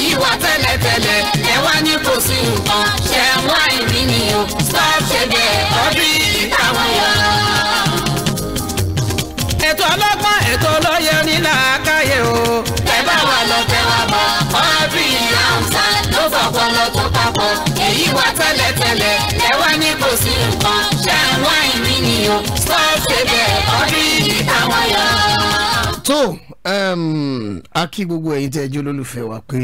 yìí wá tẹ́lẹ̀tẹ́lẹ̀ ẹ wá ní kò sí nǹkan ṣe wá ìrìn ni o stop ṣe bẹ́ẹ̀ ọdún ìtàwọn yọ. ètò ọlọ́gbọ́n ètò olóye nílà káyé o. ẹ bá wa lọ tẹ wa bọ ọdún ìyá ọ̀sá ló fọpọlọ tó papọ̀ èyí wá tẹ́lẹ̀tẹ́lẹ̀ ẹ wá ní kò sí nǹkan ṣe wá ìrìn ni o stop ṣe bẹ́ẹ̀ ọdún ìtàwọn yọ tó um, a kí gbogbo ẹ̀yin tẹ́ jẹ́ olólùfẹ́ wa pé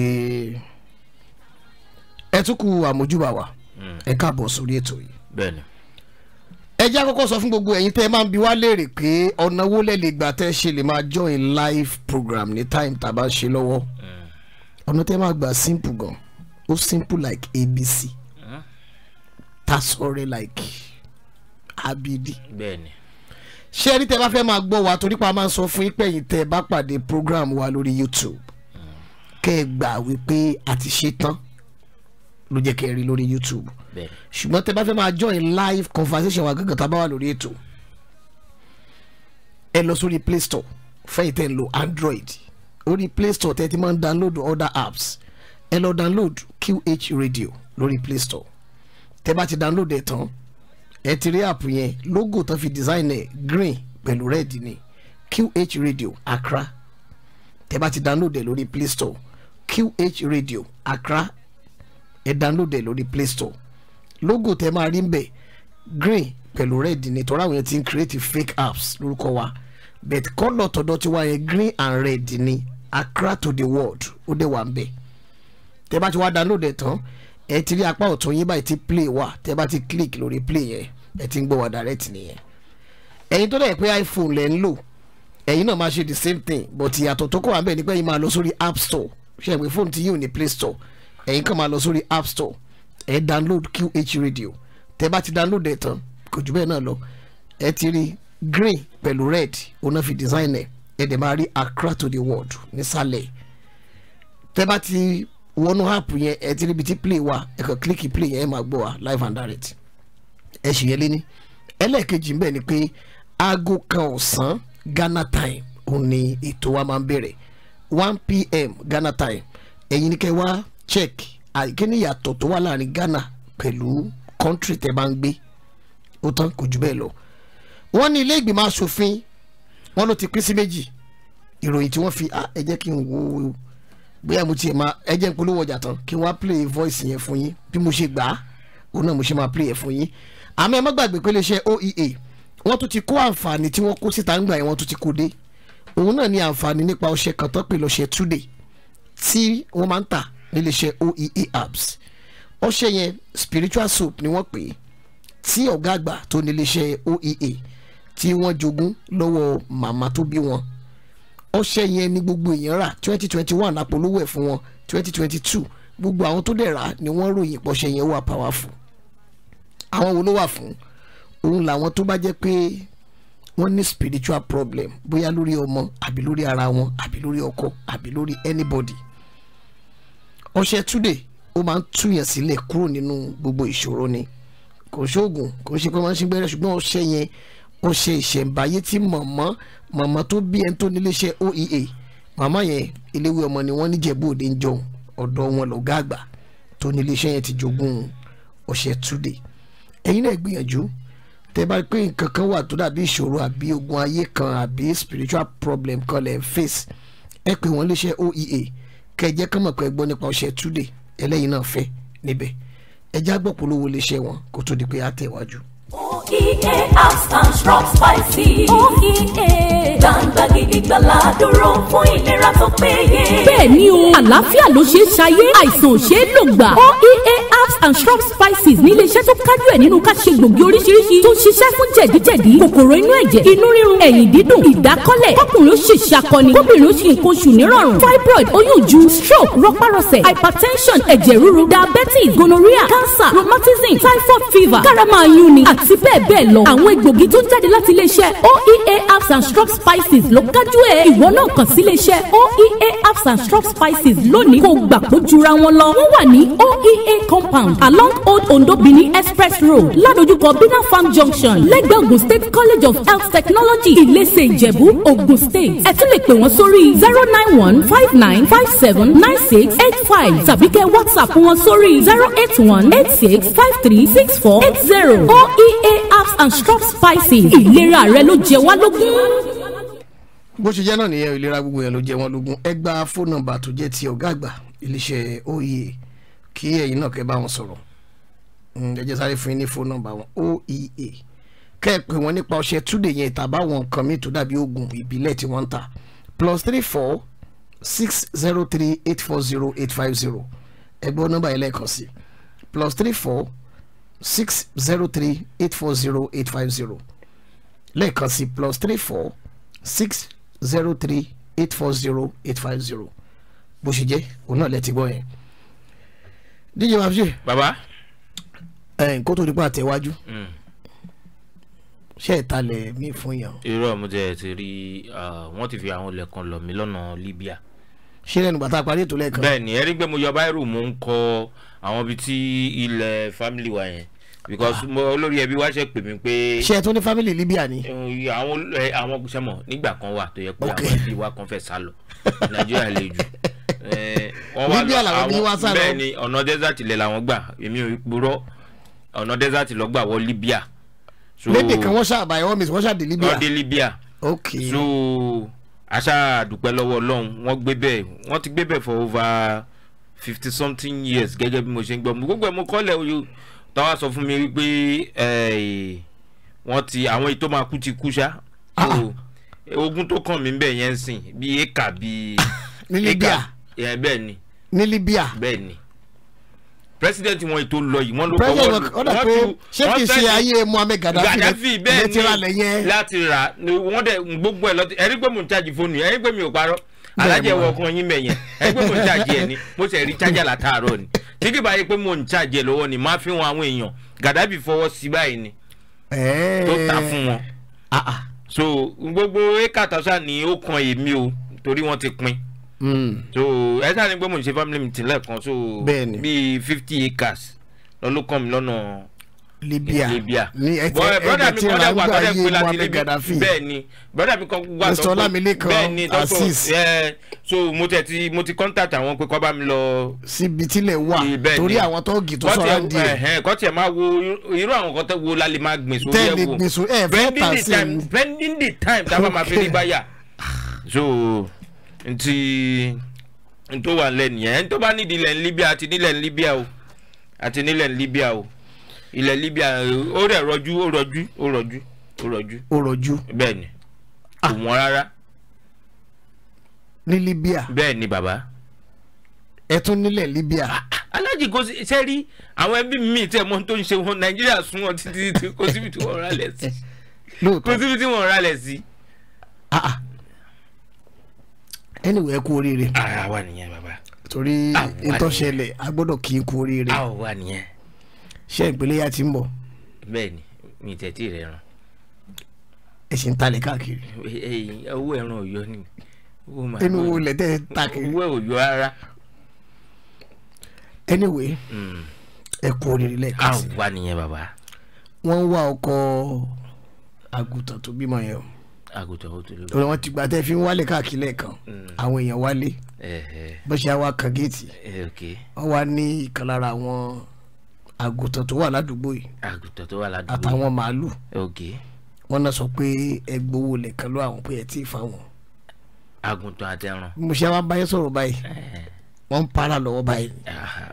ẹ tún kú àmójúbà wa hmm. ẹ káàbọ̀ sórí ètò yìí. bẹ́ẹ̀ni. ẹ jẹ́ àkọ́kọ́ sọ fún gbogbo ẹ̀yin tẹ́ máa ń bi wá léèrè pé ọ̀nà wo lẹ lè gbà tẹ́ ṣe lè máa join live program ní time tá a bá ń ṣe lọ́wọ́ hmm. ọ̀nà tẹ́ máa gbà simple gan ó simple like abc hmm. tasore like abidi ṣé ẹni tẹ́ bá fẹ́ máa gbọ́ wa torí pa máa ń sọ fún yín pẹ̀yìn tẹ́ bá pàdé program wa lórí YouTube kẹ́ ẹ gbà wípé a ti ṣe tán ló jẹ́ kẹ́ ẹ rí lórí YouTube ṣùgbọ́n tẹ́ bá fẹ́ máa join live conversation wa gángan tá a bá wà lórí ètò ẹ lọ sórí Play Store fẹ́yìn tẹ́ ń lo Android orí Play Store tẹ́ ti máa ń download other apps ẹ lọ download QH Radio lórí Play Store tẹ́ bá ti download ẹ̀ tán ẹ ti rí app yẹn logo tó fi design ẹ green pẹ̀lú red ni QH Radio Accra tẹ bá ti download ẹ lórí Play Store QH Radio Accra ẹ download ẹ lórí Play Store logo tẹ máa rí ń green pẹ̀lú red ni tọ́ra àwọn yẹn ti ń create fake apps lórúkọ wa but kọ́lọ̀ tọ̀dọ̀ tiwa yẹn green and red ni Accra to the world ó dé wà ń bẹ̀ tẹ́ bá ti wá download ẹ̀ tán ẹ ti rí apá ọ̀tún yín báyìí ti play wa tẹ́ bá ti click lórí play yẹn ẹ ti ń gbọ́ wa direct nìyẹn ẹ̀yin tó dẹ̀ pé iPhone lẹ̀ ń lò ẹ̀yin náà máa ṣe the same thing but ìyàtọ̀ tó kọ̀ wá bẹ́ẹ̀ ni pé ẹ̀yin máa lọ sórí app store ṣe é pé phone ti yín ò ní play store ẹ̀yin kàn máa lọ sórí app store ẹ̀ download QH radio tẹ́ bá ti download ẹ̀ tán kò jù bẹ́ẹ̀ náà lọ ẹ̀ ti rí green pẹ̀lú red òun náà fi design ẹ̀ ẹ̀ dẹ̀ máa rí accra to the world nísàlẹ̀ tẹ́ bá ti wọnú app yẹn ẹ̀ ti rí ibi tí play wa ẹ̀ kàn kílíkì play yẹn ẹ̀ máa gbọ́ wa live and direct ẹ̀sìn yẹn léní ẹlẹ́ẹ̀kejì ń bẹ̀ ni pé aago kan ọ̀sán Ghana time òun ni ètò wa máa ń bẹ̀rẹ̀ one pm Ghana time ẹ̀yin ni kẹ́ wá check àìkíní yàtọ̀ tó wà láàrin Ghana pẹ̀lú country tẹ́ bá ń gbé ó tán kò jù bẹ́ẹ̀ lọ wọ́n ní ilé ìgbìmọ̀ asòfin wọ́n ló ti pín sí méjì ìròyìn tí wọ́n fi ah, ẹ jẹ́ kí n wo bóyá mo ti máa ẹ jẹ́ n polówó ọjà tán kí n wá play voice yẹn fún yín bí mo ṣe gbà á òun náà mo ṣe máa play yẹn fún yín àmọ́ ẹ má gbàgbé pé iléeṣẹ́ oea wọ́n tún ti kó àǹfààní tí wọ́n kó síta ńgbà yẹn wọ́n tún ti kó dé òun náà ní àǹfààní nípa ọṣẹ kan tó pè lọ́ṣẹ túdè tí wọ́n máa ń tà níléeṣẹ́ oea herbs ọṣẹ yẹn spiritual soap ni wọ́n pè é tí ọ̀gá àgbà tó níléeṣẹ́ oea tí wọ́n jogún lọ́wọ́ màmá tó bí wọn ọṣẹ yẹn ni gbogbo èèyàn rà twenty twenty one àpolówó ẹ̀ fún wọn twenty twenty two gbogbo àwọn tó dẹ̀ rà ni wọ́n ròyìn pọ̀ṣẹ yẹn wà powerful àwọn wo ló wà fún òun làwọn tó bá jẹ́ pé wọ́n ní spiritual problem bóyá lórí ọmọ àbí lórí ara wọn àbí lórí ọkọ àbí lórí anybody ọṣẹ túdè ó máa ń túyàn sílẹ̀ kúrò nínú gbogbo ìṣòro ni kò ṣoògùn kò ṣe pé wọ́n ṣe gbẹ́rẹ́ ṣùgbọ́n ọṣẹ yẹn ọṣẹ ìṣẹ̀ǹbáyé tí mọ̀mọ́ mọ̀mọ́ tó bí ẹni tó níléeṣẹ́ oea màmá yẹn eléwé ọmọ ni wọ́n níjẹ̀bú òde ń jọun ọ̀dọ̀ wọn lọ̀gá àgbà tó níléeṣẹ́ yẹn ti jogún ọṣẹ túdè ẹ̀yin náà gbìyànjú tẹ́ bá rí pé nǹkan kan wà tó dàbí ìṣòro àbí ogun ayé kan àbí spiritual problem kan lẹ́ ń face ẹ pè wọ́n léṣẹ́ oea kẹjẹ́ kán mọ̀ pé gbọ́ nípa ọṣẹ túdè ẹlẹ́yin náà fẹ́ níbẹ̀ ẹ já gbọ́ polówó léṣẹ́ wọn kó tó di pé á tẹ̀wájú. oea herbs and shrub spices. oea gbangba gidigbala dúró fún ìlera tó péye. bẹ́ẹ̀ ni o àlàáfíà ló ṣe é ṣayé àìsàn ò ṣe é lògbà oea and shrub spices ní iléeṣẹ́ tó kájú ẹ̀ nínú ká ṣe gbòógì oríṣiríṣi tó ń ṣiṣẹ́ fún jẹ̀díjẹ̀dí kòkòrò inú ẹ̀jẹ̀ inú rírun ẹ̀yìn dídùn ìdákọ́lẹ̀ kọkùnrin ó ṣe ṣàkọni kóbìnrin ó ṣe nǹkan oṣù nírọ̀rùn fibroid oyún ju stroke rọpárọsẹ̀ hypertension ẹ̀jẹ̀ ríru diabetes gonorrhea cancer rheumatism typhoid fever karama ayuni àti bẹ́ẹ̀ bẹ́ẹ̀ lọ àwọn egbògi tó ń jáde láti iléeṣẹ́ oea herbs and shrub spices ló kájú ẹ̀ ìwọ náà kàn sí iléeṣẹ́ oea herbs and shrub spices lónìí kó gbà kó jura wọn lọ wọ́n wà ní oea compound farm along old ondo benin express road ládojúkọ bina farm junction lẹ́gbẹ̀ẹ́ ogun state college of health technology ìlẹsẹ̀ ìjẹ̀bú ogun state ẹ tún wọ́n sórí zero nine one five nine five seven nine six eight five tàbí kẹ́ whatsapp wọn sórí zero eight one eight six five three six four eight zero oea Apps and strong spices ìlera rẹ ló jẹ wá lógún bó ṣe jẹ́ náà nìyẹn ìlera gbogbo yẹn ló jẹ́ wọn lógún ẹ gba fóònù nọ́mbà tó jẹ́ ti ọ̀gá àgbà iléeṣẹ́ oye kí ẹ̀yin náà kẹ́ bá wọn sọ̀rọ̀ mm, ẹ jẹ́ sáré fún yín ní fóònù nọ́mbà wọn oea kẹ́ ẹ pè wọ́n nípa ọṣẹ túdè yẹn tàbá wọn nǹkan míì tó dàbí oògùn ìbílẹ̀ tí wọ́n ń tà plus three four six zero three eight four zero eight five zero ẹgbẹ́ nọ́mbà yẹn lẹ́ẹ̀kan sí plus three four six zero three eight four zero eight five zero lẹ́ẹ̀kan sí plus three four six zero three eight four zero eight five zero bó ṣe jẹ́ òun náà lẹ ti gbọ́ yẹn díje máa Baba? ṣe. bàbá. ẹ nǹkó tó nípa àtẹ̀wájú. Hmm. ṣé ìtalẹ̀ mi fún yàn. irọ́ mo jẹ́ ti rí wọ́n ti fi àwọn olè kan mí lọ́nà Libya. ṣé lẹ́nu bàtà parí ètò lẹ́ẹ̀kan. bẹ́ẹ̀ni ẹ rí pé mo yọ báírù mo ń kọ àwọn ibi tí ilẹ̀ family wa yẹn because ah. mo olórí ẹbí wa ṣe pè mí pé. ṣé ẹ tún ní family Libya ni. àwọn àwọn sẹmọ nígbà kan wà tó yẹ pé àwọn ẹbí wa kan fẹ́ sá Nàìjíríà lè jù Eh, libya làwọn bí bẹ́ẹ̀ ni ọ̀nà desert ilẹ̀ làwọn gbà èmi ò purọ́ ọ̀nà desert lọ gbà wọ libya. lédè kan wọ́n ṣàbà ẹ̀wọ́n mi wọ́n ṣàdé libya. wọ́n dé libya. ok so aṣá àdúpẹ́ lọ́wọ́ ọlọ́run wọ́n gbé bẹ́ẹ̀ wọ́n ti gbé bẹ́ẹ̀ for over fifty something years gẹ́gẹ́ bí mo ṣe ń gbọ́ mo gbogbo mo kọ́lẹ̀ oyo táwa sọ fún mi wípé eh, wọ́n ti àwọn ètò máa kú ti kú ṣá ah, ah. ogun tó kàn mí bẹ́ẹ̀ yẹn ń sìn bíi éka bíi éka ẹ bẹ́ẹ̀ ni. ní Libya. bẹ́ẹ̀ ni president wọn ètò lọ yìí wọn ló kọ wọn wọn tu ṣé kìí ṣe ayé Muammar Gaddafi bẹ́ẹ̀ ni láti rà wọn dẹ gbogbo ẹ lọtí ẹrí pé mò ń chájì fóònù ẹrí pé mi ò parọ́ alájẹ wọ ọkàn yín mẹyẹn ẹrí pé mò ń chájì ẹ ni mo sì rí chájà látàárọ̀ ni tí kì bá yẹ pé mò ń chájì ẹ lọ́wọ́ ni máa fi wọn àwọn èèyàn Gaddafi fọwọ́ sí báyìí ni tó ta fún wọn ah, ah. so gbogbo ekatasa ni ó kan èmi o torí wọn ti pin Hmm. so ẹ sáà ní pé mo ṣe family meeting lẹ́ẹ̀kan so bíi fifty acres lọ́lọ́kàn mi lọ́nà libya libya ní ẹtẹ ẹgbẹ tí ra ń gbà yé muhammed gaddafi bẹ́ẹ̀ ni broda mi kan wà sọ pé bẹ́ẹ̀ ni asis so mo tẹ ti mo ti contact àwọn pé kọ́ bá mi lọ. síbi tílẹ̀ wà torí àwọn tóògì tó sọ̀rọ̀ ń di ẹ̀. kọ́tì ẹ̀ máa wo irú àwọn kan tẹ́ wo la lè máa gbìn sórí ẹ̀ wò tẹ́lẹ̀ gbìn sórí ẹ̀ fẹ́ tà sí i. pending the time tá a bá máa fi rí báyà so nti ntó wà nílẹ̀ nìyẹn ẹni tó bá nídìí ilẹ̀ Libya àti nílẹ̀ Libya o àti nílẹ̀ Libya o ilẹ̀ Libya ó rẹ̀ rọjú ó rọjú ó rọjú o rọjú. ó rọjú. bẹ́ẹ̀ ni kò ah. wọ́n rárá. ní Libya. bẹ́ẹ̀ ni bàbá. ẹ tún nílẹ̀ Libya. Ah, ah, alájì kò ṣe rí àwọn ẹbí mi tẹ mọ tó ń ṣe wọn Nàìjíríà sún wọn títí kò síbi tí wọ́n rálẹ̀ sí. kò síbi tí wọ́n rálẹ̀ sí anyway kú oríire. ara wa nìyẹn bàbá. torí ìtọ́sẹ̀lẹ̀ a gbọ́dọ̀ kí n kú oríire. a ò wà nìyẹn. ṣé ìpínlẹ̀yà ti ń bọ̀. bẹ́ẹ̀ni mi tẹ̀tí rẹ̀ ràn. ẹ ṣe ń talẹ̀ káàkiri. owó ẹran ò ni. ẹnu wo lẹ ta kiri. owó ò yọ anyway hmm. ẹ kú oríire lẹ́ẹ̀kan sí. a ò wà nìyẹn bàbá. wọ́n ń wá ọkọ̀ àgùntàn tó bímọ yẹn o àgùntàn ó ti lọ. torí wọn ti gba tẹ fi ń wálé káàkiri lẹ́ẹ̀kan mm. àwọn èèyàn wálé bó ṣe wá kan géètì eh, wọn wá ní ìkan lára àwọn àgùntàn tó wà ládùúgbò yìí àgùntàn tó wà ládùúgbò yìí àtàwọn màálù wọn náà sọ pé ẹ gbowó lẹ́ẹ̀kan lọ àwọn pé ẹ tí ì fáwọn. àgùntàn àtẹrùn. mo ṣe wá báyé sọ̀rọ̀ báyìí eh. wọ́n ń para lọ́wọ́ báyìí.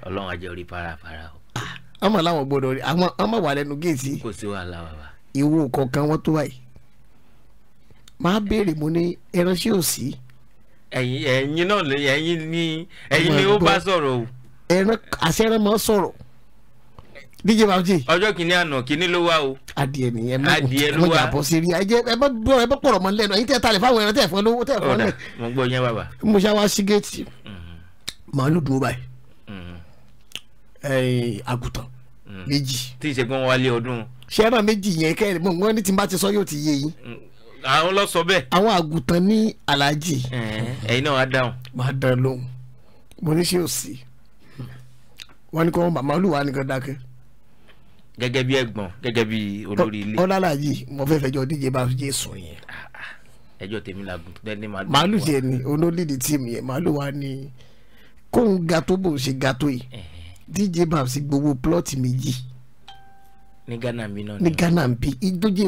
ọlọ́run ajẹ́ orí para para o. Ah, ọmọ làwọn gbọ́dọ̀ rí àwọn ọmọ wà lẹ́nu géètì. kò sí wàhálà wàhálà. ìwo kọ̀ọ̀kan wọn tó báyìí máa béèrè mo ní ẹránṣẹ́ ò sí. ẹ̀yin ẹ̀yin náà lè ẹ̀yin ni ẹ̀yin ni ó bá sọ̀rọ̀ o. ẹran àṣẹ ẹran máa sọ̀rọ̀ díje bàbájì. ọjọ́ kìíní àná kìíní ló wá o. adìẹ nìyẹn mọ adìẹ ló wá mọ jàbọ sí rí ẹ jẹ ẹ bá bọ ẹ bá pọ̀rọ̀ mọ́ lẹ́nu ẹ̀yin tẹ́ ta lè fáwọn ẹran tẹ́ fún lówó tẹ́ fún lẹ. mo gbọ́ yẹn bàbá. mo ṣá wá sí géètì mm-hmm. màálù dúró báyìí mm-hmm. àgùtàn mm-hmm. méjì. tí ìṣègùn wálé ọdún. ṣẹ́ràn méjì yẹn kẹ́rin mo ní tí n bá ti sọ yóò ti yé yín. Mm àwọn lọ sọ bẹ́ẹ̀. àwọn àgùntàn ní aláàjì. ẹ̀yin náà wá dáhùn. máa dán lóhùn mo ní ṣé ò sí wọn ní kí wọn màmá olúwa nìkan dákẹ́. gẹ́gẹ́ bí ẹ̀gbọ́n gẹ́gẹ́ bí olórí ilé. ọ̀la aláàjì mo fẹ́ fẹjọ́ díje bá jẹ́ sùn yẹn. Ah, ah, ẹjọ́ tèmi làgùn bẹ́ẹ̀ ni màálù. màálù jẹ ni olólìdí tíìmù yẹn màálù wa ni kóun ga tó bò ń ṣe ga tó yìí díje bá sì gbowó plọ́ọ̀tì méjì. ní Ghana mi náà ni. ní Ghana bí ìdóje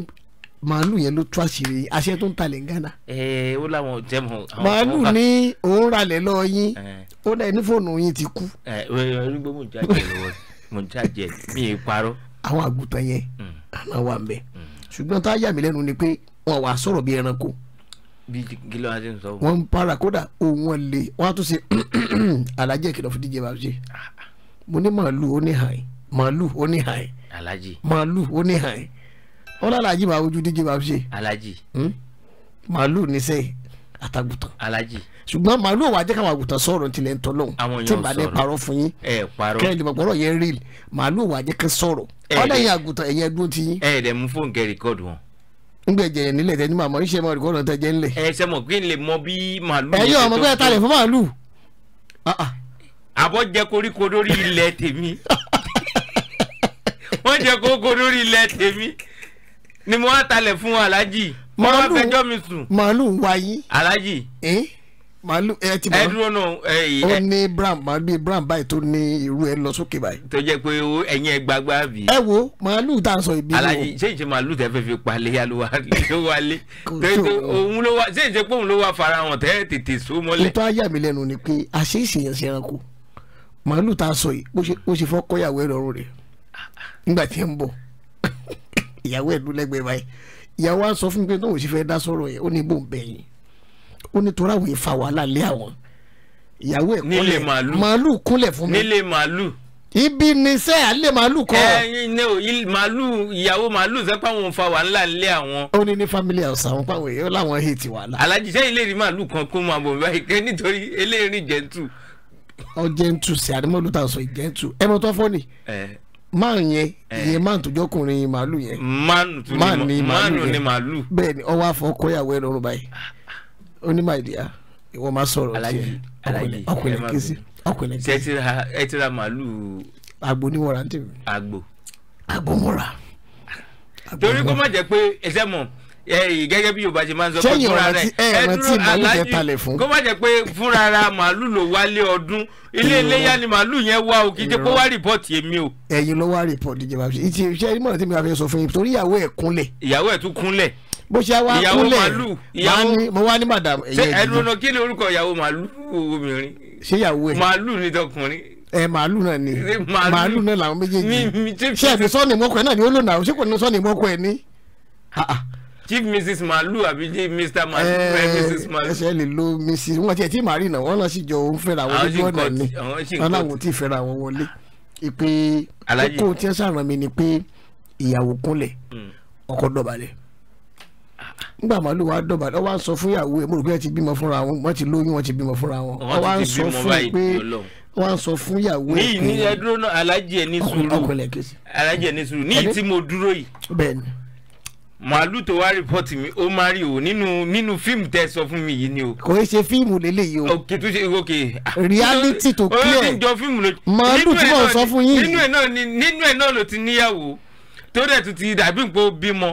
màálù yẹn ló tú àṣírí yín àṣẹ tó ń talẹ̀ ń gánà. ẹ ó láwọn jẹ mọ. màálù ní òun ralẹ̀ lọ yín ó dẹ̀ ní fóònù yín ti kú. ẹ ẹ nígbà mo já jẹ lọ́wọ́ mo já jẹ mi ì parọ́. àwọn àgùntàn yẹn àná mm. wà ń bẹ mm. ṣùgbọ́n tá a yà mí lẹ́nu ni pé wọn wàá sọ̀rọ̀ bí ẹranko. bí kìlọ̀ àti sọ. wọ́n ń para kódà òun lè wọ́n á tún ṣe alájẹ́ kìlọ̀ fún díje bá ṣe ah, ah. mo ní màálù ó ní hàn màálù ó ní hàn màálù ó ní hàn ó lálàjì máa wojú díje máa ṣe. alájì. Hmm? màálù níṣẹ́ àtàgùtàn. alájì. ṣùgbọ́n màálù wà jẹ́ káwọn àgùtàn sọ̀rọ̀ tilẹ̀ ń tọ́lọ́ tí màá ní parọ́ fún yín kẹ́lẹ́ lè mọ̀ pọ̀rọ̀ yẹn rí màálù wà jẹ́ ká sọ̀rọ̀ ọ̀dẹ̀yìn àgùtàn ẹ̀yẹ dúró ti yín. ẹ ẹ dẹ̀ mú fóònù kẹ́ rìkọ́ọ̀dù wọn ngbẹjẹ nílẹ̀ tẹ ní màmá iṣẹ mọ rìkọọdù tẹ jẹ nílẹ̀. ẹ ṣe mọ kí n lè mọ ah, ah. wọ́n jẹ koríko lórí ilẹ̀ tèmi ni mo wá talẹ̀ fún aláàjì mo wá fẹjọ́ mi sùn. màálù wáyé. aláàjì. màálù ẹ ti bọ̀ ẹ dúró náà. ó ní brown màálù brown báyìí tó ní irú ẹ lọ sókè báyìí. tó jẹ́ pé ẹ̀yin ẹ gbagba bì. ẹ wo màálù tá a sọ ibi. aláàjì ṣé ìṣe màálù tẹ́ fẹ́ fi palẹ̀ alówà ló wálé. kò tó òun ló wá ṣé ìṣe pé òun ló wá fara hàn tẹ́ tètè so mọ́lẹ̀. nítorí ayé mi lẹ́nu ni pé àṣé ìṣèyàn ṣe ẹranko màálù tá a sọ yìí bó ṣe fọ́ kọ́yàwó ẹ̀ lọ́rùn rẹ̀ nígbà tí ń bọ̀ ìyàwó ẹ̀ lólẹ́gbẹ̀ẹ́ báyìí ìyàwó á sọ fún mi pé tóun sì fẹ́ dá sọ̀rọ̀ yẹn ó ní bò ń bẹ̀yìn ó ní torí àwọn ìfà wàhálà lé àwọn ìyàwó ẹ̀ kúnlẹ̀ màálù kúnlẹ̀ fún mi nílé màálù ibi ni sẹ́ à lè màálù kọ́. ẹyin ní o màálù ìyàwó màálù fẹ́ pàwọn fa wàhálà lé àwọn. ó ní ní family house àwọn pàwọn èèyàn làwọn hate wàhálà. alájí sẹ́yìn lè rí màálù kan kó máa bọ̀ báyìí kẹ́ nítorí eléyìí jẹ́ntù. ọ jẹ́ntù sí àdìmọ́lù tá a sọ jẹ́ntù ẹ mọ̀ tó fọ́ ni. ẹ man yẹn eh. ìyẹn man tó jọkùnrin yẹn màálù yẹn man ni màálù bẹ́ẹ̀ ni ọwọ́ afọkọyàwó ẹ lọ́rùn báyìí ó ní my dear ìwọ máa sọ̀rọ̀ tiẹ̀ ọkùnrin kìsì ọkùnrin kìsì. ẹ ti ra màálù. àgbo ni wọ́n ra ń tèmi. àgbo. mọ́ra. torí kó má jẹ́ pé ẹsẹ̀ mọ̀. Eh, eh, gẹ́gẹ́ bí Yorùbá ṣe máa ń sọ pé fúnra rẹ̀ ẹ dúró aláàjì kó má jẹ́ pé fúnra ra màálù ló wálé ọdún ilé iléyà ni màálù yẹn wá o kì í ṣe pé wá rìpọ́ọ̀tì èmi o. ẹ̀yin ló wá rìpọ́ọ̀tì jẹba fi ti ṣe ìmọ̀ràn tí mi bá fẹ́ sọ fún yín torí ìyàwó ẹ̀ kúnlẹ̀. ìyàwó ẹ̀ tún kúnlẹ̀. bó ṣe wá kúnlẹ̀ mo wá ní madam. ṣé ẹnu ọ̀nà ni orúkọ ìyàwó màálù obìnrin. ṣé ìyàwó ẹ̀ màálù ni tọkùnrin ẹ màálù náà ni màálù náà làwọn méjèèjì ṣé ẹ̀mí sọ́ọ̀nì mọ́kọ ẹ̀ náà ni ó lò náà ṣé kò ní sọ́ọ̀nì mọ́kọ ẹ̀ ni chief mrs malu àbí chief mr eh, malu ẹ mrs malu. ẹsẹ̀ lè lo mrs wọn tiẹ̀ tí màrí náà wọn náà sì jọ òun fẹ́ra wọn lójú ọ̀nà ni wọn náà wọn ti fẹ́ra wọn wọlé ìpè kókó tí ẹ sàràn mi ni pé ìyàwó kúnlẹ̀ hmm. ọkọ dọ̀bálẹ̀ nígbà màálù wa dọ̀bà ọ wá ń sọ fún ìyàwó ẹ mo rò pé ẹ ti bímọ fúnra wọn wọ́n ti lóyún wọ́n ti bímọ fúnra wọn ọ wá ń sọ fún pé wọ́n á sọ fún ìyàwó ẹ pé ní ìní ẹ dúró náà alájẹ ní sùúrù alájẹ ní sùúrù ní ìtí mo dúró yìí. bẹ́ẹ̀ni màálù tó wá rìpọ́tì mi ó má rí o nínú nínú fíìmù tẹ sọ fún mi yìí ni o. kò í ṣe fíìmù lélẹ́yìí o. òkè tó ṣe òkè. reality tó clear olóòtú jọ fíìmù lójú. màálù tí mo sọ fún yín. nínú ẹ̀ náà nínú ẹ̀ náà ló ti níyàwó tó dẹ̀ tún ti dàbí nǹkan bímọ.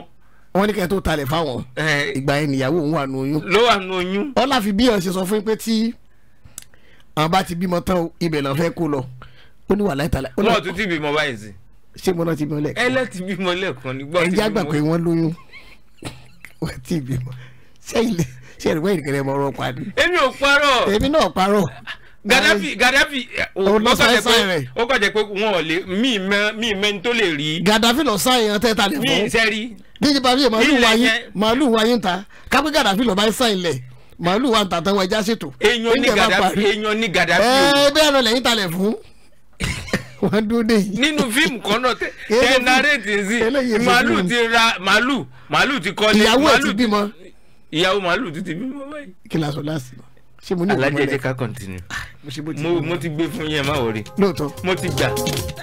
wọ́n ní kẹ́ tó talẹ̀ fáwọn. Eh. ìgbà yẹn níyàwó òun wà nù oyún. ló wà nù oyún. ọlá fi bí ọ̀sẹ̀ sọ fún yín pé tí àwọn bá ti bímọ tán ibẹ̀ lọ́ fẹ́ kó lọ ó ní wà láìtàlẹ̀. wọ́n tún ti bímọ báyìí sí ṣé mo náà ti bímọ lẹ́ẹ̀kan. ẹlẹ́ ti bímọ lẹ́ẹ̀kan nígbà tí mo. ẹ̀jẹ̀ àgbà pé wọ́n lóyún wọ́n ti bímọ sẹ́yìn sẹ́yìn mọ ọ̀rọ̀ pa èmi ò parọ́. èmi náà parọ́. Gaddafi Gaddafi o kọjá pé wọn ò lè mí mẹ́ni tó lè rí. Gaddafi lọ sáyẹn yẹn tẹ́ta lè fọ́. mi sẹ́rí. bí ìjọba fi màálù wáyé màálù wáyé ń ta kápé Gaddafi lọ bá ń sáyẹn lẹ̀ màálù wa ń ta tán wọ́n ẹja ṣètò. èèyàn ní Gaddafi èèyàn ní Gaddafi. ẹ bẹ́ẹ̀ lọ lẹ́yìn talẹ̀ fún. wọ́n dúró dé yìí. nínú fíìmù kan náà tẹ náréètì màálù ti ra màálù màálù ti kọ́lé ìyàwó ẹ̀ ti bímọ. ìyàwó màálù ti ti bímọ báyìí. kí la sọ láti ṣe mo ní ìwé mọ́lẹ̀ alájẹjẹ ká continue ah, mo mo ti gbé fún yẹn má wọrí lóòótọ́ mo ti gbà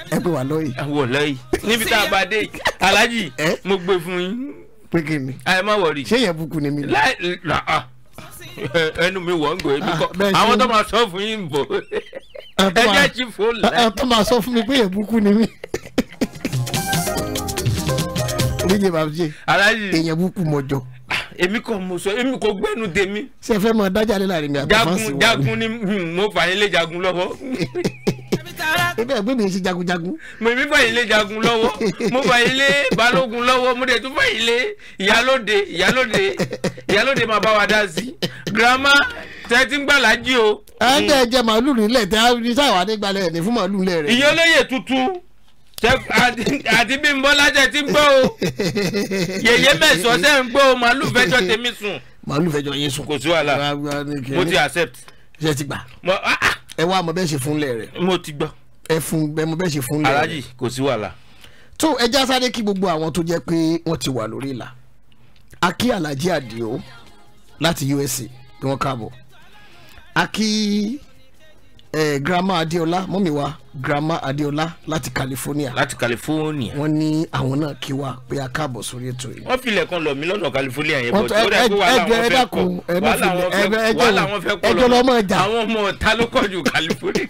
ẹ pé wà lọ́yìí wọ lọ́yìí níbi tá a bá dé alájì mo gbé fún yín pé kí ni ẹ má wọrí ṣé yẹn bukú ni mi. láì ẹnu mi wọ̀ ń gbé mi kọ́ ah, àwọn tó máa sọ fún yín bò. ẹ jẹ́ ti fò láì. ẹ tó máa sọ fún mi pé èbúkú ni mí. oríyìn bàbá jẹ èèyàn búkú mọ̀jọ. èmi kò mọ̀ sọ èmi kò gbẹ́nu tèmi. ṣe fẹ́ mọ dájà lé láàrin mi àbí fáǹsì wò. jagun ni mo fà yín lé jagun lọ́wọ́. ebe ẹgbẹ́ mi ṣe jagunjagun. mo mi fà yín lé jagun lọ́wọ́ mo fà yín lé balógun lọ́wọ́ mo dẹ̀ tún fà yín lé ìyálóde ìyálóde ìyálóde máa bá wa dá sí girama tẹ́tí ń gbàlá jí o. ẹ ń tẹ́ jẹ màálù nílẹ̀ tẹ́ ṣàwà ní gbalẹ̀ ẹ̀ ní fún màálù nílẹ̀ rẹ̀. ìyẹn olóyè tuntun àti bí n bọ́lá jẹ ti ń gbọ́ o yèyé mẹ́sàn-án tẹ́ ń gbọ́ o màálù fẹjọ́ tèmi sùn. màálù fẹjọ́ yín sùn. kò sí wàhálà mo ti accept. ṣe ti gbà ah, ah. ẹ wá mo bẹ́ẹ̀ ṣe fúnlẹ̀ rẹ̀. mo ti gbọ́. ẹ fún ẹ mo bẹ́ẹ̀ ṣe fúnlẹ̀ rẹ̀. alájì kò sí wàhálà. tó ẹ sáré kí gbogbo àwọn tó jẹ́ pé wọ́n ti wà lórí ìlà a kí Alhaji Adio láti USA bí wọ́n káàbọ̀ Aki, eh, grandma adéọlá mọ́mi wa grandma adéọlá láti california. láti california. wọ́n ní àwọn náà kí wa pé a káàbọ̀ sórí ètò yìí. wọ́n filẹ̀ kan lọ mí lọ́nà california yẹn bọ̀ tí ó dẹ́ kó wàhálà wọn fẹ́ kọ́ wàhálà wọn fẹ́ kọ́ ẹjọ́ lọ́mọ ẹja àwọn ọmọ ọ̀tá ló kọ́ ju california.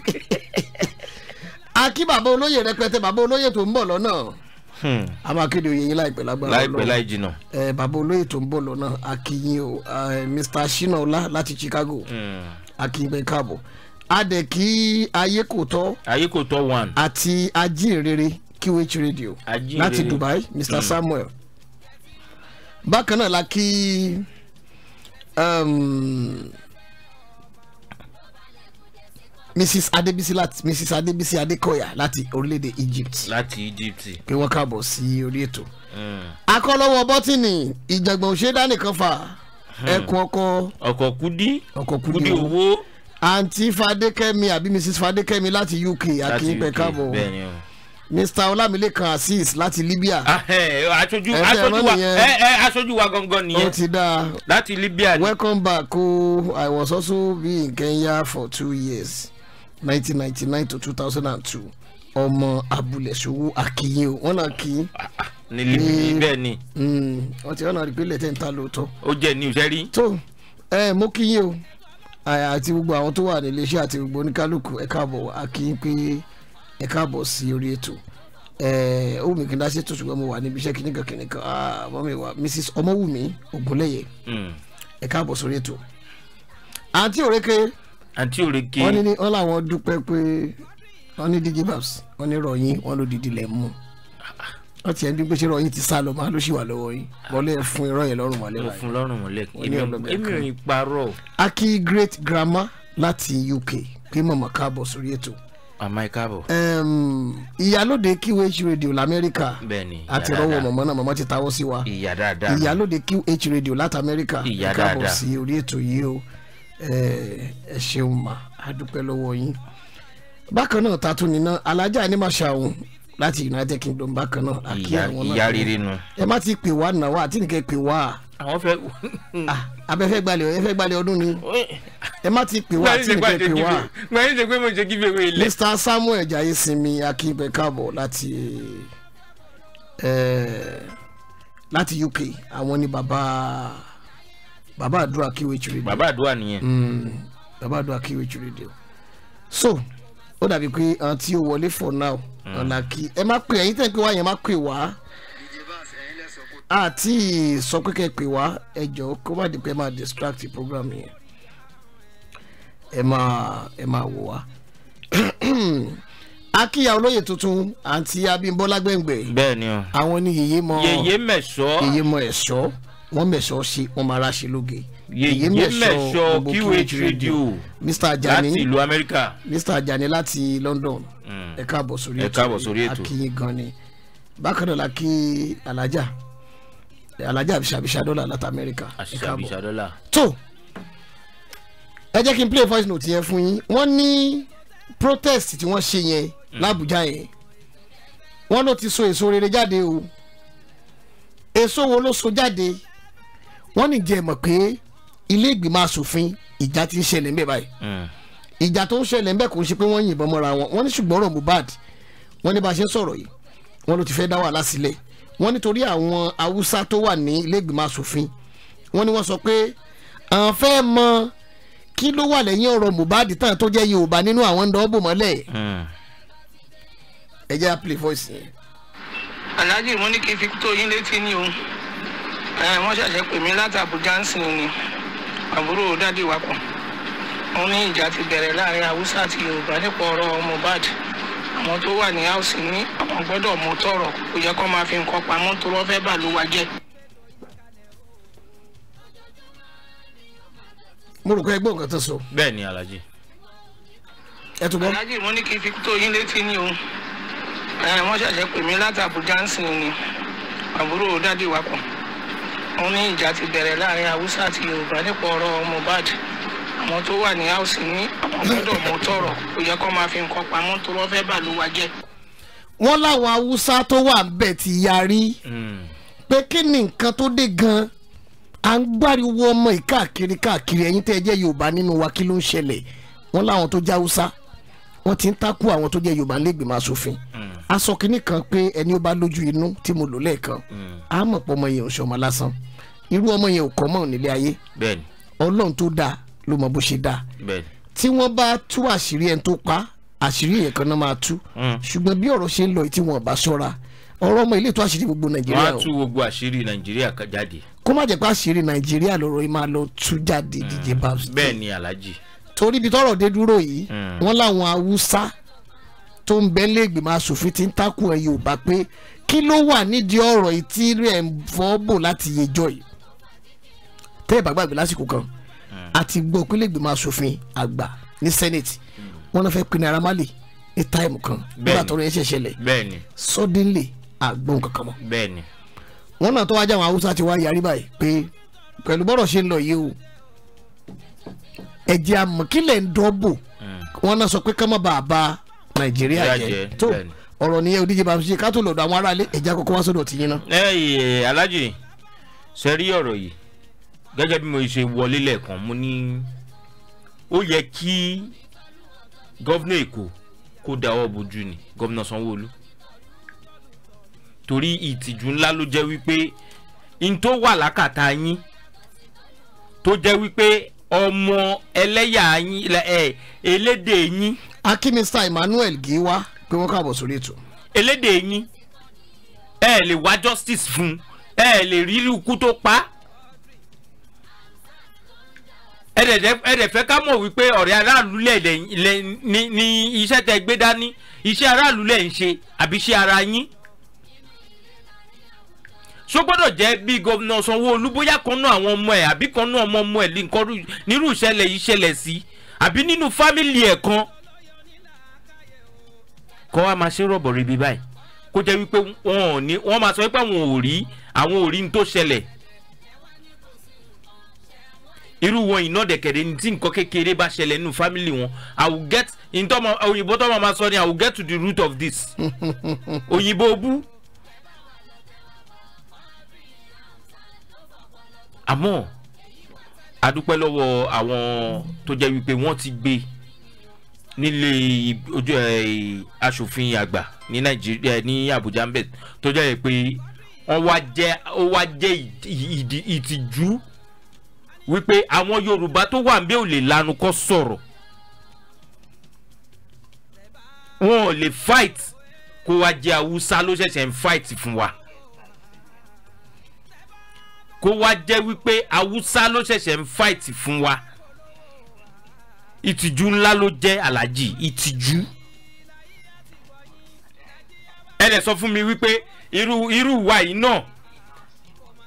akí bàbá olóyè rẹpẹtẹ bàbá olóyè tó ń bọ̀ lọ́nà hmm. a máa kéde oyè yín láìpẹ́ lágbára ọlọ́run láìpẹ́ láì jìnà. ẹ bàbá olóyè tó ń bọ̀ lọ́nà akíyín o Mr. shinola láti Chicago. Hmm akíngbẹ́ káàbọ̀ adẹ̀kí ayékòtọ́ ayékòtọ́ one àti ajínrere QH radio láti Dubai Mr. Mm. Samuel bákan náà la kí um, Mrs. Adebisi láti Mrs. Adebisi Adekoya láti orílẹ̀-èdè Egypt láti Egypt pé wọ́n káàbọ̀ sí orí ètò mm. akọ́lọ́wọ́ bọ́tìnì ìjàngbọ̀n òṣèdá nìkan fà á ẹkùn ọkọ. ọkọ kudi. ọkọ kudi, kudi owó. àǹtí fadékẹ́mi àbí mrs fadékẹ́mi láti uk akínpẹ̀ káàbọ̀ mr olamilekan azeez láti libya. Ah, aṣojú aṣojú wa ẹ ẹ aṣojú wa gangan nìyẹn. ó ti dáa láti libya ni. welcome back o oh, i was also be in kenya for two years nineteen ninety nine to two thousand and two ọmọ abúlé ṣòwò àkìyìn o wọn náà kì í. ní ni. Hmm, wọ́n ti ọ̀nà ìpínlẹ̀ tẹ̀ ń ta lóòótọ́. ó jẹ́ ní ìṣẹ́ rí. tó ẹ mú kí yín o àti gbogbo àwọn tó wà ní iléeṣẹ́ àti gbogbo oníkálukú ẹ káàbọ̀ wá kí n pé ẹ káàbọ̀ sí orí ètò ó mi dá sí ètò ṣùgbọ́n mo wà níbi iṣẹ́ kìnìkan kìnìkan mọ́ mi wá Mrs Ọmọwùmí Ògúnlẹ́yẹ hmm. ẹ káàbọ̀ sórí ètò àǹtí òrékè àǹtí òrékè wọ́n ní wọ́n làwọn dúpẹ́ pé wọ́n ní dj babs wọ́n ní rọyìn wọ́n ló dìdí lẹ̀ mú wọ́n ti ẹ̀ ní gbèsè rọyìn ti sá lọ máa ló ṣì wà lọ́wọ́ yín bọ́lẹ̀ fún irọ́ yẹn lọ́rùn mọ́lẹ̀ báyìí. fún lọ́rùn mọ́lẹ̀ èmi ò ní parọ́. aki great grandma láti uk pé mọ̀mọ́ káàbọ̀ sórí ètò àmọ́ ẹ káàbọ̀. ìyálóde qh radio lamẹ́ríkà àti rọwọ́ mọ̀mọ́ náà mọ̀mọ́ ti tawọ́ sí wa ìyálóde qh radio láti amẹ́ríkà ẹ káàbọ̀ sí orí ètò yìí o ẹ ṣeun mà á lọ́wọ́ yín bákan náà ta tún nínà alájà ní màṣà òun láti united kingdom bákan náà àkí àwọn náà ìyá rere nu. ẹ má ti pè wá nà wá àti nìkẹ́ pè wá. àwọn fẹ́. abẹ́fẹ́ gbalẹ̀ ẹ fẹ́ gbalẹ̀ ọdún ni ẹ má ti pè wá àti nìkẹ́ pè wá. gbàyìn ṣe pé mo ṣe kíbe wo ilé. mr samuel jaye sinmi akínpẹ káàbọ̀ láti láti uk àwọn ni bàbá Baba àdúrà kíwèé churide. bàbá àdúrà nìyẹn. Mm, bàbá àdúrà kíwèé churide. so ó dàbí pé àwọn tí ó wọlé for now hmm. ọ̀nà kí ẹ má pè ẹ̀yin tẹ̀ pé wá yẹn má pè wá àti sọ pé kẹ́ pè wá ẹ jọ̀ọ́ kó má di pé ẹ máa distract program yẹn ẹ máa ẹ máa wò wá akíya olóyè tuntun àti abímbọ́lá gbẹ̀ngbẹ̀. bẹ́ẹ̀ni o. àwọn ni yeye mọ yeye mẹ̀ṣọ́ yèyé mọ ẹ̀ṣọ́ wọ́n mẹ̀ṣọ́ ṣe wọ́n máa ra ṣe lóge yemẹsọ qh radio mr ajani láti ìlú amẹ́ríkà mr ajani láti london hmm. ẹ káàbọ̀ sórí ètò ẹ káàbọ̀ sórí ètò akínyìn gan ni bákan náà la kí alájà alájà abisabisa dọ́là láti amẹ́ríkà ẹ káàbọ̀ tó ẹ jẹ́ kí n play voice note yẹn fún yín wọ́n ní protest tí wọ́n ṣe yẹn hmm. lábújá yẹn wọ́n ló ti so èso rere jáde o èso wo ló so jáde wọ́n ní jẹ́ mọ̀ pé ilé ìgbìmọ̀ asòfin ìjà ti ń ṣẹlẹ̀ ńbẹ báyìí hmm. ìjà tó ń ṣẹlẹ̀ ńbẹ kò ń ṣe pé wọ́n yìnbọn mọ́ra wọn wọ́n ní ṣùgbọ́n ọ̀rọ̀ Mohbad wọ́n ní bá a ṣe ń sọ̀rọ̀ yìí wọ́n ló ti fẹ́ dá wàhálà sílẹ̀ wọ́n nítorí àwọn haúsá tó wà ní ilé ìgbìmọ̀ asòfin wọ́n ní wọ́n sọ pé àwọn fẹ́ mọ kí ló wà lẹ́yìn ọ̀rọ̀ Mohbad tán tó jẹ́ Yorùbá nínú àwọn ń hmm. ẹ jẹ́ play pè mí láti Àbújá ń sìn ni àbúrò dádì wa pọ̀ wọn ní ìjà ti bẹ̀rẹ̀ láàrin haúsá àti yorùbá nípa ọ̀rọ̀ mohbad àwọn tó wà ní house ní àwọn gbọ́dọ̀ mú tọ̀rọ̀ kò yẹ kó máa fi nǹkan pamọ́ tó lọ́ fẹ́ bà ló wa jẹ́. mo rò pé ẹgbẹ́ nǹkan tó sọ. bẹ́ẹ̀ ni alhaji. ẹ tún bọ́. alhaji mo ní kí n fi tó yín létí ni o ẹ wọ́n ṣẹ̀ṣẹ̀ pè mí láti àbújá ni àbúrò dádì wa pọ̀ wọ́n ní ìjà ti bẹ̀rẹ̀ láàrin haúsá àti yorùbá nípa ọ̀rọ̀ mohbad àwọn tó wà ní house ní àwọn gbọ́dọ̀ mọ tọrọ kò yẹ kó máa fi nǹkan pamọ́ tó wọ́n fẹ́ bà ló wa jẹ́. wọ́n láwọn haúsá tó wà bẹ̀ ti yarí hmm. pé kí ni nǹkan tó dé gan-an à ń gbáriwo ọmọ yìí káàkiri káàkiri tẹ́ ẹ jẹ́ yorùbá nínú wa kí ló ń ṣẹlẹ̀ wọ́n láwọn tó jẹ́ haúsá wọ́n ti ń takú àwọn tó jẹ́ yorùbá nílẹ̀ asòfin a sọ kínní kan pé ẹni ó bá lójú inú tí mo lò lẹ́ẹ̀kan hmm. a mọ̀ pé ọmọ yẹn ò ṣe ọmọ lásán irú ọmọ yẹn ò kọ́ mọ̀ nílé ayé ọlọ́run tó dáa ló mọ bó ṣe dáa tí wọ́n bá tú àṣírí ẹni tó pa àṣírí yẹn kan náà máa tú hmm. ṣùgbọ́n bí ọ̀rọ̀ ṣe ń lọ tí wọ́n bá ṣọ́ra ọ̀rọ̀ ọmọ ilé tó àṣírí gbogbo nàìjíríà o. wọ́n á tú gbogbo àṣírí nàìjíríà jáde. kó má jẹ́ pé àṣírí nàìjíríà lọ́rọ̀ yìí máa lọ tú jáde hmm. díje babs. bẹ́ẹ̀ ni alaji torí ibi tọ́rọ̀ dé dúró yìí wọ́n láwọn haúsá tó ń bẹ lẹ́gbẹ̀mọ asòfin ti ń takùn ẹ̀ Yorùbá pé kí ló wà nídìí ọ̀rọ̀ ìtí rẹ̀ ń fọ́ bò láti yẹjọ́ yìí tẹ́ ẹ̀ bá gbàgbé lásìkò kan àti gbọ́ pé lẹ́gbẹ̀mọ asòfin àgbà ní Senate wọn náà fẹ́ pinnu ara má lè ní táìmù kan nígbà tọ́rọ̀ yẹn ṣẹ̀ṣẹ̀lẹ̀ suddenly àgbọn kankan mọ́ wọn náà tó wájà àwọn Haúsá ti wá yarí báyìí pé pẹ̀lú bọ́rọ̀ ṣe ń lọ yìí o ẹ̀jẹ̀ àmọ́ ń dọ́bò hmm. wọn náà sọ pé ká má nàìjíríà jẹ tó ọ̀rọ̀ nìyẹn òdíje bá ṣe ká tó lọ́dọ̀ àwọn aráalé ẹ̀já kọ́kọ́ wá sọ́dọ̀ tìyín náà. ẹ ẹ alájì ṣe rí ọ̀rọ̀ yìí gẹ́gẹ́ bí mo ṣe wọlé lẹ́ẹ̀kan mo ní ó yẹ kí gọ́vnà èkó kó dáwọ́ bojú ni gọ́vnà sanwó-olú torí ìtìjú ńlá ló jẹ́ wípé n tó wà lákàtà yín tó jẹ́ wípé ọmọ ẹlẹ́yà yín elédè yín akí Mr Emmanuel Giwa pé wọ́n káàbọ̀ sórí ètò. elédè yín ẹ lè wá justice fún ẹ lè rí ikú tó pa ẹ dẹ̀ fẹ́ ká mọ̀ wípé ọ̀rẹ́ aráàlú lẹ̀ ni iṣẹ́ tẹ gbé dání iṣẹ́ aráàlú lẹ̀ ń ṣe àbí iṣẹ́ ara yín so gbọ́dọ̀ jẹ́ bí gómìnà Sanwó-Olú bóyá kan náà àwọn ọmọ ẹ̀ àbí kan náà ọmọ ọmọ ẹ̀ nírú ìṣẹ̀lẹ̀ yìí ṣẹlẹ̀ sí àbí nínú fámìlì ẹ̀ kan kọ́ wa máa ṣe rọ̀bọ̀ ríbi báyìí kó jẹ́ wípé wọn ò ní wọ́n máa sọ wípé àwọn ò rí àwọn ò rí ní tó ṣẹlẹ̀ irú wọn iná dẹ̀kẹ̀dẹ̀ ní tí nǹkan kékeré bá ṣẹlẹ̀ nínú fámìlì wọn i will get ntọ́mọ òyìnbó tọ́mọ máa sọ ni i will get to the root of this òyìnbó bú. àmọ́ adúpẹ́ lọ́wọ́ àwọn tó jẹ́ wípé wọ́n ti gbé e nílé ojú asòfin àgbà ní nàìjíríà ní àbújá ń bẹ̀ tó jẹ́ pé wọ́n wá jẹ́ ó wá jẹ́ ìtìjú wípé àwọn yorùbá tó wà ń bẹ̀ ò lè lanu kọ́ sọ̀rọ̀ wọn ò lè fight kó wá jẹ́ haúsá ló ṣẹ̀ṣẹ̀ ń fight fún wa kó wá jẹ́ wípé haúsá ló ṣẹ̀ṣẹ̀ ń fight fún wa ìtìjú ńlá ló jẹ́ aláàjì ìtìjú ẹ lè sọ fún mi wípé irú irú wa yìí náà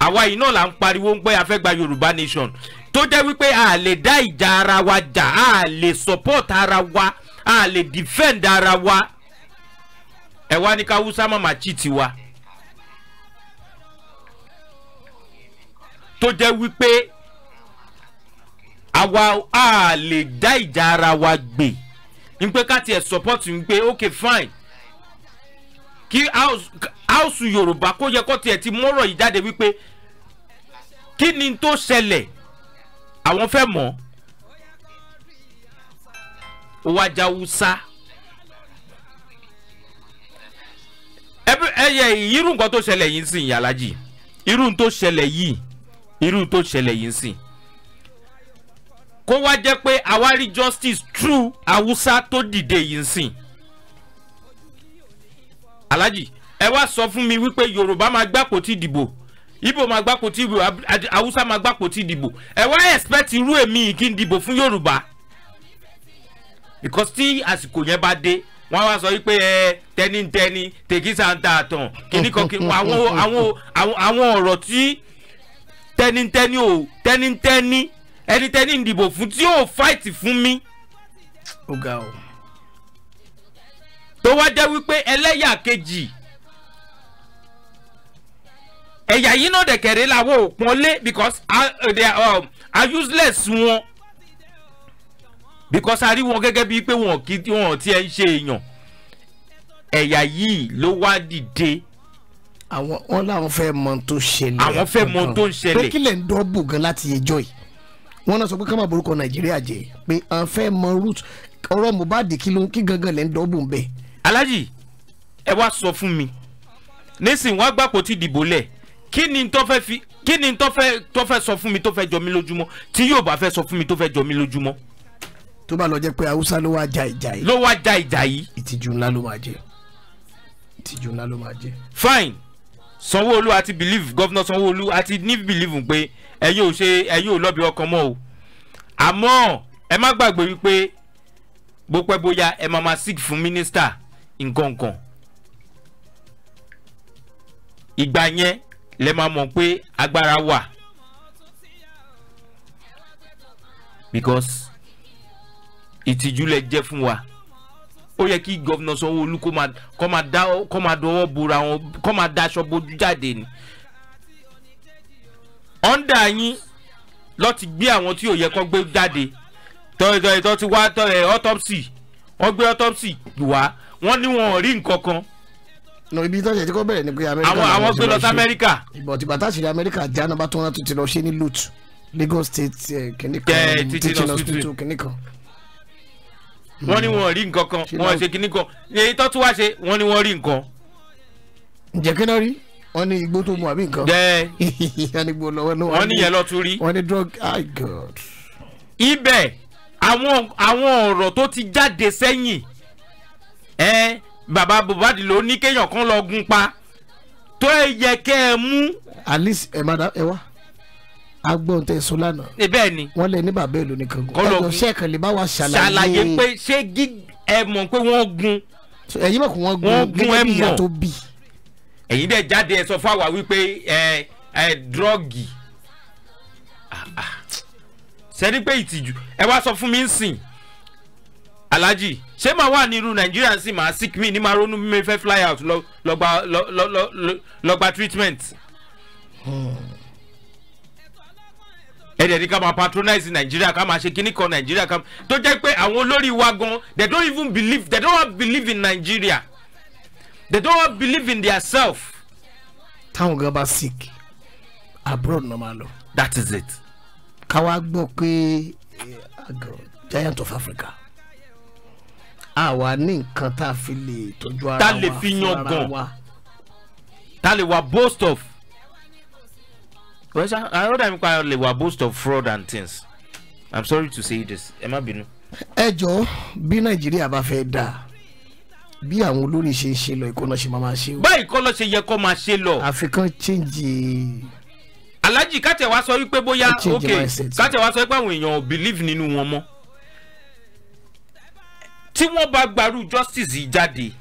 àwa yìí náà là ń pariwo ń pé a fẹ́ gba yorùbá nation tó jẹ́ wípé a lè dá ìjà ara wa jà a lè support ara wa a lè defend ara wa ẹ wá ní ká hausa mama chi tiwa tó jẹ́ wípé àwa a lè dá ìjà ara wa gbè ní pé ká tiẹ̀ support ń pé ok fine kí house yorùbá kó yẹ kó tiẹ̀ ti mọ́rọ̀ yìí jáde wípé kí ni tó ṣẹlẹ̀ àwọn fẹ́ mọ̀ ó wá já hausa ẹyẹ irú nǹkan tó ṣẹlẹ̀ yìí ń sìn yàlájì irú tó ṣẹlẹ̀ yìí irú tó ṣẹlẹ̀ yìí ń sìn kó wá jẹ́ pé àwárí justice true awusa tó dìde yìí ń sìn alhaji ẹ wá sọ fún mi wípé yorùbá máa gbàpò tí ìdìbò ibo máa gbàpò tí ìdìbò haúsá máa gbàpò tí ìdìbò ẹ wá expect irú èmi kí n dìbò fún yorùbá because tí àsìkò yẹn bá dé wọ́n wá sọ wípé ẹ tẹnitẹni tèkísà ń ta àtàn kìnnìkan kìnnìkan àwọn àwọn àwọn ọ̀rọ̀ tí tẹnitẹni ò tẹnitẹni ẹni tẹ́ni ń dìbò fún tí yóò fáìtì fún mi. ó ga o. tó wá jẹ́ wípé ẹlẹ́yà kejì ẹ̀yà yìí náà dẹ̀kẹ̀rẹ́ làwọn ò pọ́n lé because uh, they are, um, are useless wọn because a rí wọn gẹ́gẹ́ bíi pé wọn kì wọn ti ẹ̀ ń ṣe èèyàn ẹ̀yà yìí ló wá dìde. àwọn wọn làwọn fẹ́ mọ tó ṣẹlẹ̀. àwọn fẹ́ mọ tó ń ṣẹlẹ̀. pé kílẹ̀ ń dọ́bù gan láti ẹjọ́ yìí wọ́n náà sọ pé ká má borúkọ nàìjíríà jẹ́ pé à ń fẹ́ mọ root ọ̀rọ̀ Mohbad kí ló ń kí gangan lẹ́ ń dọ́gbò ń bẹ̀. alájì ẹ wá sọ fún mi nísìnyí wọn gbàpò ti dìbò lẹ kí ni tó fẹ́ fi kí ni tó fẹ́ tó fẹ́ sọ fún mi tó fẹ́ jọ mí lójúmọ́ tí yóò bá fẹ́ sọ fún mi tó fẹ́ jọ mí lójúmọ́. tó bá lọ jẹ́ pé haúsá ló wá ja ìjà yìí. ló wá ja ìjà yìí. ìtìjú ńlá ló máa jẹ ìtìjú ńlá ló máa jẹ. fine sanwó-olu àti believe governor sanwó-olu àti ní believe pé ẹ yóò ṣe ẹ yóò lọ́bi ọkàn mọ́ o àmọ́ ẹ má gbàgbé wípé bópẹ́ bóyá ẹ máa ma sick fún mínísítà ngangan ìgbà yẹn lẹ máa mọ̀ pé agbára wà because ìtìjú lẹ jẹ́ fún wa ó yẹ kí gọ́vnà Sanwó-Olú kó máa dọ́wọ́ bora wọn kó máa daṣọ bojú jáde ni ọ̀ndà yín lọ́ ti gbé àwọn tí ò yẹ kó gbé jáde tọ́jọ́ ìtọ́ ti wá tọ́rẹ̀ autopsy wọ́n gbé autopsy wá wọ́n ní wọn ò rí nǹkan kan. nà ibi tó ṣe ti kọ́ bẹ̀rẹ̀ ni pé amẹ́ríkà àwọn àwọn gbé lọ sí amẹ́ríkà. ìbọn tí bàtà ṣe amẹ́ríkà já nọ́mbà tó wọn ti lọ ṣe ní lut Lagos State eh, kìnìkan eh, teaching hospital kìnìkan. wọ́n ní hmm. wọn ò rí nǹkan kan wọ́n ṣe kìnìkan èyí tó tún wá ṣe wọ́n ní wọ́n rí nǹkan. ǹjẹ́ kí náà rí wọ́n ní igbó tó mu àbí nǹkan. bẹ́ẹ̀ wọ́n ní wọ́n ní yẹn lọ tún rí. wọ́n ní drug high god. ibẹ̀ àwọn àwọn ọ̀rọ̀ tó ti jáde sẹ́yìn ẹ bàbá Mohbad ló ní kéèyàn kan lọ gun pa tó ẹ yẹ kẹ́ ẹ mú. alice ẹ má dá ẹ wá agbóhùn tẹ sọ lánàá. ẹ bẹ́ẹ̀ ni. wọ́n lè ní bàbá èlò nìkan gun. kọ́lọ́ ẹjọ́ sẹ́ẹ̀kan lè bá wa ṣàlàyé. ṣàlàyé pé ṣé ẹ mọ̀ pé wọ́n gun. ẹ̀yin mọ̀ kó wọ́n gun gẹ́gẹ́ bí ìyá tó bì ẹ̀yin dẹ̀ jáde ẹ sọ fún àwa wípé ẹ ẹ dírọ́ọ̀gì sẹ́ni ah, ah. pé ìtìjú ẹ wá sọ fún mi ń sìn alhaji ṣé màá wà ní irú nàìjíríà sì máa sick me ní máa ronú bí mi fẹ́ fly out lọ́gba lọ́gba treatment. ẹ dẹ̀ ní ká máa patronize nàìjíríà ká máa ṣe kíní kan nàìjíríà ká tó jẹ́ pé àwọn olórí wa gan they don't even believe they don't have believe in nàìjíríà they don't believe in their self. táwọn gan bá sick abroad náà máa lọ. that is it. káwa gbọ́ pé eh, agro giant of africa àwa ní nǹkan tá a fi lè tọ́jú ara wa tá a lè fi yan gan tá a lè wa boast of well sir i know that nkwa lè wa boast of fraud and things i'm sorry to say this ẹ má bínú. ẹ jọ bí nàìjíríà bá fẹ́ dáa bí àwọn olórí ṣe ń ṣe lọ ìkọ́nà ṣe máa ṣe báyìí kọ́ ṣe yẹ kó máa ṣe lọ. àfikún chíǹjì. alhaji kátẹ sọ wípé bóyá ok kátẹ sọ wípé àwọn èèyàn ò believe nínú wọn mọ́ tí wọ́n bá gbarú justice yìí jáde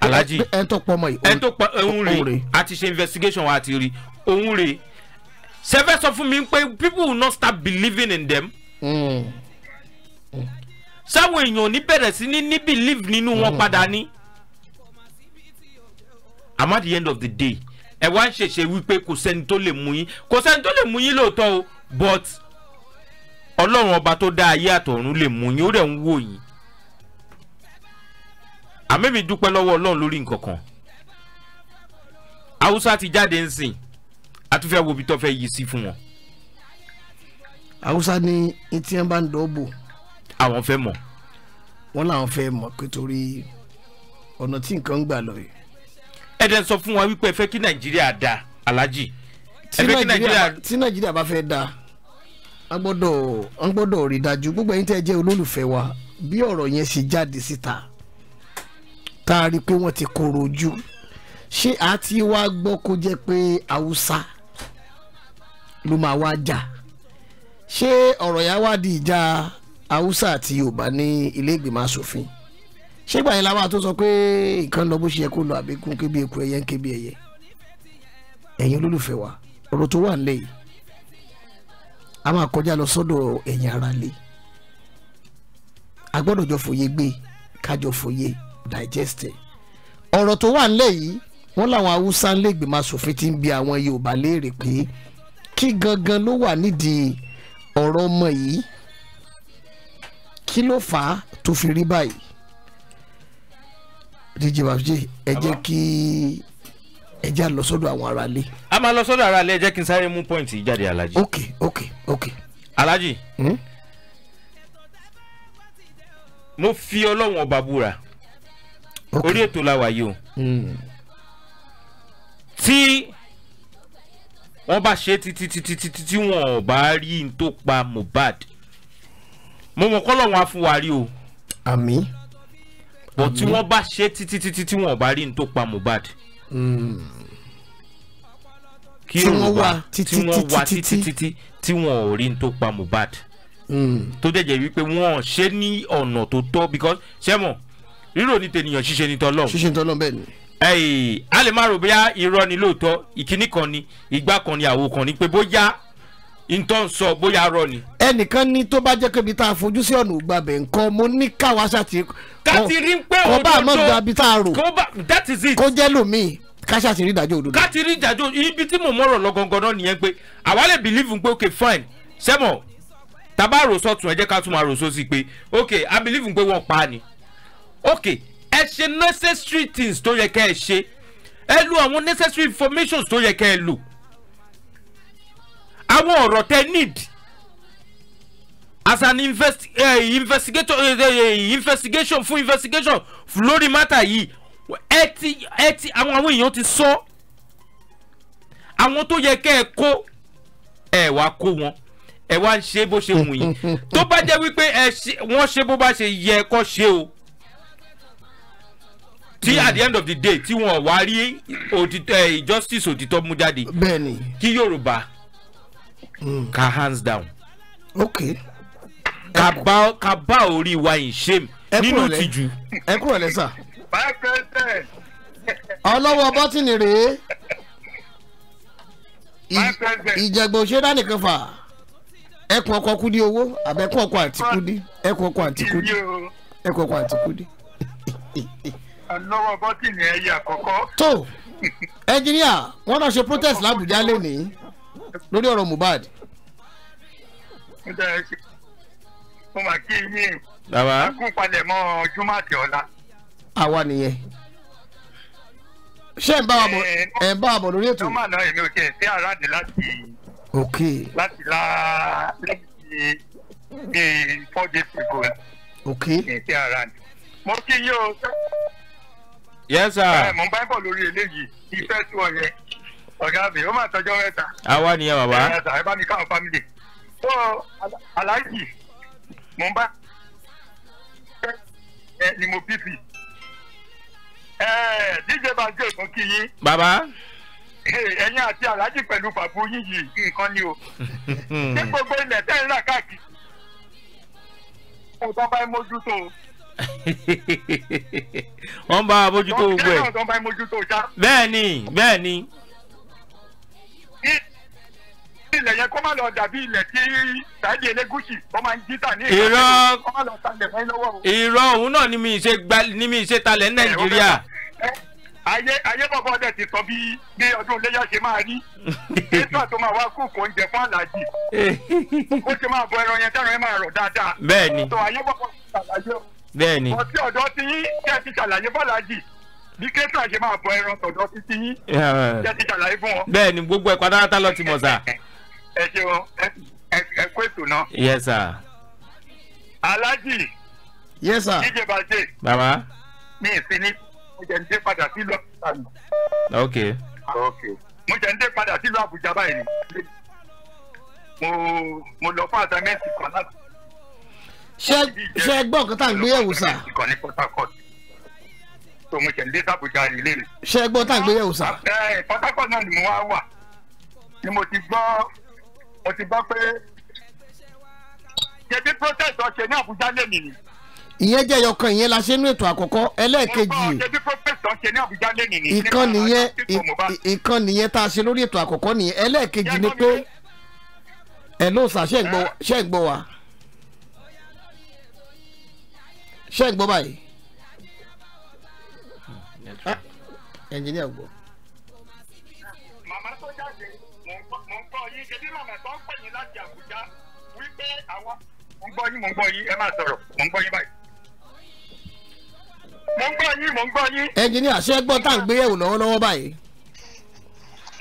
alhaji ẹ tó pọ ọmọ yìí ẹ tó pọ ohun rẹ̀ a ti ṣe investigation wa ti rí ohun rẹ̀ sẹfẹ sọ fún mi pé people will not start believing in them. Mm sáwọn èèyàn ní bẹ̀rẹ̀ sí ní ní believe nínú wọn hmm. padà ní àmọ́ at the end of the day ẹ wá ń ṣèṣe wípé kò sẹ́ni tó lè mú yín kò sẹ́ni tó lè mú yín lóòótọ́ o but ọlọ́run ọba tó dá ayé àtọ̀run lè mú yín ó dẹ̀ ń wò yín àmẹ́mi dúpẹ́ lọ́wọ́ ọlọ́run lórí nǹkan kan haúsá ti jáde ń sìn àtúfẹ́ wo ibi tó fẹ́ yí sí fún wọn. haúsá ní etí ẹ̀ bá ń dọ́ọ̀bù. àwọn fẹ́ mọ̀. wọ́n làwọn fẹ́ mọ̀ pé torí ọ̀nà tí nǹkan ń gbà lọ yìí ẹ̀dẹ̀ sọ fún wa wípé ẹ fẹ́ kí nàìjíríà da alájì ẹ fẹ́ kí nàìjíríà. tí nàìjíríà bá fẹ́ da a gbọ́dọ̀ a gbọ́dọ̀ rí dájú gbogbo ẹ̀yin tẹ́ ẹ jẹ́ olólùfẹ́ wa bí ọ̀rọ̀ yẹn ṣe jáde síta tá a rí i pé wọ́n ti kóró ojú ṣé a ti wá gbọ́ kó jẹ́ pé haúsá ló máa wá jà ṣé ọ̀rọ̀ yà wá di ìjà haúsá àti yorùbá ní ilé ìgbìmọ̀ asòfin ṣégbà yẹn làwọn àtúnṣe pé nǹkan lọ bó ṣe yẹ kó lọ àbí kún kébí eku ẹyẹ ń kébí ẹyẹ ẹ̀yin olólùfẹ́ wa ọ̀rọ̀ tó wà nílẹ̀ yìí a máa kọjá lọ sọ́dọ̀ ẹ̀yin ara lè a gbọ́dọ̀ jọ fòye gbé kájọ fòye digeste ọ̀rọ̀ tó wà nílẹ̀ yìí wọ́n làwọn haúsá ń lẹ́gbẹ̀ẹ́ asòfin ti ń bi àwọn yorùbá léèrè pé kí gangan ló wà nídìí ọ̀rọ̀ ọmọ yìí kí ló fà á tó fi rí báyìí dj babji ẹ jẹ́ kí ẹ já lọ sọ́dọ̀ àwọn aráalé. a máa lọ sọ́dọ̀ aráalé ẹ jẹ́ kí n sáré mú pọ́ìntì jáde alhaji. ok ok ok. alhaji. Hmm? mo fi ọlọ́wọ̀n ọba búra orí ètò la yìí o hmm. tí wọ́n bá ṣe títí títí títí tí wọ́n ò bá rí n tó pa Mohbad mo mọ̀ kọ́ lọ́wọ́n á fún wa rí o. àmín but tí wọ́n bá ṣe títí títí tí wọ́n bá rí ní tó pa Mohbad. Hmm. kí wọ́n wá títí títí títí tí wọ́n ò rí ní tó pa Mohbad. Hmm. tó dẹ̀ jẹ́ wípé wọ́n ṣe ní ọ̀nà tó tọ́ because ṣẹ́mọ̀ rírò ní tènìyàn ṣíṣe ní tọ́lọ́. ṣíṣe ní tọ́lọ́ bẹ́ẹ̀ ni ẹyìn a lè má rò bóyá irọ́ ni lóòótọ́ ìkíní kan ni ìgbà kan ni àwo kan ni pé bóyá ntọ́ sọ bóyá arọ ni. ẹnìkan ní tó bá jẹ́ pé tá a fojú sí ọ̀nà ògbàbẹ̀ nǹkan mo ní káwa ṣàti. káti rí pé òdodo kò àmọ́ gba ibi tá a rò that is it. kó jẹ́ lómi káṣá ti rí ìdájọ́ òdodo. káti rí ìdájọ́ ibi tí mò mọ̀rọ̀ lọ́gọ́ngọ́ náà nìyẹn pé àwa lè believe pé okay fine sẹ́mọ̀ tàbá ròsọ tún ẹ ká tún máa ròsọ sí pé okay I believe pé wọ́n pa á ni okay ẹ ṣe necessary things tó yẹ kẹ́ ẹ ṣe ẹ lu àwọn necessary informations tó yẹ kẹ́ ẹ lò àwọn ọ̀rọ̀ tẹ need as an invest, uh, investigator uh, uh, investigation fún investigation lórí mata yìí ẹ ti ẹ ti àwọn àwọn èèyàn ti sọ àwọn tó yẹ kẹ́ ẹ kó ẹ wá kó wọn ẹ wá ń ṣe bó ṣe wù yín tó bá jẹ́ wípé ẹ wọ́n ṣe bó bá ṣe yẹ kó ṣe o tí at the end of the day tí wọn wá rí òtítọ́ justice òtítọ́ mú jáde kí Yorùbá mm. ka hands down. ok. ka bá ka wa in shame nínú ìtìjú. ẹ kúrò lẹ sà. ọlọ́wọ́ bọ́tìnì rèé ìjàgbọ̀n òṣèré nìkan fà ẹkùn ọkọ kúdí owó àbẹ̀kùn ọkọ àti kúdí ẹkùn ọkọ àti kúdí ẹkùn ọkọ àti kúdí. ọlọ́wọ́ bọ́tìnì ẹ̀yà àkọ́kọ́. tó ẹnjìníà wọn náà ṣe protest làbújá lónìí lórí ọ̀rọ̀ Mohbad. mo máa kí yín bàbá kún palẹ̀ mọ́ jùmọ̀ àti ọ̀la. àwa nìyẹn ṣé ẹ ń bá wa bọ̀ ẹ ń bá wa bọ̀ lórí ètò. jùmọ̀ náà èmi ò tiẹ̀ sí àràdé láti láti la lẹ́yìn bíi four days ago. ok sí àràdé. mo kí yín o. yes sir. mo bá ń bọ̀ lórí eléyìí ìfẹ́ sí ọ yẹn ọ̀gá mi ó máa tọjọ́ mẹ́ta. àwa nìyẹn bàbá. ẹ ẹ bá mi káwọn fámìlì. tó aláàjì mò ń bá ẹ ni mo bíbí ẹ díje bá jẹ́ ìtàn kí yín. bàbá. ẹyin àti aláàjì pẹ̀lú bàbá yín yìí nǹkan ni o. ní gbogbo ilẹ̀ tẹ́ ń rà káàkiri. ọ̀dọ́ bá ń mójútó o wọ́n bá bójútó gbogbo ẹ̀ bẹ́ẹ̀ ni bẹ́ẹ̀ ni ilẹ̀ yẹn kó má lọ dàbí ilẹ̀ tí Saheed Elegushi tó máa ń jí tà ní ìlú kó má lọ talẹ̀ mọ́ lọ́wọ́ o. irọ́ òun náà ni mi ṣe gba ni mi ṣe talẹ̀ Nàìjíríà. ayé ayé bọ̀bọ̀ ọdẹ ti sọ bí bí ọdún iléyà ṣe máa rí nígbà tó máa wá kókó oúnjẹ fún aláàjì ó ṣe máa bọ ẹran yẹn tẹ́ran yẹn máa rọ̀ dáadáa. bẹ́ẹ̀ni tó ayé bọ̀bọ̀ ṣàlàyé o. bẹ́ẹ̀ni ọtí ọ̀dọ́ ti yín kẹ́ ẹ ti bí kẹ́tà ṣe máa bọ ẹran tọ̀dọ̀ títí yín kẹ́ ti ṣàlàyé fún wọn. bẹ́ẹ̀ni gbogbo ẹ̀ pátápátá lọ ti mọ̀ sá ẹ ṣeun ẹ kó ètò náà. yes sir. alhaji. yes sir. jíjẹ bàjẹ́. bàbá. mi ì mo jẹ́ ń dé padà sí lọ. ok. ok. mo jẹ́ ń dé padà sí lọ àbújá báyìí mo mo lọ fún àtàmẹ́ǹtì kan láti. ṣé ṣé gbọ́ tá à ń gbé yẹ̀wò sà. ìkànnì ní dé sàbújá nílé rẹ̀. ṣé gbọ́ tá à ń gbé yẹ̀wò ẹ eh, port náà ni mo wá wà ni mo ti gbọ́ mo ti gbọ́ pé ṣebí protest ọ̀ṣẹ̀ ní Àbújá lè nìyí. ìyẹn jẹ́ ẹyọkan ìyẹn la ṣe ní ètò àkọ́kọ́ ẹlẹ́ẹ̀kejì ìkan nìyẹn ìkan nìyẹn tá a ṣe lórí ètò àkọ́kọ́ nìyẹn ẹlẹ́ẹ̀kejì ni pé ẹ̀ ló sà ṣẹ́ ń gbọ́ wa ṣẹ́ ń gbọ́ báyìí ẹnjìníà hmm, ah, gbọ́. pé àwọn mo ń gbọ́ yín mo ń gbọ́ yín ẹ máa sọ̀rọ̀ mo ń gbọ́ yín báyìí. mo ń gbọ́ yín mo ń gbọ́ yín. ẹnjìníà ṣé gbọ́ tá à ń gbé yẹ̀wò lọ́wọ́lọ́wọ́ báyìí.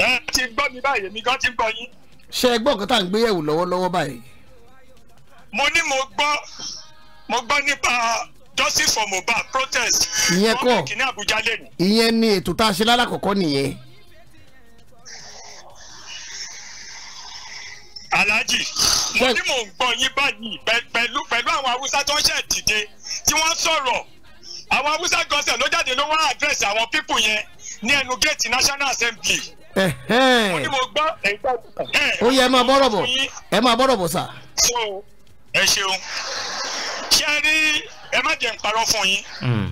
ẹ ti gbọ́ mi báyìí èmi gan ti gbọ́ yín. ṣé ẹ gbọ́ nǹkan tá à ń gbé yẹ̀wò lọ́wọ́lọ́wọ́ báyìí. mo ní mo gbọ́ mo gbọ́ nípa justice for Mohbad protest. ìyẹn kọ́ ìyẹn ni ètò tá a ṣe lálàkọ̀kọ́ nìyẹn. aláàjì mo ní mò ń gbọ́ yín báyìí pẹ̀lú pẹ̀lú àwọn haúsá tó ń ṣe dìde tí wọ́n sọ̀rọ̀ àwọn haúsá gọ́sẹ̀ ló jáde ló wá àdírẹ́sì àwọn pípù yẹn ní ẹnu géètì national assembly. ó yẹ ẹ máa bọ́rọ̀ bọ̀ ẹ máa bọ́rọ̀ bọ̀ sà. ẹ ṣeun ṣe rí ẹ má jẹ́ ń fún yín hmm.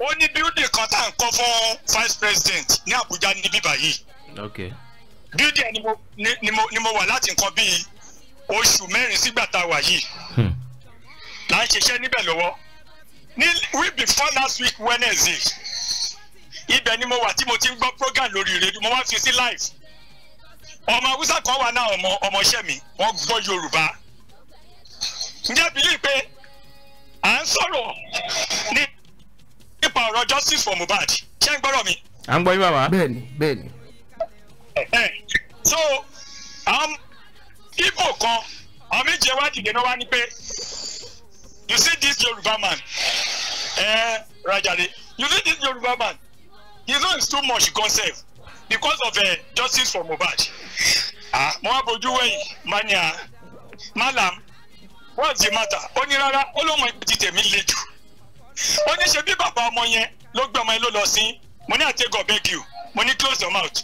ó ní bíúdì kan tá à ń kọ́ fún vice president ní Àbújá níbí báyìí. Okay dídíẹ̀ ni mo ni mo ni mo wà láti nǹkan bíi oṣù mẹ́rin sígbà tá a wà yìí hmm. là ń ṣiṣẹ́ níbẹ̀ lọ́wọ́ ní week before last week Wednesday ibẹ̀ ni mo wà tí mo ti ń gbọ́ program lórí rédíò mo wá fi sí live ọmọ haúsá kan wà náà ọmọ ọmọọṣẹ́ mi wọ́n gbọ́ Yorùbá ǹjẹ́ bílí pé à ń sọ̀rọ̀ nípa ọ̀rọ̀ justice for Mohbad ṣé ń gbọ́rọ̀ mi. à ń gbọ́ yín bàbá. bẹ́ẹ̀ni bẹ́ẹ̀ni so àwọn ibo kan àwọn méje wá dìde náà wá ní pé you see this Yoruba man eh, Rajare you see this Yoruba man He own is too much conserve because of uh, justice for Mohbad ah mo wá bojú wẹ̀yìn mania malam what's the matter ó ní rárá ó ló mọ ibi tí tèmi le jù ó ní ṣe bí bàbá ọmọ yẹn ló gbé ọmọ yẹn ló lọ sí mo ní I take God beg you mo ní close your mouth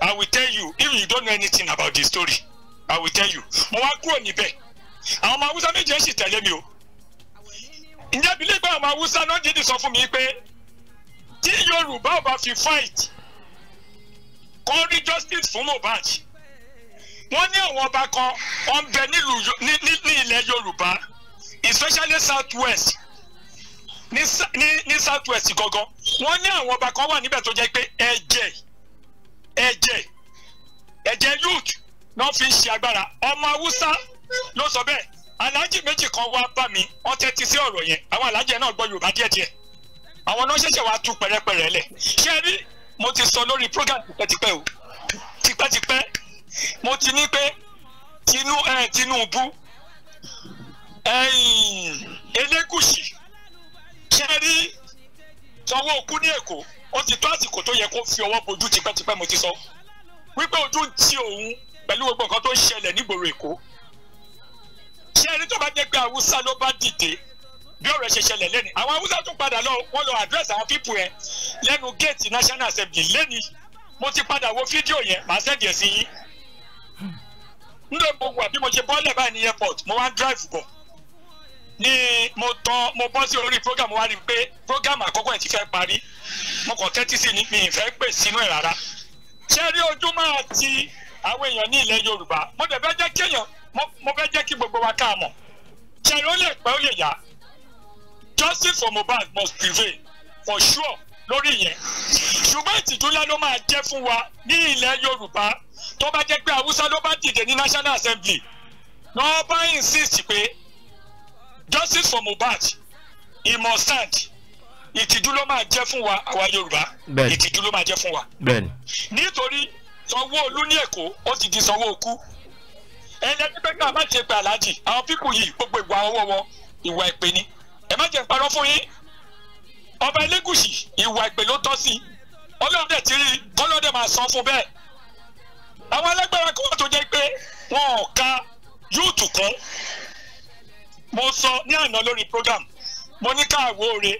I will tell you if you don't know anything about the story I will tell you mo wá kúrò níbẹ̀ àwọn ọmọ Hausa méjì ẹ̀ sì tẹ̀lé mi o ǹjẹ́ bí lẹ́gbẹ̀ẹ́ àwọn Hausa náà dídì sọ fún mi pé tí Yorùbá ò fi fight kó rí justice fún Mohbad wọ́n ní àwọn ọba kan wọ́n bẹ ní ilẹ̀ Yorùbá especially south west ní south west gangan wọ́n ní àwọn ọba kan wà níbẹ̀ tó jẹ́ pé ẹ̀jẹ̀. E ẹ̀jẹ̀ ẹ̀jẹ̀ youth náà fi ń ṣe agbára ọmọ haúsá ló sọ bẹ́ẹ̀ aláàjì méjì kan wá bá mi wọ́n tẹ́tí sí ọ̀rọ̀ yẹn àwọn aláàjì náà gbọ́ yorùbá díẹ̀díẹ̀ àwọn náà ṣẹ̀ṣẹ̀ wá tú pẹ̀rẹ́pẹ̀rẹ́ lẹ̀ ṣé rí mo ti sọ lórí program tipẹ́tipẹ́ o tipẹ́tipẹ́ mo ti ní pé tinu ẹ Tinubu ẹyìn Elégùṣì ṣe rí Sanwó-Olú ní Èkó ó ti tó àsìkò tó yẹ kó fi ọwọ́ bojú tipẹ́tipẹ́ mo ti sọ wípé ojú ń ti òun pẹ̀lú gbogbo nǹkan tó ń ṣẹlẹ̀ nígboro èkó ṣé ẹni tó bá jẹ́ pé haúsá ló bá dìde bí ọ̀rọ̀ ṣe ṣẹlẹ̀ lẹ́nu àwọn haúsá tún padà lọ wọ́n lọ àdírẹ́sì àwọn pípù ẹ̀ lẹ́nu géètì national assembly lẹ́ni mo ti padà wo fídíò yẹn màá sẹ́ẹ̀dì ẹ̀ sí yín nígbà gbogbo àbí mo ṣe bọ́ọ̀lẹ̀ báyìí ní airport mo wá ń drive bọ̀ ni mo tán mo bọ́ sí orí program wa ni pé program àkọ́kọ́ ẹ̀ ti fẹ́ parí mo kàn tẹ́tí sí ni mi ì fẹ́ pè sínú ẹ̀ rárá ṣé rí ojú máa ti àwọn èèyàn ní ilẹ̀ Yorùbá mo dẹ̀ fẹ́ jẹ́ kí èèyàn mo fẹ́ jẹ́ kí gbogbo wa ká mọ̀ ṣé rí lè pẹ́ ó lè yá justice for Mohbad must prevail for sure lórí yẹn ṣùgbọ́n ìtìjú ńlá ló máa jẹ́ fún wa ní ilẹ̀ Yorùbá tó bá jẹ́ pé Haúsá ló bá dìde ní National Assembly lọ́ọ́ bá insist pé justice for Mohbad he must stand ìtìjú ló máa jẹ́ fún wa àwa Yorùbá ìtìjú ló máa jẹ́ fún wa nítorí Sanwó-Olú ní Èkó ó ti di Sanwó-Okú ẹlẹ́ni pé ká má ṣe pé aláàjì àwọn pípù yìí gbogbo ìwà ọwọ́ wọn ìwà ìpè ni ẹ má jẹ́ parọ́ fún yín ọba Elégùṣì ìwà ìpè ló tọ́ sí Ọlọ́run dẹ̀ ti rí Ọlọ́run dẹ̀ máa san fún bẹ́ẹ̀ àwọn alágbára kí wọ́n tó jẹ́ pé wọn ò ka yóò tù kún mo sọ ní àná lórí program mo ní káàwó re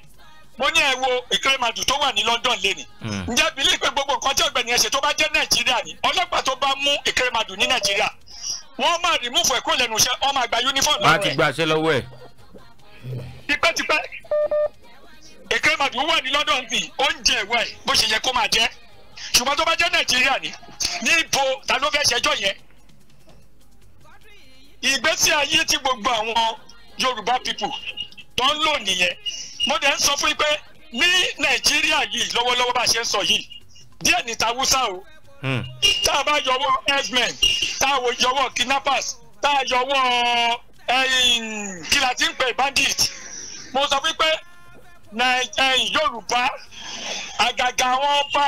mo ní ẹ wo ìkéremàdù tó wà ní London lẹ́nì. Hmm. ǹjẹ́ bílí pé gbogbo nǹkan tí ọ̀gbẹ́ni Ese tó bá jẹ́ Nàìjíríà ni ọlọ́pàá tó bá mú ìkéremàdù ní Nàìjíríà wọ́n máa rìmúfù kúrò lẹ́nu wọ́n máa gba yúnífọ̀mù lọ́wọ́ ẹ̀. ti gba aṣẹ lọ́wọ́ ẹ̀. tipẹ́tipẹ́ ìkéremàdù wà ní London ni ní ibo ta ló yorùbá people tó ń lò nìyẹn mo dẹ̀ ń sọ fún yín pé ní nàìjíríà yìí lọ́wọ́lọ́wọ́ bá a ṣe ń sọ yìí díẹ̀ níta wúsà o hmm. tá a bá yọwọ́ herdsmen tá a yọwọ́ kidnappers tá a yọwọ́ kìlà tí ń pè bandit mo sọ fún pé yorùbá àgàgà àwọn ọba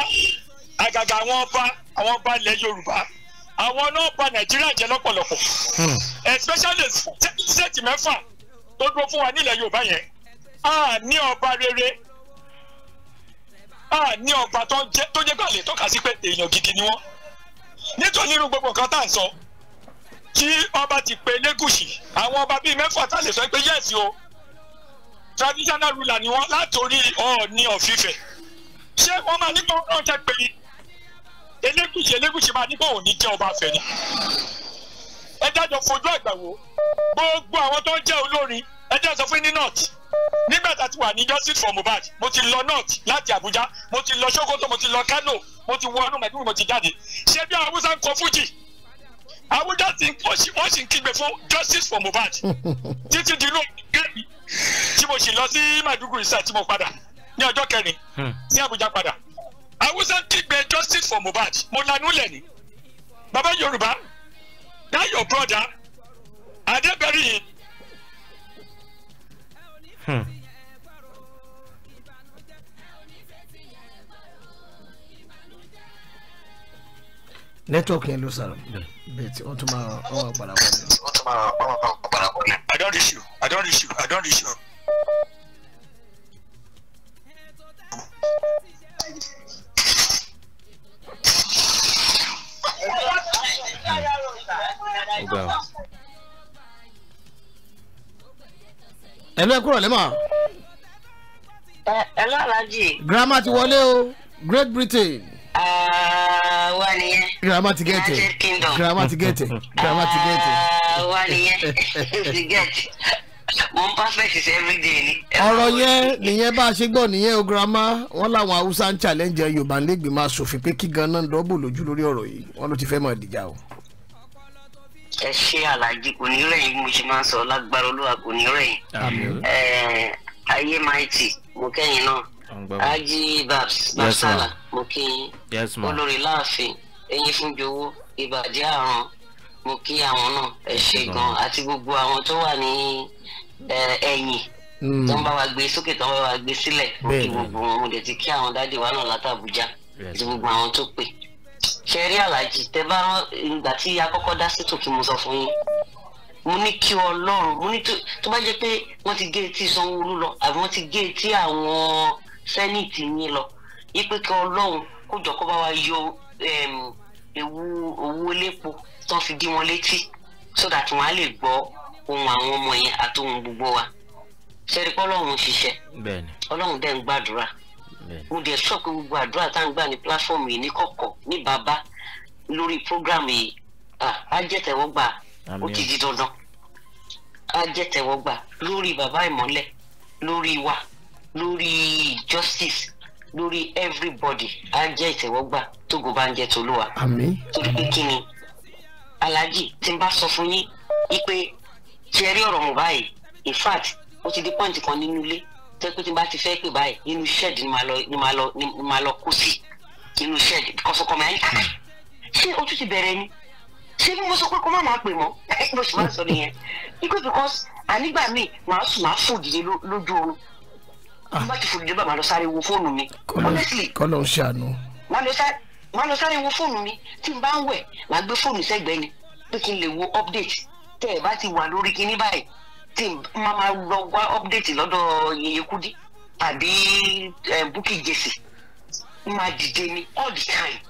àgàgà àwọn ọba àwọn ọba ilẹ̀ yorùbá àwọn náà nàìjíríà jẹ́ lọ́pọ̀lọpọ̀ hmm. especially state mẹ́fà tó dúró fún wa nílẹ̀ Yorùbá yẹn a ní ọba rere a ní ọba tó jẹ́ ká lè tọ́ka sí pé èèyàn gidi ni wọ́n nítorí irú gbogbo nǹkan tá à ń sọ tí ọba ti pe lẹ́gùsì àwọn ọba bíi mẹ́fà tá a lè sọ pé yẹ́ẹ̀sì o traditional ruler ni wọ́n látòrí Ọọ̀ni of Ifẹ̀ ṣé wọ́n máa ní kó wọ́n tẹ́ pé Elégùṣì Elégùṣì máa ní kó òun ní jẹ́ ọba Ifẹ̀ ni ẹ jájọ fojú àgbà wo gbogbo àwọn tó ń jẹ́ olórin ẹ jẹ́ sọ pé ní north nígbà tá a ti wà ní justice for Mohbad mo ti lọ north láti Abuja mo ti lọ Sokoto mo ti lọ Kano mo ti wọnú Maiduguri mo ti jáde ṣé bí awúsá ń kọ fújì awúsá ti wọ́n sì ń kígbe fún justice for Mohbad títí di inú gẹ́ẹ̀mí tí mo sì lọ sí Maiduguri side tí mo padà ní ọjọ́ kẹrin hmm. sí Abuja padà awúsá ń kígbe justice for Mohbad mo lanú lẹ̀ baba Yorùbá that your brother Adébẹ̀rí yìí. Hmm. network yẹn ló sọ̀rọ̀ bẹ́ẹ̀ tí wọ́n tún máa ọwọ́ àgbàlá wọlé. wọlé. I don't issue. I don't issue. I don't issue. Oh, God. ẹ̀lú ẹ̀kúrọ̀ lẹ́mọ̀. ẹ̀lú alájì. grandma ti wọlé o great britain. wà nìyẹn. grandma ti gẹ̀tẹ̀ grandma ti gẹ̀tẹ̀ grandma ti gẹ̀tẹ̀. wà nìyẹn ti gẹ̀tẹ̀ mo ń perfect is everyday ni. ọ̀rọ̀ yẹn nìyẹn bá a ṣe gbọ́ nìyẹn o grandma wọ́n láwọn haúsá ń challenge yorùbá nígbìmọ̀ asòfin pé kí ganan dọ́bù lójú lórí ọ̀rọ̀ yìí wọ́n ló ti fẹ́ máa dìjà o ẹ ṣe àlàjì kò ní rẹ̀yìn mo ṣe máa ń sọ lágbára olúwa kò ní rẹ̀yìn ayé maiti mo kẹ́yìn náà ají babs basala mo kẹ́yìn olórí láàfin ẹyin fún jowó ìbàdí àrùn mo kí àwọn náà ẹ ṣe gan àti gbogbo àwọn tó wà ní ẹ̀yìn hmm. tó ń bá wa gbé sókè tó ń bá wa gbé sílẹ̀ mo kí gbogbo wọn mo dẹ̀ ti kí àwọn dáàdi wa náà látàbújá àti gbogbo àwọn tó pè ṣẹ̀rí aláàjì tẹ bá rán ìgbà tí akọ́kọ́ dá sí tòkì mo sọ fún yín mo ní kí ọlọ́run mo ní tó bá jẹ́ pé wọ́n ti gé etí sanwó lọ àbí wọ́n ti gé etí àwọn sẹ́nìtì yín lọ yípe kí ọlọ́run kó bá wa yọ ewu owó lépo tó fi dí wọn létí so that wọn á lè gbọ́ ohun àwọn ọmọ yẹn àti ohun gbogbo wa ṣẹ́rí pé ọlọ́run ṣiṣẹ́ ọlọ́run dẹ̀ ń gbàdúrà mo dẹ̀ sọ pé gbogbo àdúrà tá à ń gbà ní platform yìí ní kọ̀kọ̀ ní bàbá lórí program yìí á jẹ́ tẹ̀wọ́gbà ó ti di dandan á lórí bàbá ìmọ́lẹ̀ lórí wa lórí justice lórí everybody á jẹ́ ìtẹ̀wọ́gbà tógo bá ń jẹ́ tolúwa torí pé kí ni alhaji tí n bá sọ fún yín wípé tí ẹ rí ọ̀rọ̀ Mohbad yìí in fact ó ti di pọ́ǹtì kan nínú ilé tẹ́kùn tí n bá ti fẹ́ pè báyìí inú shed ni màá lọ ni màá lọ ni màá sí inú shed kọ́sọ́kọ́ máa ń ká ṣé o tún ti bẹ̀rẹ̀ ni ṣé bí mo sọ pé kó má máa pè mọ́ mo sì máa sọ nìyẹn ikú because ànígbà míì màá sùn màá fò dìde lójú oorun n bá ti fò dìde bá màá lọ sáré wo fóònù mi honestly kọ́ ló ń ṣàánú. màá lọ sáré wo fóònù mi tí n bá ń wẹ̀ màá gbé fóònù sẹ́gbẹ̀ẹ́ ni pé kí n lè wo update tẹ́ ẹ bá ti wà lórí kinní báyìí tí máa máa lọ wá update lọ́dọ̀ Yèyé Kúdí tàbí Bukky Jesse máa dìde ní all the time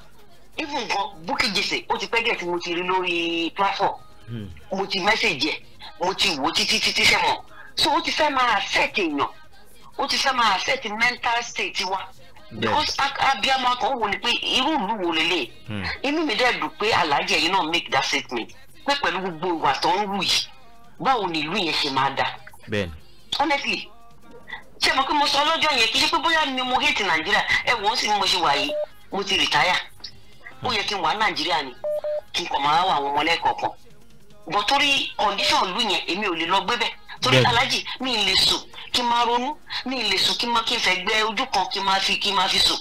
even gan Bukky Jesse ó ti pẹ́ díẹ̀ tí mo ti rí lórí platform hmm. mo ti message ẹ̀ mo ti wò títí títí sẹ́wọ̀n so ó ti fẹ́ máa accept èèyàn ó ti fẹ́ máa accept mental state wa because abiyamọ akọ wo ni pé irú ìlú wo lélẹ̀ hmm. inú mi dẹ̀ dùn pé alájẹ yìí náà make that statement pé pẹ̀lú gbogbo ìwà tó ń wù yìí báwo ni ìlú yẹn ṣe máa dà. bẹ́ẹ̀ni. honestly ṣe mọ̀ pé mo sọ lọ́jọ́ yẹn kì í ṣe pé bóyá mo hate nàìjíríà ẹ wọ́n sì ni mo ṣe wà yìí mo ti rìtáyà ó yẹ kí n wà nàìjíríà ni kí n kọ̀ máa wà àwọn ọmọ lẹ́ẹ̀kọ̀ọ̀kan bọ̀ torí condition yẹn èmi ò lè lọ gbé mi ì lè sùn kí n mi n máa kí n fẹ́ gbẹ ojú kan kí fi kí n máa fi sùn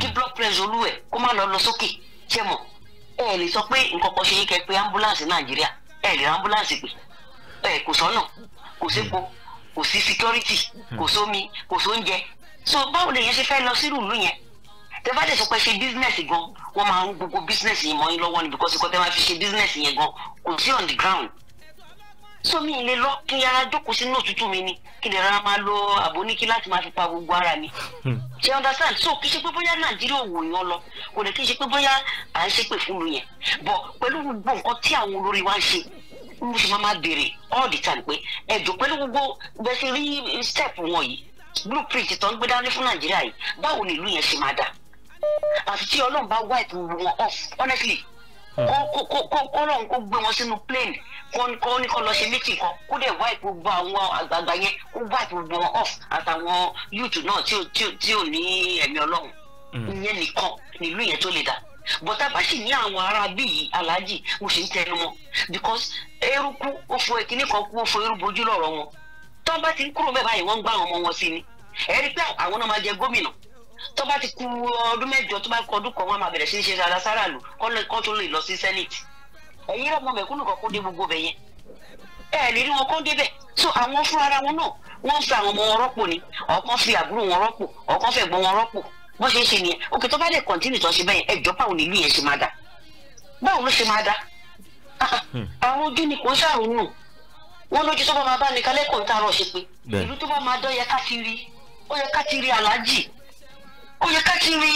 kí hmm. blood pressure olú ẹ̀ kó má lọ lọ sókè mọ̀ lè sọ pé Eh, kò sọ́nà kò sépo kò sí security kò hmm. sómi kò sóúnjẹ so báwo lèyàn ṣe fẹ́ lọ sírù ìlú yẹn tẹ bá lè sọ pé ṣe bísínẹ́sì gan wọ́n máa ń gbogbo bísínẹ́sì yìí mọ yín lọ́wọ́ ni because kọ́ máa fi ṣe bísínẹ́sì yẹn gan kò sí on the ground so mi lọ kí ara jókòó sínú mi ni kí lè rárá máa lo àbóníkí láti máa fi pa gbogbo ara mi hmm. ṣe understand so kì ṣe pé bóyá nàìjíríà òwò yẹn lọ kò ṣe pé bóyá à mo sì máa ma béèrè all the time pé ẹ̀dùn pẹ̀lú gbogbo bẹ́ẹ̀ ṣe rí step wọn yìí blueprint tó ń gbé dání fún nàìjíríà yìí báwo ni ìlú yẹn ṣe máa dà àfi tí ọlọ́run bá wipe wọn off honestly hmm. kọ́lọ́n kó gbé wọn sínú plane kọ́ ní kọ́ lọ ṣe méjì kan kó dẹ̀ wipe gbogbo àwọn àgbààgbà yẹn kó wipe gbogbo wọn off àtàwọn youth náà tí ò ní ẹ̀mí ọlọ́run hmm. ìyẹn nìkan nílùú yẹn tó lè dà bọ́tà bá sì ní àwọn ará bí yìí aláàjì mo sì ń tẹnu mọ́ because eruku ó fọ ìkíní kan kú ó fọ eru bojú lọ́rọ̀ wọn tó bá ti ń kúrò bẹ́ẹ̀ báyìí wọ́n ń gbá àwọn ọmọ wọn sí ni ẹ̀rí pé àwọn náà máa jẹ gómìnà tó bá ti ku ọdún mẹ́jọ tó bá kọ ọdún kan wọn máa bẹ̀rẹ̀ sí ní ṣe alására lù kọ́ tó lè lọ sí senate ẹ̀yin rẹ̀ mọ mẹ̀kúnnù kan kó dé gbogbo bẹ̀ yẹn ẹ̀ lè rí wọn kó dé bẹ̀ so àwọn fúnra ara wọn náà wọ́n fi àwọn ọmọ wọn rọ́pò ni ọ̀kan fi àbúrò wọn rọ́pò ọ̀kan fẹ́ gbọ́n wọn rọ́pò bó ṣe ń ṣe nìyẹn òkè tó bá lè kọ̀ntínì tó ṣe bẹ́yẹn ẹ̀jọ́ báwo nílùú yẹn ṣe máa dá báwo ló ṣe máa dá àwọn ojú ni kò ṣàrùn nù wọn lójú tó bá máa bá nìkan lẹ́kọ̀ọ́ tá a ṣe pé ìlú tó bá máa dán yẹ ká ti rí ó yẹ ká ti rí aláàjì ó yẹ ká ti rí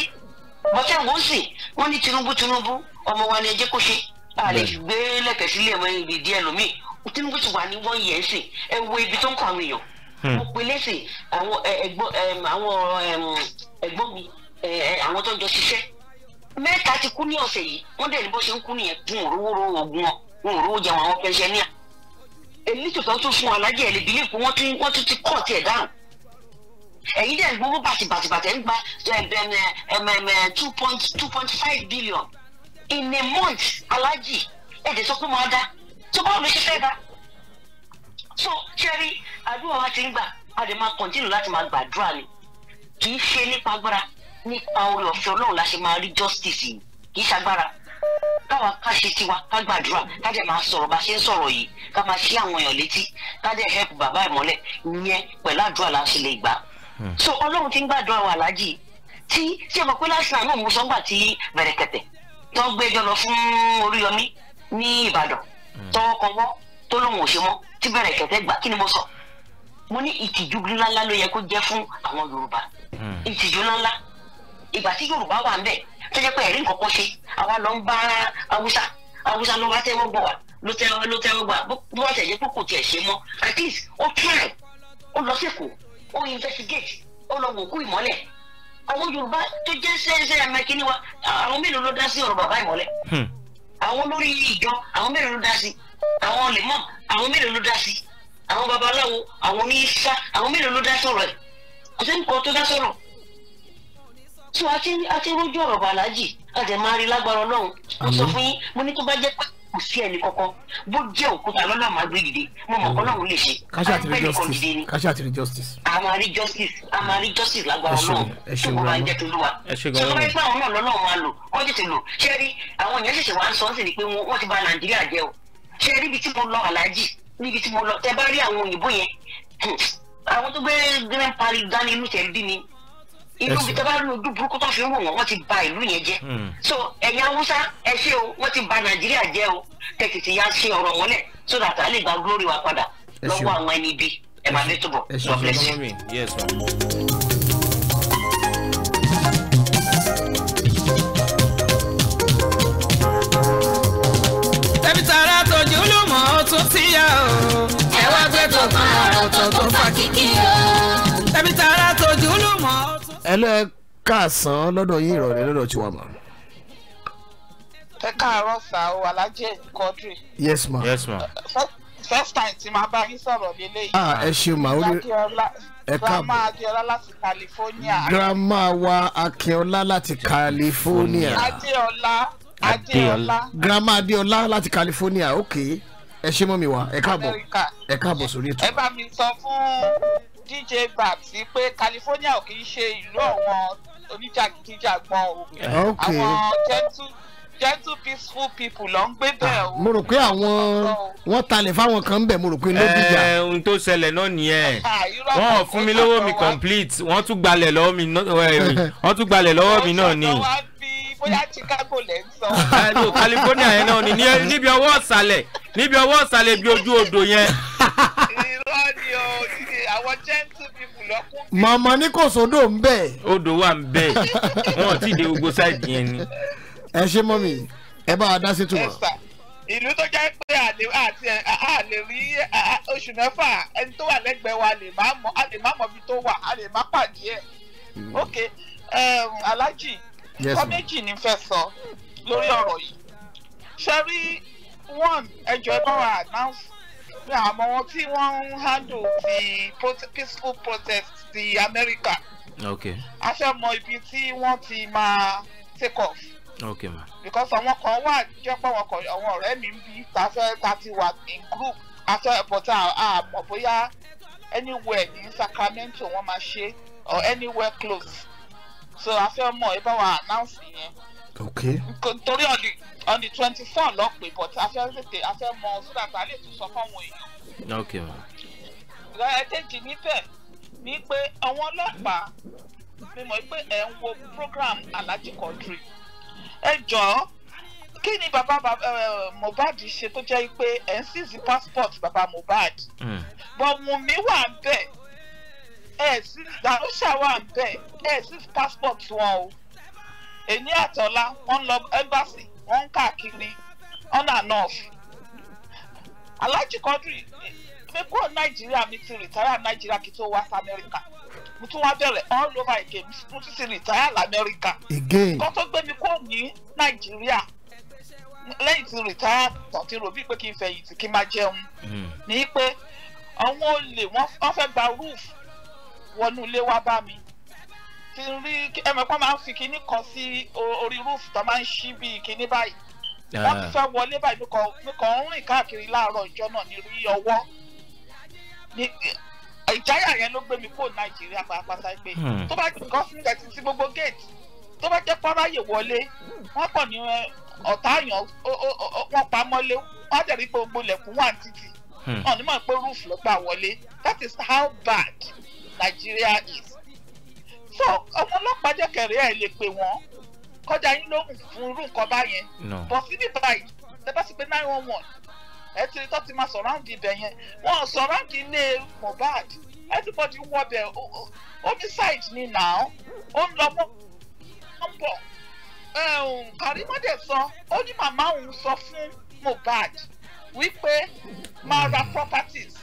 sì wọ́n ní Tinubu Tinubu ọmọ wa ni kó ṣe gbé lómi Tinubu ti ẹ wo ibi tó hmm. mẹ́ta ti kú ní ọ̀sẹ̀ yìí wọ́n dẹ̀ ní bó ṣe ń kú nìyẹn gun òróró oògùn wọn gun òróró jẹ wọn àwọn pẹnṣẹníà èmi tòótọ́ tún fún alájẹ ẹ̀lẹ́ bílẹ̀ pé wọ́n tún wọ́n tún ti kọ̀ tiẹ̀ dáhùn ẹ̀yin dẹ̀ gbogbo bàtì bàtì bàtì ẹ̀ ń gba two point two point five billion in a month alájì ẹ̀dẹ̀ sọ pé mo á dá tó báwo ló fẹ́ dá so ṣẹ́rí àdúrà wa ti ń gbà a dẹ̀ máa kọ̀ntínú láti máa gbàdúrà ni kì í ṣe nípa agbára nípa orí ọ̀fẹ́ ọlọ́run la ṣe máa rí justice yìí kì í ṣagbára káwa ká ṣe tiwa ká gbàdúrà ká dẹ̀ máa sọ̀rọ̀ bá ṣe ń sọ̀rọ̀ yìí ká máa ṣí àwọn èèyàn létí ká dẹ̀ help bàbá ìmọ́lẹ̀ yẹn pẹ̀lú àdúrà la ṣe lè gbà. Hmm. so ọlọ́run ti ń gbàdúrà wà lájì tí tí ẹ mọ̀ pé láti náà mo sọ ń gbà tí bẹ̀rẹ̀kẹ̀tẹ̀ tó gbẹjọ lọ fún Oríyọmí ní Ìbàdàn hmm. tọwọ́ kan tó lóun ò ṣe mọ́ tí bẹ̀rẹ̀kẹ̀tẹ̀ gbà kí ni mo sọ mo ní ìtìjú ńláńlá ló yẹ kó jẹ́ fún àwọn Yorùbá hmm. ìtìjú ńláńlá ìgbà tí yorùbá wà ń bẹ̀ tó jẹ́ pé ẹ̀rí nǹkan kan ṣe àwa lọ ń bá haúsá haúsá ló wá tẹ́wọ́ gbọ́ wa ló tẹ́wọ́ ló tẹ́wọ́ gbà bó wọ́n tẹ̀lé pé kò tiẹ̀ ṣe mọ́ at least ó try ó lọ sẹ́kọ̀ọ́ ó investigate ó lọ wò kú ìmọ́lẹ̀ àwọn yorùbá tó jẹ́ sẹ́sẹ́ ẹ̀mẹ́kíní wa àwọn mélòó ló dá sí ọ̀rọ̀ bàbá ìmọ́lẹ̀ hmm. àwọn lórí ìjọ àwọn mélòó ló dá sí àwọn lèmọ́ àwọn mélòó ló dá sí àwọn babaláwo àwọn oníṣà àwọn mélòó ló dá sọ̀rọ̀ ẹ̀ kò sẹ́ni tó dá sọ̀rọ̀ so a ti a ti rójú ọ̀rọ̀ bàlájì a dẹ̀ máa rí lágbára ọlọ́run mo sọ fún yín mo ní tó bá jẹ́ pé kò sí ẹni kọ́kọ́ bó jẹ́ òkúta lọ́nà máa gbé dìde mo mọ̀ kọ́ lọ́run lè ṣe àgbẹ̀ nìkan dìde ni justice. a máa rí justice a máa rí justice lágbára ọlọ́run tó kò máa jẹ́ tolúwa ṣé wọ́n fẹ́ fún àwọn náà lọ́nà máa lò wọ́n tètè lò ṣé rí àwọn èèyàn ṣẹ̀ṣẹ̀ wá ń sọ sí ni pé wọ́n ti bà nàìjíríà jẹ́ o ṣé rí ibi tí mo lọ aláàjì níbi tí mo lọ tẹ bá rí àwọn òyìnbó yẹn àwọn tó gbé green party dání inú tẹ̀ bí mi ìlú bí tó bá ní ojú burúkú tó fi ń wọ́n ti bà ìlú yẹn jẹ́ hmm. so ẹ̀yin haúsá ẹ ṣe o wọ́n ti bà nàìjíríà jẹ́ o tẹ̀sítì ya ṣe ọ̀rọ̀ wọn so that a lè gba glory wa padà lọ́wọ́ àwọn ẹni bí ẹ máa lè túbọ̀ God bless you. ẹbí tààrà tòjú lùmọ̀ ó tún o. ẹ wá kan ọ̀rọ̀ tó fà kíkì o. ẹbí tààrà ẹlẹ́kàsán lọ́dọ̀ yín ìrọ̀lẹ́ lọ́dọ̀ tiwa ma. ẹ káàárọ̀ sá o alájẹ kọ́dírì. yes ma. yes ma. first time tí màá bá yín sọ̀rọ̀ lélẹ́yìí. ah ẹ ṣe màá ó rí grandma adeola láti california. grandma wa akeola láti california. adeola adeola. grandma adeola láti california ok ẹ ṣe mọ́ mi wá ẹ káàbọ̀ ẹ káàbọ̀ sórí ètò. ẹ bá mi sọ fún dj babs pé california ò kì í ṣe ìlú àwọn oníjàgídíjàgbọ̀n òkè eh, àwọn gentle gentle peaceful people ló ń gbé ah, bẹ́ẹ̀ o. mo rò pé àwọn wọ́n talẹ̀ fáwọn kan ń bẹ̀ mo rò pé ló dìjà. ẹ eh, ohun tó ṣẹlẹ̀ náà nìyẹn ah, wọn ò fún mi lówó mi complete wọ́n tún gbalẹ̀ lọ́wọ́ mi eh, wọ́n tún gbalẹ̀ lọ́wọ́ mi náà ni bóyá Chicago lẹ ń sọ. ẹ̀ẹ́dùn California yẹn náà ni níbi ọwọ́ ọ̀sàlẹ̀ níbi ọwọ́ ọ̀sàlẹ̀ bí ojú odò yẹn irọ́ ni o àwọn gentle people lọ́kùn. màmá ní kò sódò ń bẹ̀. odò wà ń bẹ̀ wọn ò tí ì dé gbogbo sáìdì yẹn ni. ẹ ṣe mọ́ mi ẹ bá a dá sí tuma. ìlú tó jẹ́ pé a lè rí oṣù mẹ́fà ẹni tó wà lẹ́gbẹ̀ẹ́ wa a lè má mọ̀ bí tó wà a lè má pàdé ẹ̀. Hmm. ok um, alájì kọ́ méjì ni fẹ́ sọ lórí ọ̀rọ̀ yìí ṣe rí one ẹjọ́ ẹ bá wa announce pé àwọn tí wọ́n ń handle ti peaceful protest ti America. Okay. a fẹ́ mọ ibi tí wọ́n ti máa take off. Okay ma. because àwọn kan wà jẹ́ pé àwọn ọ̀rẹ́ mi ń bí ta fẹ́ ta ti wà in group a fẹ́ but a mọ̀ bóyá anywhere ní Sacramento wọ́n máa ṣe or anywhere close so a fẹ́ mọ̀ ẹ bá wa announce yẹn torí on the twenty four lọ pé but a fẹ́ tètè a fẹ́ mọ so that a lè tún sọ fáwọn èèyàn. ẹ̀ẹ́dẹ́jì níbẹ̀ ni pé àwọn ọlọ́pàá mi mọ̀ pé ẹ̀ ń wo program Alhaji Quadri ẹ jọ̀ọ́ kí ni bàbá Mohbad ṣe tó jẹ́ pé ẹ̀ ń seize passport bàbá Mohbad hmm. but Wunmi wà ń bẹ̀ ẹ̀ seize darusha wà ń bẹ̀ ẹ̀ seize passport wọn o. Eni Atọla one lọ embassy wọ́n káàkiri on and off Alhaji Quadri mi Nàìjíríà mi ti rìtáyà Nàìjíríà kí tó wá sí mo tún wá bẹ̀rẹ̀ all over again mo tún ti rìtáyà l'Amẹ́ríkà kó tó gbé mi kúrò ní Nàìjíríà lẹ́yìn ti rò bíi pé kí n fẹ̀yìntì kí n máa jẹun hmm. ní pé àwọn olè wọ́n gba roof wọnú ilé wá bá ti rí ẹ mọ̀ pé máa ń fi kinní kan sí orí rúùfù tó máa ń ṣí bíi kinní báyìí ah. wọ́n ti fẹ́ wọlé báyìí mi kàn ń rìn káàkiri láàárọ̀ ìjọ náà ní rí ọwọ́ ìjáyà yẹn ló gbé mi kó nàìjíríà pàápàá pé hmm. tó bá jẹ́ gọ́ọ̀sì nígbà tí gbogbo géètì tó bá jẹ́ pọ́nráyè wọlé wọ́n pọ̀ ní eh, ọ̀tá àyàn wọ́n pa mọ́lé wọ́n dẹ̀ rí gbogbo ilẹ̀kùn wà títì hmm. wọ́n ní mọ̀ pé rúùfù ló gbà wọlé that is how bad Nigeria is so àwọn ọlọ́pàá jẹ́kẹ̀rẹ́ ẹ̀ lè pè wọ́n kọjá yín lóhùn fún irú nǹkan báyẹn bọ̀ síbí báyìí tẹ́bá pé nine one one ẹ ti tó ti máa sọ̀ráǹdì ibẹ̀ yẹn wọ́n sọ̀ráǹdì ilé Mohbad everybody wọ́bẹ̀ homicide ni now ó ń lọ mọ́ ó ń bọ̀ Kàrímọ́dé sọ ó ní màmá òun sọ fún Mohbad wípé máa ra properties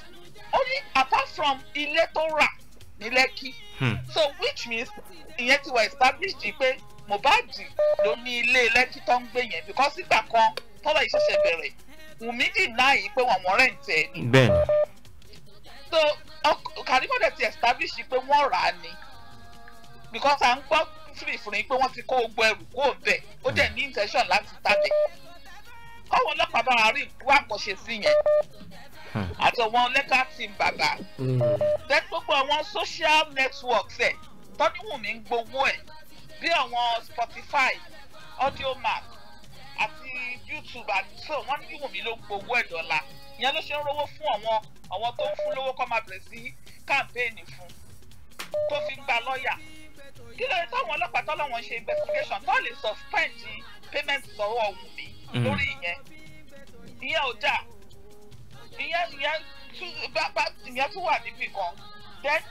ó ní apart from ilé tó rà ní lẹ́kì. Hmm. so which means ìyẹn ti wà established pé mohbad ló ní ilé lẹ́kì tó ń gbé yẹn because ìgbà kan tọ́lá yìí ṣẹ̀ṣẹ̀ bẹ̀rẹ̀ wùmí dì náà yìí pé wọ́n mọ̀ rẹ̀ǹtì ẹ̀ ni. bẹ́ẹ̀ni. so kàrímọ́dẹ̀ ti establish pé wọ́n rà á ni because à ń gbọ́ fìrìfìrì pé wọ́n ti kó gbogbo ẹrù kó bẹ̀ ó dẹ̀ ní intention láti tàbí. kọ́wọ́ ọlọ́pàá bá wa rí ìkú àkọ́ṣe sí yẹn Hmm. àti àwọn lẹ́tà tí ń bàbá hmm. then gbogbo àwọn social networks ẹ̀ tọ́níwùmí ń gbowó ẹ̀ bí àwọn spotify audiomack àti youtube àti so wọ́n ní wùmí ló ń gbowó ẹ̀ dọ́là ìyẹn ló ṣe ń rówó fún àwọn àwọn tó ń fún lówó kọ́ máa bẹ̀rẹ̀ sí káàmpéènì fún tó fi gba lọ́ọ̀yà kí ló dé táwọn ọlọ́pàá tọ́lọ́wọ́n ṣe investigation tó lè suspend payment sọ́wọ́ wùmí hmm. lórí ìyẹn ìyẹn ò dáa ìyẹn ìyẹn tún bá ìyẹn tún wà níbì kan then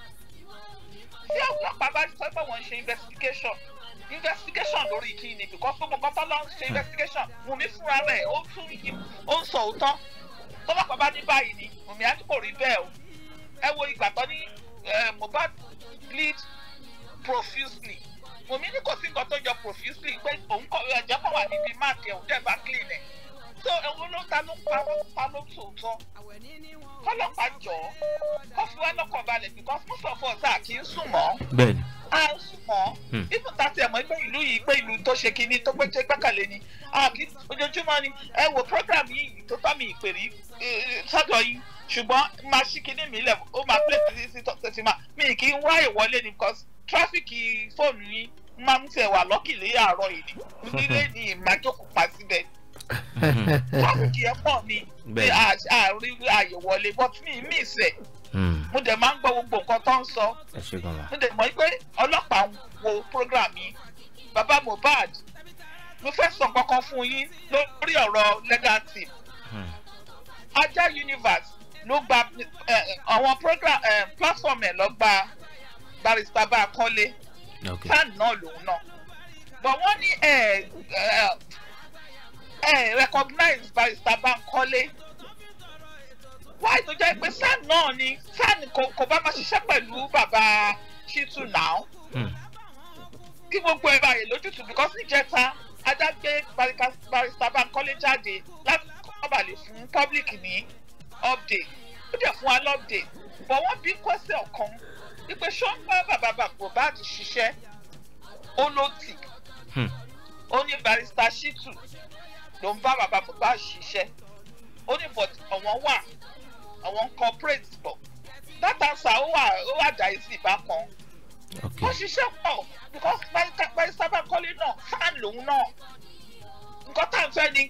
tí ọlọ́pàá bá sọ pé wọ́n ń ṣe investigation investigation lórí kí ni because gbogbo nǹkan tó lọ ń ṣe investigation Wùmí fúnra rẹ̀ ó tún ó ń sọ òótọ́ tọ́lọ́pàá bá ní báyìí ni Wùmí á ní kò rí bẹ́ẹ̀ o ẹ wo ìgbà tó ní Mohbad bleed profusely Wùmí ní kò sí nǹkan tó jọ profusely pé òun kọ ẹ̀jẹ̀ kan wà níbi máàkì ẹ̀ òun dẹ̀ bá clean ẹ̀ tó ẹ̀wọ̀n ló ta ló pa wọ́n pa ló tòótọ́ kọ́lọ́pàá jọ kó fi wá lọ́kàn balẹ̀ because most of us à kì í sùn mọ́ a ń sùn mọ́ ibùn hmm. ta ti ẹ̀mọ́ pé ìlú yìí pé ìlú tó ṣe kinní tó gbẹ́jẹ́ gbẹ́kàlé ni a kì í ojoojúmọ́ ni ẹ wo program yìí tó tọ́ mi ìpèrè sọ́dọ̀ yìí ṣùgbọ́n máa ṣí kinní mi lẹ̀ ó máa play títí sí tọ́sí sí máa mi kì í wá ìwọlé ni because tráfíkì fóònù yìí máa ń tẹ̀ wà lọ́kìlẹ̀ àárọ̀ yìí nílé ni ìmájókòó pa síbẹ̀ ni wákìkì ẹ pọ̀ mi àárín àyèwọlé but mi mi sẹ̀ hmm. mo dẹ̀ máa ń gbọ́ gbogbo nǹkan tó ń sọ mo dẹ̀ mọ̀ pé ọlọ́pàá wo program yìí bàbá Mohbad mo fẹ́ sọ nǹkan fún yín lórí ọ̀rọ̀ legal team hmm. ajá universe ló gba àwọn program platform ẹ̀ lọ gba barista bá a kọ́lé fan náà lòun náà but wọ́n ní ẹ recognize barrister Bankole why tó jẹ́ pé SAN náà ni SAN kò bá máa ṣiṣẹ́ pẹ̀lú bàbá Shitu now hmm. kí gbogbo ẹ báyìí lójútùú because níjẹta adágbé barrister Bankole jáde láti kọ́balẹ̀ fún public ní update ó dẹ̀ fún wa lọ́pdate but wọ́n bí kwẹ́sẹ̀ ọ̀kan wípé ṣọ́ngbà bàbá bàbá bá ti ṣiṣẹ́ ó ló tì hmm. ó ní barrister Shitu ló ń bá bàbá Mohbad ṣiṣẹ́ ó ní but àwọn wà àwọn corporate pọ̀ látàṣà ó wà ó wà dà sí ìbákan ó ṣiṣẹ́ pọ̀ because barrister Bankole náà fan lòun náà nǹkan tá à ń fẹ́ ni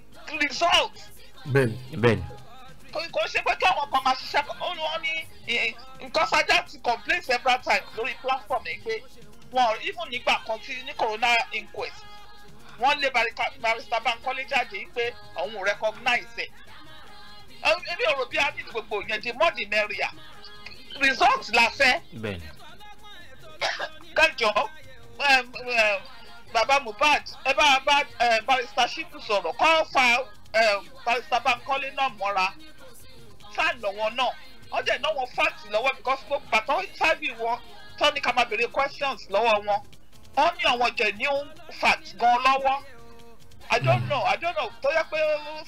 result. bẹ́ẹ̀ni bẹ́ẹ̀ni. kò ṣe pé kí àwọn kan máa ṣiṣẹ́ ó ní wọ́n ní nǹkan sájà ti complain several times lórí platform ẹ̀ pé wọn even nígbà kan tí ní corona inquest wọ́n lé barista Bankole jáde pé òun ò recognize ẹ̀ ebi ò rò bí a ní gbogbo yẹn di mọ́ọ̀dì mẹ́rìà result la fẹ́ kẹjọ um, um, baba Mohbad ẹ bá bá um, barista Shitu sọ̀rọ̀ kọ́ fa barista Bankole náà mọ́ra sáà lọ́wọ́ náà wọ́n dẹ̀ náà wọ́n fáàtì lọ́wọ́ because gbogbo bàtọ́ sáàbì wọn tọ́ni ká máa béèrè questions lọ́wọ́ wọn wọ́n ní àwọn genuine facts gan lọ́wọ́ i don't hmm. know i don't know tó yẹ pé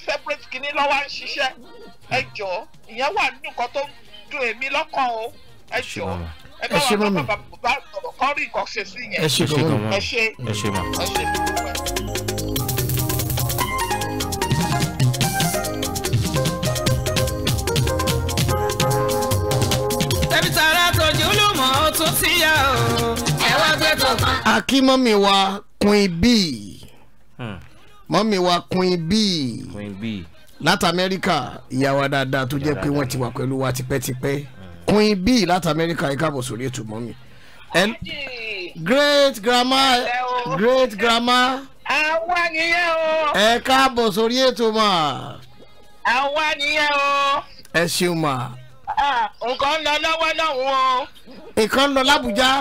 separate kìíní lọ́wọ́ ń ṣiṣẹ́ ẹ jọ ìyẹn wà nínú nǹkan tó ń dùn èmi lọ́kàn o ẹ jọ ẹ bá wà lọ́kàn bàbá ọ̀rọ̀ ṣe sí ẹ ṣe ẹ ṣe ẹ ṣe ẹ ṣe. tara tọjú lùmọ̀ ti yá o lọ́tọ̀ kan. wa queen b hmm. mọ́mi wa queen b láti amẹ́ríkà ìyá wa dáadáa tó jẹ́ pé wọ́n ti wà pẹ̀lú wa tipẹ́tipẹ́ queen b láti amẹ́ríkà ẹ káàbọ̀ sórí ètò mọ́mi. great grandma great grandma. àwa nìyẹn o. ẹ káàbọ̀ sórí ètò mọ́. àwa nìyẹn o. ẹ ṣeun mọ́. nǹkan lọ lọ́wọ́ lọ́hùn-ún nǹkan lọ lábújá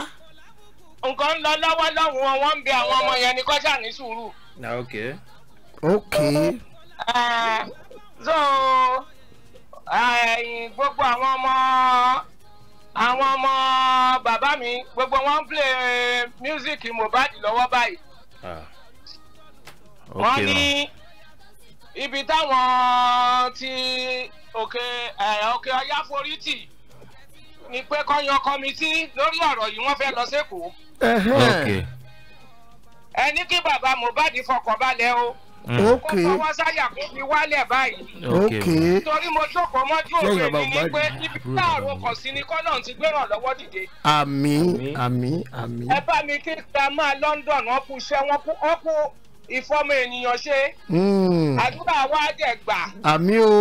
nǹkan ń lọ lọ́wọ́ lọ́wọ́ wọn wọ́n ń bẹ àwọn ọmọ yẹn ní kọ́ṣà ní sùúrù. ok. ok. Uh, so eh, gbogbo àwọn ọmọ àwọn ọmọ bàbá mi gbogbo wọn ń play music mohbad lọ́wọ́ báyìí. Ah. wọ́n ní ibi táwọn ti òkè eh, òkè ọyá forí tì ní kọ́ yan sí lórí ọ̀rọ̀ yìí wọ́n fẹ́ lọ sékòó ẹni kí bàbá Mohbad fọkànbalẹ̀ o mm. kó fọwọ́ sáyà kó fi wálẹ̀ báyìí torí mo jókòó mọ́jú òwe mi ni pé ibi láàrú kàn sí ni kọ́nà ti gbéràn lọ́wọ́ dìde. àmín àmín àmín. ẹ bá mi kí grandma London wọn kú iṣẹ́ wọn kú wọn ìfọmọ ènìyàn ṣe. Mm. àdúrà wa dẹ̀ gbà. àmín o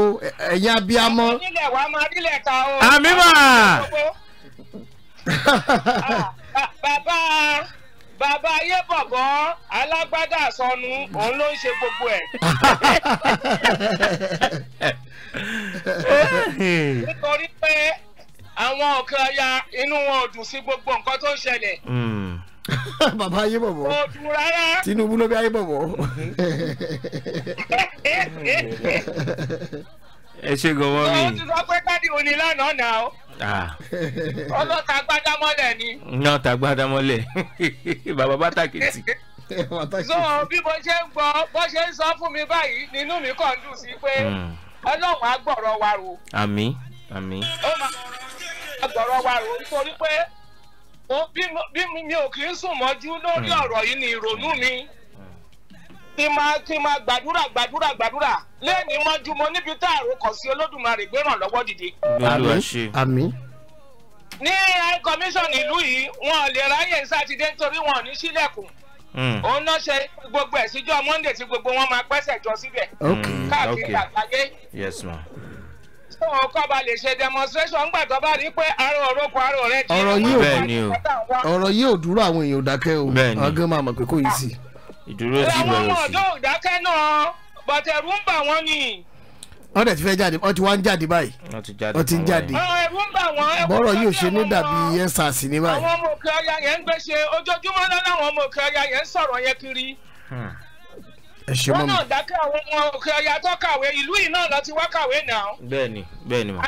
ẹ̀yin abiyamọ. àmì nílẹ̀ wa máa rílẹ̀ ta o. àmín mà. Ah, bàbá bàbá ayé bọ̀bọ̀ alágbádá sọnù òun ló ń ṣe gbogbo ẹ̀. nítorí pé àwọn ọ̀kan ya inú wọn ò dùn sí gbogbo nǹkan tó ń ṣẹlẹ̀. Hmm. bàbá ayé bọ̀bọ̀ kò dùn rárá Tinubu ló bí ayé bọ̀bọ̀. ẹ ṣe gan mi. ó ti sọ pé káàdì òní náà. Ah. ọlọ́ta gbádámọ́lẹ̀ ni. ọlọ́ta gbádámọ́lẹ̀ bàbá bátàkìtì. so bí mo ṣe ń gbọ́ bó ṣe ń sọ fún mi báyìí nínú mi kàn dùn sí pé hmm. ọlọ́run á gbọ̀rọ̀ wa rò. àmín àmín. ó máa gbọ̀rọ̀ wa rò nítorí pé bí mi ò kì í sùn mọ́jú lórí hmm. ọ̀rọ̀ yìí ni ìrònú mi. Mm ti máa ti máa gbàdúrà gbàdúrà gbàdúrà lẹ́ẹ̀ni mọ́júmọ́ níbi tá àròkọ̀ sí olódùmarè gbéràn lọ́wọ́ dìde. àmín àmín. ní high commission ìlú yìí wọn ò lè ráyè sátidé nítorí wọn ò ní sílẹ̀kùn òun hmm. náà ṣe gbogbo ẹ̀ síjọ́ monday tí gbogbo wọn máa pẹ́sẹ̀ jọ síbẹ̀ hmm, káàkiri àgbáyé tóun kọ́ ba lè ṣe demonstration gbà tó bá rí pé aró orókun aró rẹ ti. ọ̀rọ̀ yìí ò dúró àwọn èèyàn dákẹ́ o ọ̀gá máa mọ̀ pé kò yìí sí ìdúró sí bẹ̀rẹ̀ sí. àwọn ọ̀dọ́ ìdákẹ́ náà bàtà ẹ̀rù ń bà wọ́n ni. wọ́n dẹ̀ ti fẹ́ jáde wọ́n ti wá ń jáde báyìí. wọ́n ń jáde. ẹ̀rù ń bà ṣe ní dàbí ensars ní báyìí. àwọn ọmọ òkè ọya yẹn ń gbéṣe ojoojúmọ́ láwọn ọmọ òkè ọya yẹn ń sọ̀rọ̀ yẹn kiri. Hmm. wọ́n náà dákẹ́ àwọn ọmọ òkè ọya tó kàwé ìlú yìí náà lọ wá kàwé náà. bẹ́ẹ̀ni bẹ́ẹ̀ni ma.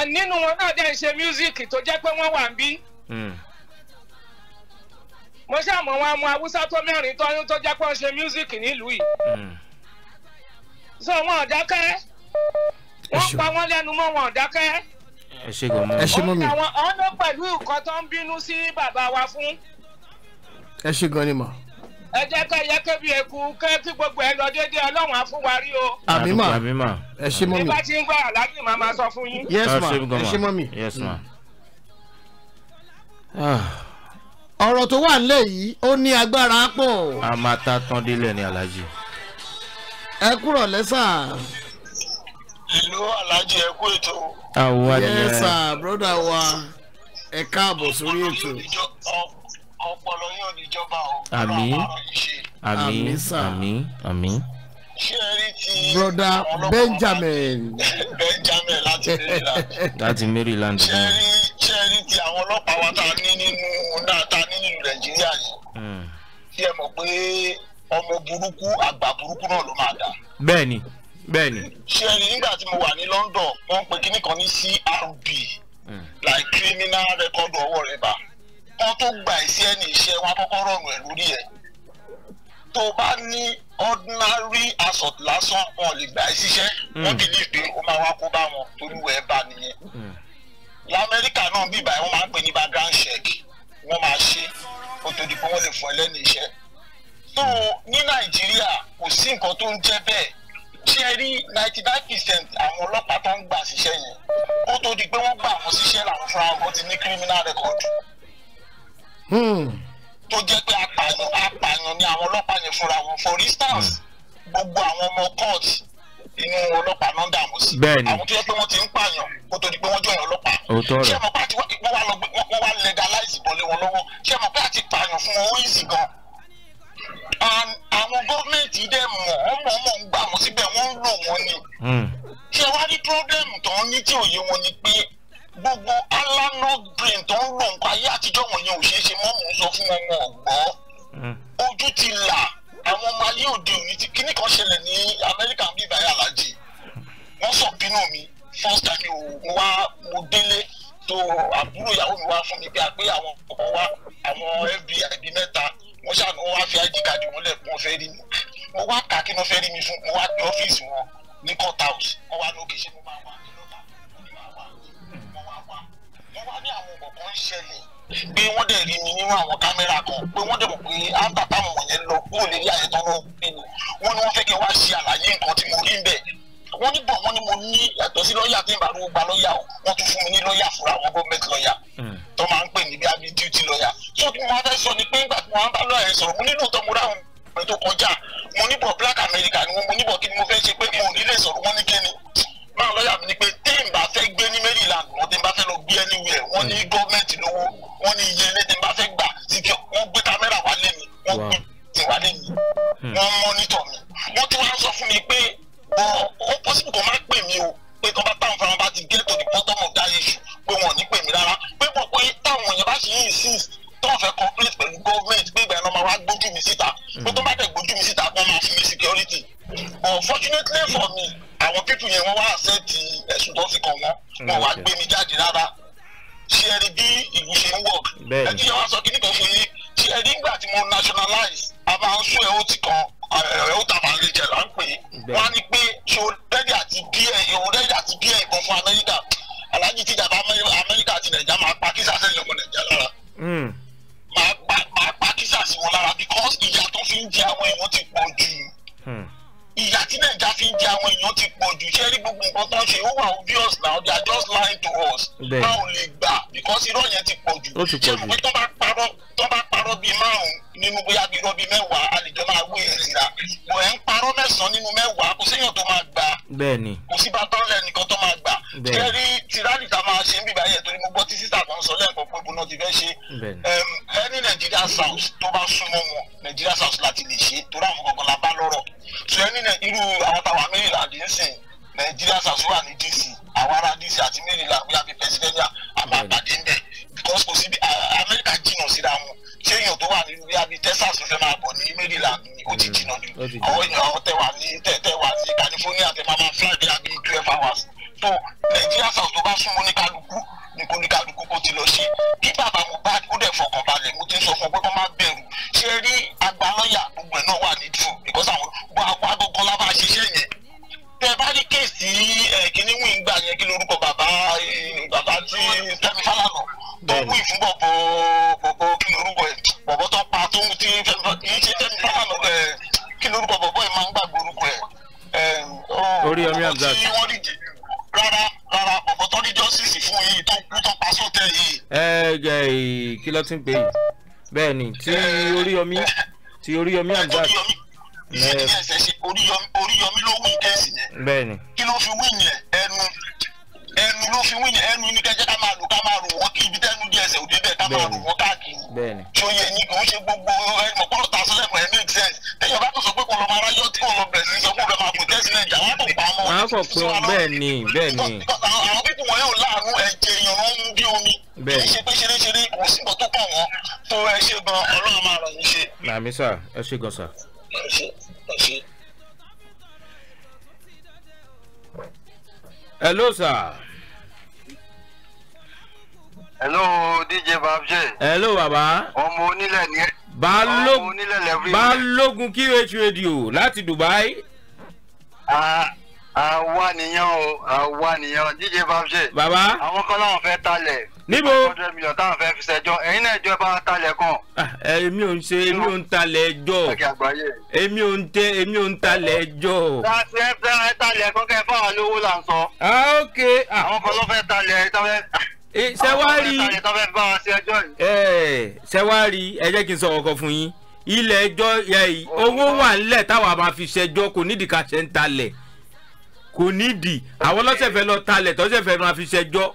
àní mo ṣàmọ̀ wọn mú haúsá tó mẹ́rin tọ́yún tó jẹ́ pé wọ́n ṣe music nílùú yìí hmm. so wọn ò dákẹ́ wọ́n pa wọ́n lẹ́nu mọ́ wọn ò dákẹ́ ẹ ṣe gan mọ. ẹ ṣe ló pẹ̀lú nǹkan tó ń bínú sí bàbá wa fún. ẹ ṣe gan ni mà. ẹ jẹ́ ká yẹ kébi èkú ké kí gbogbo ẹ lọ déédéé ọlọ́run á fún wa rí o. àmì mà ẹ ṣe mọ mi. nígbà tí ń gbọ́ aláàjì màá máa sọ fún yín. yes ẹ ṣe mọ mi. yes ma. Hmm. Ah ọ̀rọ̀ tó wà nílẹ̀ yìí ó ní agbára pọ̀. a máa ta tán délẹ̀ ní alájí. ẹ kúrọ̀ lẹ́sà. ìlú alájí ẹ kú ètò. àwọ̀ adìyẹ. yẹ sà broda wa ẹ káàbọ̀ sórí ètò. ọpọlọ yóò níjọba o. àmín àmín àmín àmín broda benjamin benjamin láti maryland láti maryland ṣẹ́rí ṣẹ́rí ti àwọn ọlọ́pàá wa ta ní nínú náà ta ní nínú nàìjíríà yìí tí hmm. ẹ mọ̀ pé ọmọ burúkú àgbà burúkú náà ló máa dà. bẹ́ẹ̀ni bẹ́ẹ̀ni. ṣẹ́rí nígbà tí mo wà ní london wọ́n pe kíní kan ní crb hmm. like criminal record ọwọ́ rẹ̀ bá wọ́n tó gbà ẹ́ sí ẹni iṣẹ́ wọn akọ́kọ́ rọrùn ẹ̀ lórí ẹ̀ tó bá ní ordinary assault lásán wọn ò lè gbà ẹ́ síṣẹ́ hmm. wọ́n believe pé ó máa wá kó bá wọn olúwẹ̀ bá nìyẹn lamẹ́ríkà hmm. náà bíbá ẹ̀ wọ́n máa ń pè ní background check wọ́n máa ṣe kó tó di pé wọ́n lè fún ẹ lẹ́nu iṣẹ́ so ní nàìjíríà kò sí nǹkan tó ń jẹ́ bẹ́ẹ̀ ṣe rí ninety nine percent àwọn ọlọ́pàá tó ń gbà síṣẹ́ yẹn kó tó di pé wọ́n gbà fún síṣẹ́ làwọn fúnra wọn ti ní criminal record. Hmm tó jẹ́ pé apààyàn apààyàn ni àwọn ọlọ́pàá yẹn fúnra wọn for instance hmm. gbogbo àwọn ọmọ court inú ọlọ́pàá náà dààmú sí àwọn tó yẹ pé wọ́n ti ń pààyàn kó tó di pé wọ́n jọyọ̀ ọlọ́pàá ṣé mo bá ti wọ́n wá lọ wọ́n wá legalize ìbọ̀lẹ̀ wọn lọ́wọ́ ṣé mo bá ti pààyàn fún owó easy gan àwọn gọ́ọ̀mẹ̀ntì dẹ̀ mọ̀ ọmọ ọmọ ń gbà síbẹ̀ wọ́n ń lò wọ́n ni hmm. ṣé wá ní pírọ́blẹ̀mù tó ní tí òye wọn ni pé gbogbo alano green tó ń lò ń pa ayé àtijọ́ wọ̀nyẹn ò ṣeé mọ́ mò ń sọ fún wọn wọn mm. ojú ti là àwọn ọmọ ayé òde òní tí kíní kan ṣẹlẹ̀ ní amẹ́ríkà ń bí ìbáyà alájì wọ́n sọ bínú mi first time mo wá mo délé tó àbúrò ìyàwó mi wá fún mi pé a pé àwọn ọkọ wa àwọn fbi bí mẹ́ta wọ́n ṣàánú wá fi id card wọn lẹ̀ wọ́n fẹ́ rí mi mo wá kà kí wọ́n fẹ́ rí mi fún mo wá pé ọ́fíìsì wọn ní court house wọ́n wá lókè ṣé mo máa wá wọ́n wá ní àwọn kọ̀ọ̀kan ń ṣẹlẹ̀ pé wọ́n dẹ̀ rí mi nínú àwọn kámẹ́rà kan pé wọ́n dẹ̀ mọ̀ pé á ń bàbá àwọn yẹn lọ kúrò lórí àyẹ̀tọ́ náà pé ni wọ́n ní wọ́n fẹ́ kí wọ́n ṣe àlàyé nǹkan tí mo rí ń bẹ̀ wọ́n ní bọ̀ wọ́n ní mo ní yàtọ̀ sí lọ́ọ̀yà tí ń bá rú gba lọ́ọ̀yà o wọ́n tún fún mi ní lọ́ọ̀yà fúnra wọn gọ́ọ̀mẹ̀ntì lọ́ọ̀yà hmm. tó máa ń pè ní bí abi duty lọ́ọ̀yà tó tí mo fẹ́ sọ ni pé nígbà tí mo bá lọ́ọ̀yà yẹn sọ̀rọ̀ mo nílò tó mo ráhùn pẹ̀lú tó kọjá mo níbọ̀ black America ni mo níbọ̀ kí ni mo fẹ́ ṣe pé mo nílé sọ̀rọ̀ wọ́n ní kíni máa lọ́yà mi ni pé tí fẹ́ gbé ní Maryland wọ́n ti bá fẹ́ lọ gbé anywhere wọ́n ní hmm. gọ́ọ̀mẹ̀ntì lówó wọ́n ní iye ilé tí n bá fẹ́ gbà síkẹ́ wọ́n gbé kámẹ́rà wá lé mi wọ́n gbé ti wá lé mi hmm. wọ́n mọ́nítọ̀ mi wọ́n ti wá sọ fún mi pé bọ́ ó pọ́sibú kò má pè mí o pé tó bá táwọn fara bá ti gé tó di dáyé ṣù pé wọ́n ní pè mí rárá pé bọ̀ pé táwọn èèyàn bá ṣe yí insist tó fẹ́ complete pẹ̀lú government pé ìgbà yẹn máa wá gbójú mi síta pé hmm. tó bá tẹ̀ gbójú mi síta wọ́n máa fún mi security but unfortunately for me hospital yẹn wọ́n wá àṣẹ́ẹ̀tì ẹ̀sùn tó fi kàn wọ́n mm, wọn wá gbé mi jáde rárá ṣé ẹ rí bí ìlú ṣe ń work ẹ ti wá sọ kí nìkan fún yín ṣé ẹ rí nígbà tí mo nationalize a máa ń ti kan ẹ̀hó tàbá lè jẹ̀ là ń á ní pé ṣo rẹ́dí àti bíẹ̀ ìhò rẹ́dí àti bíẹ̀ ìbọn fún Amẹ́ríkà alájí ti jàpá Amẹ́ríkà àti Nàìjíríà máa pa kí sàṣẹ́ ìlọ́mọ Nàìjíríà lára hmm. máa pa kí sàṣẹ́ wọn lára because ìyà tó fi ń jẹ àwọn ẹ̀wọ̀n ti pọ̀ jù. Hmm ìyà tí nàìjà fi ń jẹ àwọn èèyàn ti pọ̀ jù ṣé gbogbo nǹkan tó ń ṣe ó wà obvious now they are just lying to us báwo lè gbà because irọ́ yẹn ti pọ̀ jù ṣé mo pé tó bá parọ́ bíi márùn-ún nínú bóyá bí rọ́bí mẹ́wàá àlejò máa wé ìrìnà bò ẹ̀ ń parọ́ mẹ́sàn-án nínú mẹ́wàá kò séèyàn tó máa gbà bẹ́ẹ̀ni kò sí bá tọ́lẹ̀ nìkan tó máa gbà kẹ́rí tirali ta máa ṣe ń bíbá yẹn torí mo gbọ́ tí sísà kan sọ lẹ́ẹ̀kan pé bó náà ti fẹ́ ṣe ẹni Nigeria South tó bá súnmọ́ wọn Nigeria South láti lè ṣe torí àwọn kankan la bá lọ́rọ̀ so ẹni irú àwọn táwa mẹ́rìnlá dín sìn Nigeria South wà ní a fi pẹ́sidẹ́ńtà àmọ́ because kò sí bí ah, Amẹ́ríkà jìnnà síra wọn ṣé èèyàn tó wà ní bí Texas fẹ́ máa bọ̀ ní Maryland ni ó ti mm, jìnnà ni àwọn èèyàn àwọn tẹ wà ní tẹ tẹ wà ní California tẹ máa máa fly bí i abiy twelve hours so Nigeria South tó bá súnmọ́ ní kálukú ní kò ní kálukú kó ti lọ ṣe kí bàbá Mohbad ó dẹ̀ fọkàn balẹ̀ mo ti sọ fún ọ pé kó má bẹ̀rù ṣé rí agbalọ́yà gbogbo ẹ̀ náà wà ní dùn because àwọn gbogbo agogo lábá ṣiṣẹ́ yẹn tẹ bá rí kéèsì eh, kínní wíńgbà yẹn kí lórúkọ bàbá eh, bàbá tí Kẹ́mi Fálànà tó wí fún bọ̀bọ̀ kí ni orúkọ ẹ̀ bọ̀bọ̀ tó pa tó ń ti ń ṣe tẹ́lẹ̀ lọ́wọ́ kí ni orúkọ bọ̀bọ̀ yìí máa ń gbàgbé orúkọ ẹ̀ orí ọmọ yàgbà tí wọ́n rí jẹ rárá rárá bọ̀bọ̀ tó rí jọ́sìsì fún yìí tó kú tó pa sóòtẹ́ yìí. kí ló ti ń pè yìí bẹ́ẹ̀ ni tí Oríyọmí tí Oríyọmí Hamzat oríyọmí ló wí kẹ́sì yẹn kí ló fi wí yẹn ẹnu ẹnu ló fi wíyẹn ẹnu ní kẹjẹ ká máa lò ká máa rò wọn kí ibi tẹnu díẹ̀ ẹsẹ̀ òde bẹ́ẹ̀ ká máa rò wọn káàkiri tí ó yẹ ní kò ń ṣe gbogbo ẹnu kúrò ta sílẹ̀ pẹ ní ìtẹs tẹyọ bá tó sọ pé kò lọ máa ráyọ tí kò lọ bẹ̀rẹ̀ sí sọ pé kò lọ máa kò tẹsí nàìjà wọn kò pa mọ́. wọn kò pé wọn bẹ́ẹ̀ ni bẹ́ẹ̀ ni. àwọn pípọ̀ wọn yóò láàánú ẹ̀jẹ̀ èèyàn ló ń mú bí omi kì í ṣe pé ṣeréṣeré kò sí nǹkan hello sir. hello dj babjẹ. hello baba. ọmọ onílẹ̀ ni ẹ. balógun balógun qh radio láti dubai. Ah àwa nìyẹn o àwa nìyẹn DJ Babsy. bàbá àwọn kan láwọn fẹ́ talẹ̀. níbo ọdún mílíọ̀nù táwọn fẹ́ fi ṣẹjọ́ ẹ̀yin náà ẹjọ́ bá talẹ̀ kàn. Ah, èmi ò ń ṣe èmi ò ń talẹ̀ ẹjọ́ èmi ò ń tẹ èmi ò ń talẹ̀ ẹjọ́. láti ẹ fẹ́ ẹ talẹ̀ kọ́ kẹ́ ẹ fáwọn olówó là ń sọ. Ah, ok. Ah. àwọn kan ló fẹ́ talẹ̀ ẹ tọ́fẹ́. sẹ́wárì sẹ́wárì ẹ jẹ́ kí n sọ ọkọ̀ fún yín ilé ẹjọ́ owó wà ńlẹ̀ táwa máa fi ṣẹjọ́ kò nídìí ká ṣe ń talẹ̀ kò nídìí àwọn lọ́sẹ̀ fẹ́ lọ talẹ̀ tọ́sẹ̀ fẹ́ máa fi ṣẹjọ́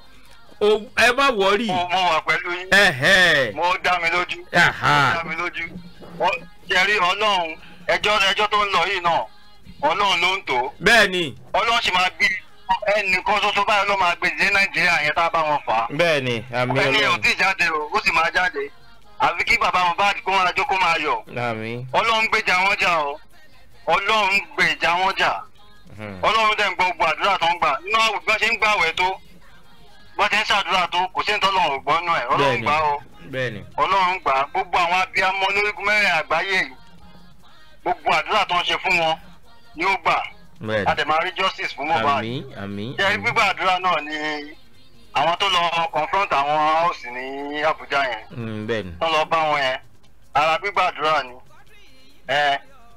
ẹ má wọ́rì. mo wà pẹ̀lú yín mo dá mi lójú mo dá mi lójú jẹ́rí ọlọ́run ẹjọ́ ẹjọ́ tó ń lọ yìí náà ọlọ́run ló ń tó. bẹ́ẹ̀ni. ọlọ́run sì máa bí ẹnìkan ṣoṣo báyìí ló máa gbé dé nàìjíríà yẹn tá a bá wọn fà á. bẹ́ẹ̀ni àmì ọlọ́run ẹni ò tí ì jáde o ó sì máa jáde àfi kí bàbá wọn bá kó máa jó kó máa yọ. ọlọ́run gbèjà wọn jà o ọlọ́run gbèjà wọn jà. Hmm. ọlọ́run dẹ̀ ń gbọ́ gbogbo àdúrà tó ń gbà nínú àwọn bí wọ́n ṣe ń gbà wẹ̀ tó wọ́n ṣe ń ṣàdúrà tó kò sí ìtọ́lọ́run ò gbọ́ nù ẹ̀ ọlọ́run gbà ó ọlọ́run gbà gbogbo àwọn abiyamọ olórígun mẹ́rin àgbáyé gbogbo àdúrà tó ń ṣe fún wọn ni ó gbà a justice fún Mohbad jẹ́rí gbígbà àdúrà náà ni àwọn tó lọ confront àwọn house ní Abuja yẹn tó hmm, lọ bá wọn yẹn ara gbígbà àdúrà ni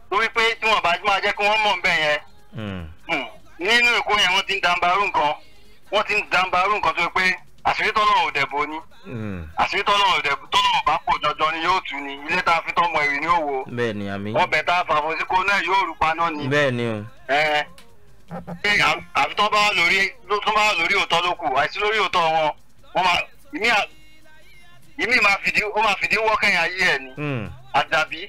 torí pé tí wọn bá jẹ́ kí wọ́n mọ̀ ń yẹn Hmm. Hmm. nínú èkó yẹn wọ́n ti ń dàǹbarú nǹkan wọ́n ti ń dàǹbarú nǹkan tó yẹ pé àṣírí tọ́lọ̀ ò dẹ̀bò ni hmm. àṣírí tọ́lọ̀ ò dẹ̀bò tọ́lọ̀ ò bá pọ̀ jọjọ ni yóò tù ni ilé tá a fi tọ́mọ ìrìn ní òwò ọbẹ̀ tá a fà fún síkó náà yóò rú paná ni àfi tó bá wà lórí òótọ́ ló kù àìsí lórí òótọ́ wọn wọ́n máa ìmí máa fìdí wọ́kẹ́yìn ayé ẹ̀ ni àdàbí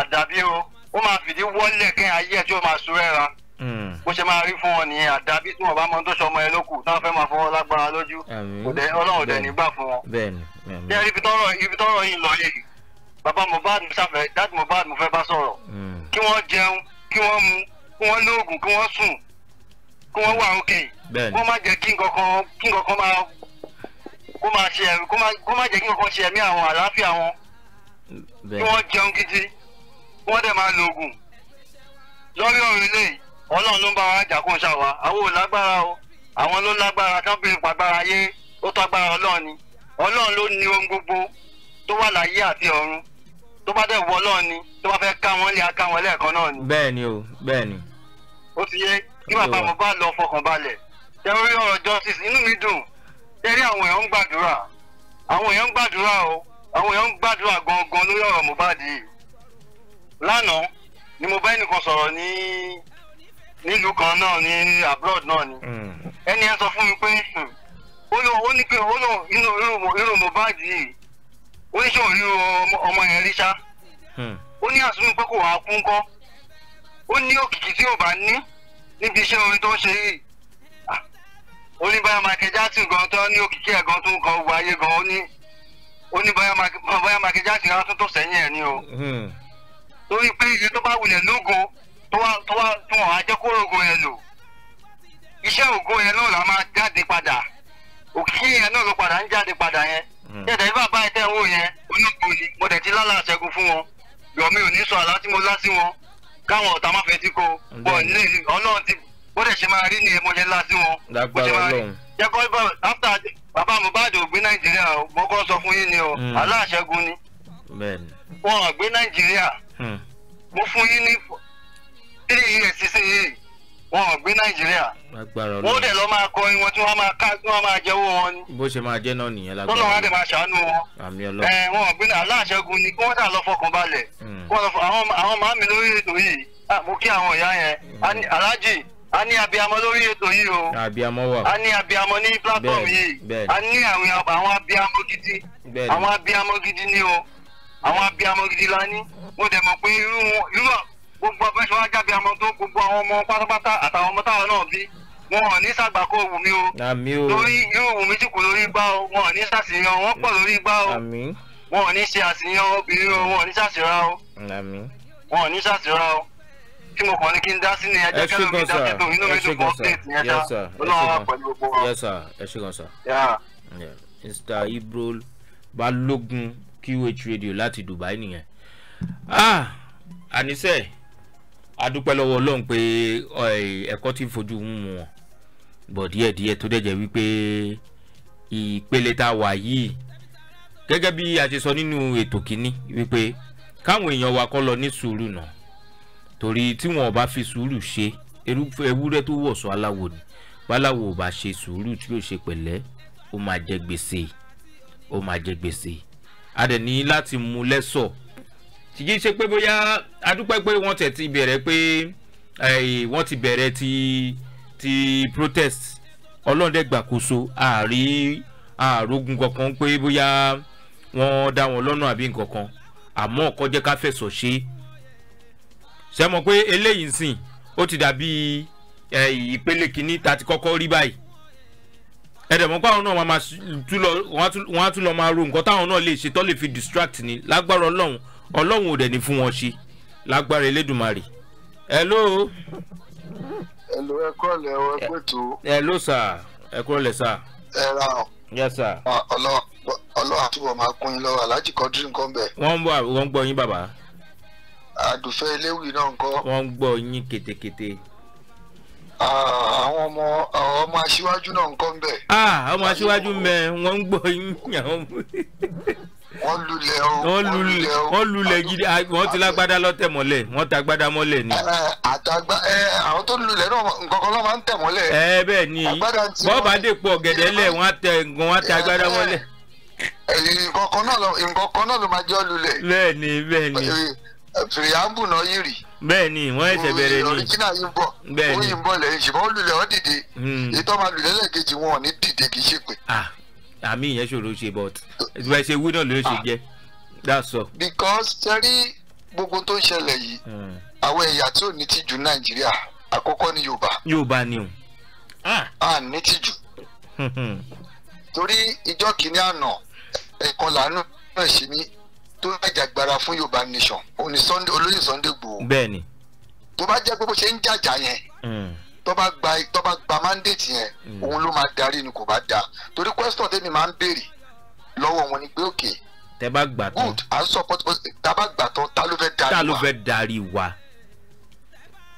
àdàbí o ó máa fìdí wọ́lẹ̀ kẹ́ ayé ẹ̀ tí ó máa sùn ẹ̀ra hmm. bó ṣe máa rí fún wọn nìyẹn àdàbí tí wọn bá mọ tó ṣọmọ ẹ lókù táwọn fẹ́ máa fọwọ́ lágbára lójú ọlọ́run dẹ̀ nígbà fún wọn. jẹ́ ibi tọ́rọ̀ yìí lọ yìí bàbá Mohbad sáfẹ́ dad Mohbad mo fẹ́ bá sọ̀rọ̀ hmm. kí wọ́n jẹun kí wọ́n mu kí wọ́n lóògùn kí wọ́n sùn kí wọ́n wà òkè kí wọ́n má jẹ́ kí nǹkan kan máa kó máa ṣe ẹ̀mí kó má jẹ́ kí nǹkan ṣe ẹ̀mí àwọn àlàáfíà wọn kí wọ́n jẹun gidi kí wọ́n dẹ̀ máa lo oògùn lórí ọ̀rọ̀ ilé yìí ọlọ́run ló ń bá wa jà kó wa àwọn ò lágbára o àwọn ló lágbára kán bí pàgbára ayé ó tọ́gbára ọlọ́run ni ọlọ́run ló ní ohun gbogbo tó wà láyé àti ọ̀run tó bá dẹ̀ wọ ọlọ́run ni tó bá fẹ́ ká wọn lé aká wọn lẹ́ẹ̀kan náà ni. bẹ́ẹ̀ ni o bẹ́ẹ̀ ni. ó ti yé kí bàbá mo bá lọ fọkàn balẹ̀ tẹ́rí ọ̀rọ̀ justice inú mi dùn tẹ́rí àwọn èèyàn ń gbàdúrà àwọn èèyàn ń gbàdúrà o àwọn èèyàn ń gbàdúrà gangan lórí ọ̀rọ̀ mohbad yìí lánàá ni mo bá kan sọ̀rọ̀ ní nílùú kan náà ní abroad náà ni hmm. ẹni ẹ sọ fún mi pé hmm, ó lò ó ní pé inú Mohbad yìí ó ní sọ̀rọ̀ irú ọmọ yẹn rí sá hmm. ó ní àsùnwòn pé kò wá kú ńkọ́ ó ní òkìkí tí ò bá ní níbi iṣẹ́ orin tó ń ṣe yìí gan tó ní òkìkí ẹ̀ gan tó ń gbogbo ayé gan ó ní o. torí pé iye tó bá wulẹ̀ lógo tó wá tó wọn á kó yẹn lò iṣẹ́ ògo yẹn náà la máa jáde padà òkè yẹn náà ló padà ń jáde padà yẹn hmm. tẹ̀tẹ̀ bí bàbá ẹ̀ tẹ̀ yẹn onígbò ni mo ti fún wọn yọ̀mí ò ní sọ tí mo wọn káwọn ọ̀tá má fẹ́ tí hmm. ní ọlọ́run ti bó ṣe máa rí ni mo ṣe wọn fún o hmm. àlá ni wọn Hmm. mo fún yín ní three years ṣe é wọn ò gbé nàìjíríà wọn lọ máa kọ wọn tí wọ́n máa ká tí wọ́n máa wọn ni. bó ṣe máa jẹ́ náà wọn á wọn. ni kí wọ́n sà lọ fọkàn balẹ̀ hmm. àwọn màámi lórí ètò yìí mo kí àwọn ìyá yẹn hmm. a ní abiyamọ lórí ètò o abiyamọ wà a ní abiyamọ ní platform a ní àwọn abiyamọ gidi àwọn abiyamọ ni o àwọn abiyamọ gidi mo dẹ̀ mọ̀ pé irú irú gbogbo abẹ́sọ̀ ajábí amọ̀ tó gbogbo àwọn ọmọ pátápátá àtàwọn ọmọ táwọn náà bí wọn ò ní sàgbàkó wù mí o lórí irú wù mí jùkú lórí gbá o wọn ò ní sàṣeyàn wọn pọ̀ lórí gbá o wọn ò ní ṣe àṣeyàn obìnrin o wọn ò ní sàṣeyàn o wọn ò ní sàṣeyàn o tí mo kàn ní kí n dá sí ni ẹjẹ kẹlẹ mi dá sí dùn inú mi dùn fún update yẹn dá ọlọ́wọ́ pẹ̀lú gbogbo wa. ẹ ṣe gan sir. mr ibrol balógun qh radio láti dubai nìyẹn ah àníṣe adúpẹ́ lọ́wọ́ ọlọ́run pé eh, ẹ̀kọ́ ti fojú mú wọn bọ̀ díẹ̀díẹ̀ tó dẹ̀ jẹ́ wípé ìpele tá a wà yìí gẹ́gẹ́ bí a ti sọ nínú ètò kínní wípé káwọn èèyàn wa kọ́ lọ ní sùúrù náà torí tí wọn ò bá fi sùúrù ṣe ewúrẹ́ tó wọ̀ṣọ́ aláwo ni báláwo ò bá ṣe sùúrù tí yóò ṣe pẹ̀lẹ́ ó máa jẹ gbèsè ó máa jẹ gbèsè a dẹ̀ ní láti mú lẹ́sọ̀ọ́ kìí ṣe pé bóyá adúpẹ́ pé wọ́n tẹ̀ ti bẹ̀rẹ̀ pé wọ́n ti bẹ̀rẹ̀ ti ti protest ọlọ́ọ̀dẹ́gbàkóso àárí àrógun kankan pé bóyá wọ́n dá wọn lọ́nà àbí nǹkan kan àmọ́ ọkọ jẹ́ ká fẹ̀sọ̀ ṣe ṣe mọ̀ pé eléyìí ń sìn ó ti dàbí ìpele kìíní ta ti kọ́kọ́ rí báyìí ẹ̀dẹ̀ mọ́ pé àwọn náà wọ́n á tún lọ máa ro nǹkan táwọn náà lè ṣe tó lè fi distract ni lágbára ọlọ́run ọlọ́run ò dẹ̀ ní fún wọn ṣe lágbára elédùnmarè. hello. hello ẹ kọ́ lẹ ọ ẹ pé tó. hello sir ẹ kúrò lẹ sir. ẹ ra ọ. yes sir. ọlọ́run àtúbọ̀ máa kún yín lọ́wọ́ aláàjì kọ́ndírì nǹkan bẹ̀. wọ́n ń bọ̀ wọ́n ń gbọ́ yín bàbá. àdùfẹ́ eléwì náà ń kọ́. wọ́n ń gbọ́ yín kétékété. àwọn ọmọ ọmọ aṣíwájú náà ń kọ́ ń bẹ̀. Ah, ọmọ aṣíwájú mẹ́ wọ́n ń gbọ́ yín wọ́n lulẹ̀ o wọ́n lulẹ̀ o wọ́n lulẹ̀ gidi wọ́n ti lágbádá lọ́tẹ̀ mọ́lẹ̀ wọ́n ta gbádá mọ́lẹ̀ ni. àtàgbà ẹ àwọn tó lulẹ̀ náà nǹkan kan ló máa ń tẹ̀ mọ́lẹ̀. ẹ bẹ́ẹ̀ ni bọ́ọ̀bà dèpọ̀ ọ̀gẹ̀dẹ̀ lẹ̀ wọ́n tẹ nǹkan wọ́n ta gbádá mọ́lẹ̀. nǹkan kan náà ló máa jẹ́ lulẹ̀. bẹ́ẹ̀ ni bẹ́ẹ̀ ni fìrìyàmbù náà yìí rì. bẹ́ẹ̀ni wọn ẹsẹ bẹ̀rẹ̀ ni ọríjìnà yìí bọ bẹ́ẹ̀ni ó yìí bọ lẹ́yìn ṣùgbọ́n ó lulẹ̀ ó dìde hmm. ètò ọmọ lulẹ̀ lẹ́ẹ̀kejì wọn ò ní dìde kì í ṣe pé. I àmì ìyẹn ṣòro ṣe but ìgbà ṣe wí náà ló ṣe jẹ that's all. because tẹ́rí gbogbo tó ń ṣẹlẹ̀ yìí hmm. àwọn ẹ̀yà tí ò ní tìjú nàìjíríà àkọ́kọ́ ni yorùbá. yorùbá ni o. Ah. a ní tìjú. torí ìjọ kìíní àná ẹ̀kan làánú náà ṣe ní tó jàjàgbara fún yorùbá nation òní olóyè sunday gbòó. bẹ́ẹ̀ni. tó bá jẹ́ pé bó ṣe ń jàjà yẹn. Hmm tó gba mandate yẹn hmm. òun ló máa darí ni kò bá da torí question tèmi máa ń béèrè lọ́wọ́ wọn ni pé òkè. tẹ gbà tán good à ń support tá bá gbà tán ta ló fẹ́ darí wa. ta ló fẹ́ darí wa.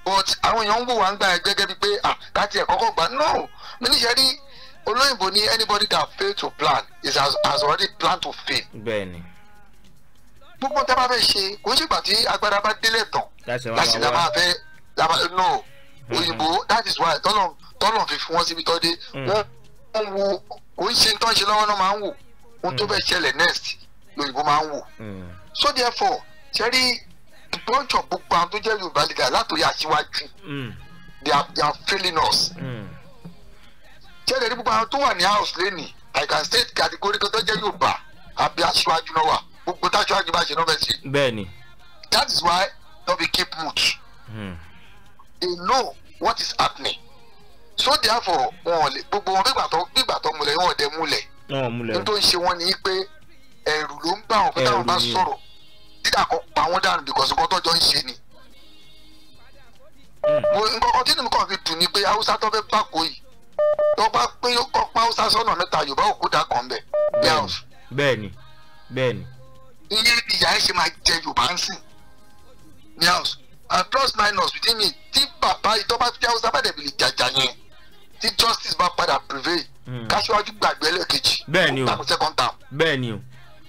but àwọn èèyàn ń wò wá ń gbà ẹ gẹ́gẹ́ bíi pé ah káàtì ẹ̀ kọ́kọ́ gbà no mi ní ṣe rí olóyìnbó ni anybody that fail to plan is has, has already planned to fail. bẹ́ẹ̀ni gbogbo tá fẹ́ ṣe kò ń ṣègbà tí agbára bá délẹ̀ tán láti ní máa fẹ́ no òyìnbó that is why tọ́lọ̀ tọ́lọ̀ fi fún wọn síbi tọ́ dé mm. wọ́n ń wo kò ń ṣe tán ṣe lọ́wọ́ náà máa ń wò ohun tó mm. fẹ́ ṣẹlẹ̀ next lòyìnbó máa ń wò mm. so therefore ṣẹ́rí ìgbọ́njọ̀ gbogbo àwọn tó jẹ́ Yorùbá leader látòrí Aṣíwájú they are they are failing us ṣẹ́rí ẹni tó wà ní house lẹ́nìí I can state categorically tó jẹ́ Yorùbá àbí Aṣíwájú náà wà gbogbo táṣọ àjùbá ṣe náà fẹ́ ṣe. that is why no be keep mute. Hmm. they know what is happening so therefore uh, wọn ò lè gbogbo wọn gbígbà tó gbígbà tó múlẹ̀ wọn ò dé múlẹ̀ n tó ń ṣe wọn ni pé ẹ̀rù ló ń bá wọn pé táwọn bá sọ̀rọ̀ dídà kan pa wọn dànù because nǹkan tọ́jọ́ ń ṣe ni hmm. nǹkan kan tí nìkan kan fi dùn ni pé haúsá tó fẹ́ bá kó yìí tó bá pín kọ́ pa haúsá sọ́nà mẹ́ta yorùbá òkúta kan bẹ̀ bí house. bẹ́ẹ̀ni bẹ́ẹ̀ni. iye ìyá ẹ ṣe máa jẹ yorùbá ń sìn ní house and plus minus within me tí bàbá ìtọ́ba tí haúsá bá dẹ̀ bìlì jàjà yẹn tí justice bá padà prevail hmm. káṣíwájú gbàgbé ẹlẹ́ẹ̀kejì bẹ́ẹ̀ni o bẹ́ẹ̀ni o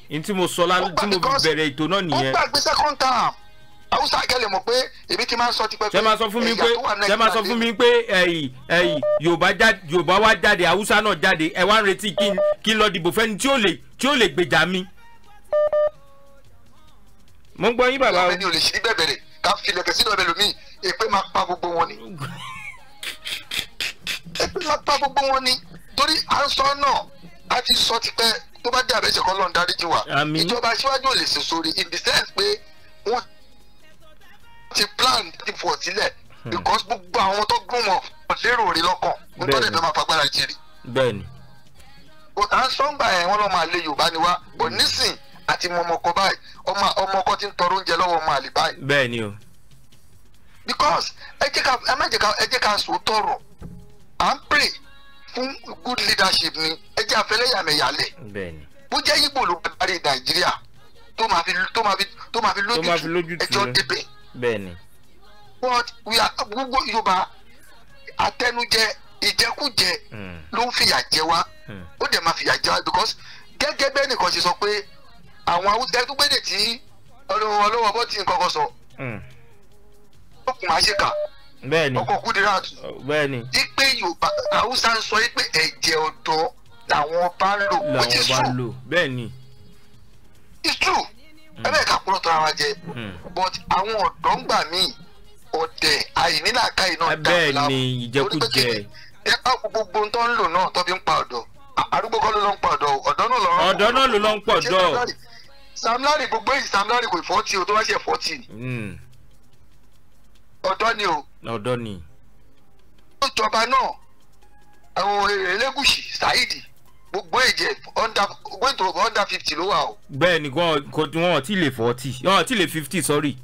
n mo sọ lánàá tí mo bẹ̀rẹ̀ ètò náà nìyẹn ó gbàgbé second term haúsá kẹlẹ̀ mọ̀ pé èmi ti máa ń sọ ti pẹ́pẹ́ ẹ̀yà tó wà náà ìgbàlódé ṣe máa sọ fún mi pé ẹ̀yìn ẹ̀yìn yorùbá wá jáde haúsá náà jáde ẹ̀ wá ń retí kí n lọ dìbò fẹ́ni tí ó lè gbèjà mi. mo ń gbọ́ yín bàbá o. ìyá mi ò lè ṣe bẹ́ẹ̀ bẹ̀rẹ̀ ká filẹ̀kẹ̀ sínú ọbẹ̀ lómi èpè máa pa gbogbo wọn ni èpè máa pa gbogbo wọn ni torí à ń sọ náà a ti sọ tipẹ́ tó bá dé àbẹ̀sẹ̀ kọ́ lọ́n dáríjì wa ìjọba aṣíwájú ò lè ṣe sórí in the sense pé wọ́n ti plan ti fọ̀ sílẹ̀ hmm. because gbogbo àwọn tó gún wọn lérò rí lọ́kàn wọ́n tó lè fẹ́ máa fagbára kiri. bẹ́ẹ̀ni. kò tá a sọ́ngbà ẹ̀ wọ́n lọ́ máa lé Yorùbá ni wá bọ̀ hmm. nísìnyí àti mọmọkọ báyìí ọmọ ọmọkọ ti ń tọrọ oúnjẹ lọ́wọ́ ọmọ àlè báyìí. bẹ́ẹ̀ ni o. because ẹ jẹ́ ká ẹ má jẹ́ ká ẹ jẹ́ ká sọ tọrọ à ń pray fún good leadership ni ẹ jẹ́ afẹ́lẹ́yàmẹ̀yàlẹ̀. bẹ́ẹ̀ ni. bó jẹ́ yíbo ló parí nàìjíríà tó máa fi tó máa fi tó máa fi lójútu ẹjọ́ débẹ̀. bẹ́ẹ̀ ni. but we are gbogbo yorùbá atẹnujẹ ìjẹkújẹ hmm. ló ń fìyà jẹ wá hmm. ó dẹ̀ máa fìyà jẹ wá because gẹ́gẹ́ bẹ́ẹ̀ nìkan ṣe sọ pé àwọn haúsá tó gbédè tí ọlọ́wọ́ bọ́ ti nǹkan sọ. Hmm. ọkùnrin àṣekà ọkọ̀ Kudiratu ipe yorùbá haúsá ń sọ pé ẹ̀jẹ̀ ọ̀dọ́ làwọn bá ń lò ó ti sùn. it's true hmm. ẹbẹ ká kúrò tó ara jẹ hmm. but àwọn ọ̀dọ́ ń gbà mí ọ̀dẹ̀ àìnílàka iná dáhùn láwọn onípẹ̀kẹ̀ ẹ bá gbogbo tó ń lò náà tó fi ń pa ọ̀dọ́ arúgbó kọ́ ló ló ń pa ọ̀dọ́ ọ̀dọ́ náà ló ń pa ọ̀dọ́ samlari Larry gbogbo èyí Sam Larry kò fọ́tì o tó bá ṣe fọ́tì hmm. ọ̀dọ́ ni o. ọ̀dọ́ ni. ó jọba náà àwọn Elégùṣì Saheed gbogbo èjẹ went to under fifty ló wà o. bẹ́ẹ̀ni wọn ò tí ì lè fọ́tì wọn ò lè fifty sorry.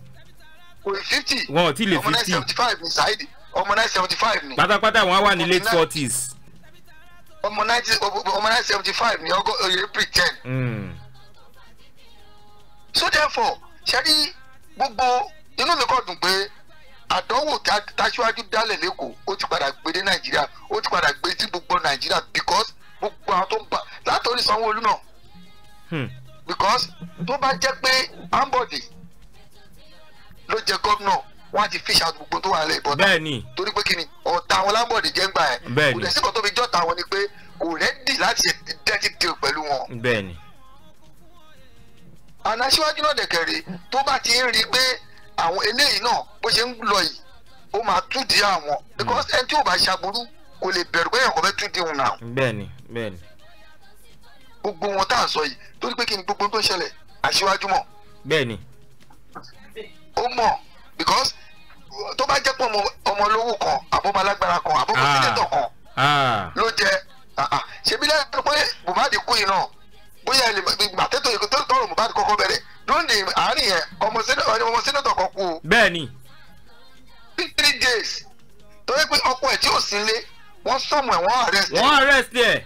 kò ì fifty wọn ò tí ì lè fifty ọmọ nine seventy five ni Saheed ọmọ nine seventy five ni. pátápátá wọn á wà ní late forties. ọmọ nine seventy five ni ọgọ́ April ten. Hmm so therefore ṣẹ́rí gbogbo inú mi kọ́ dùn pé àdánwò táṣíwájú dálẹ̀ lẹ́kọ̀ọ́ ó ti padà gbé dé nàìjíríà ó ti padà gbé sí gbogbo nàìjíríà because gbogbo àwọn tó ń bá látòrí sanwó-olú náà hmm. because tó bá jẹ́ pé ambode ló jẹ gómìnà wọn á ti fish out gbogbo tó wà lẹ́yìn bọ́dà torí pé kí ni ọ̀tá àwọn lámbọ̀dì jẹ́ ń gbà ẹ̀ kò lẹ́sìn kan tó fi jọ́ta wọn ni pé kò rẹ́dì láti ṣe dirty deal pẹ̀lú wọn. bẹ́ẹ̀ni àná síwájú náà dẹ̀kẹ̀rẹ̀ tó bá ti ń rí i pé àwọn eléyìí náà bó ṣe ń lọ yìí ó máa túdìí àwọn hmm. because ẹni tí ò bá ṣàbùrú kò lè bẹ̀rù pé ẹ̀kọ́ fẹ́ túdìí òun náà. bẹ́ẹ̀ni bẹ́ẹ̀ni. gbogbo wọn tá à ń sọ yìí torí pé kí ni gbogbo tó ń ṣẹlẹ̀ àṣíwájú mọ̀. bẹ́ẹ̀ni. ó mọ̀ because tó bá jẹ́ pọ̀ ọmọ olówó kan àbọ̀balágbára kan àbọ̀bọ̀ ah. sẹ́nẹ́tọ̀ kan ah. ló jẹ́ ṣèbí lẹ́yìn pé bùbá àdínkù yìí náà bóyá ẹ lè gbà tètò yìí tó tọrọ Mohbad kọ́kọ́ bẹ̀rẹ̀ lóde àárín yẹn ọmọ sẹ́nẹ̀tọ̀ kan kú o. bẹ́ẹ̀ni. three days tó yẹ pé ọkọ ẹ̀ tí ò sí lé wọ́n sọ̀mù ẹ̀ wọ́n arrest ẹ̀. wọ́n arrest ẹ̀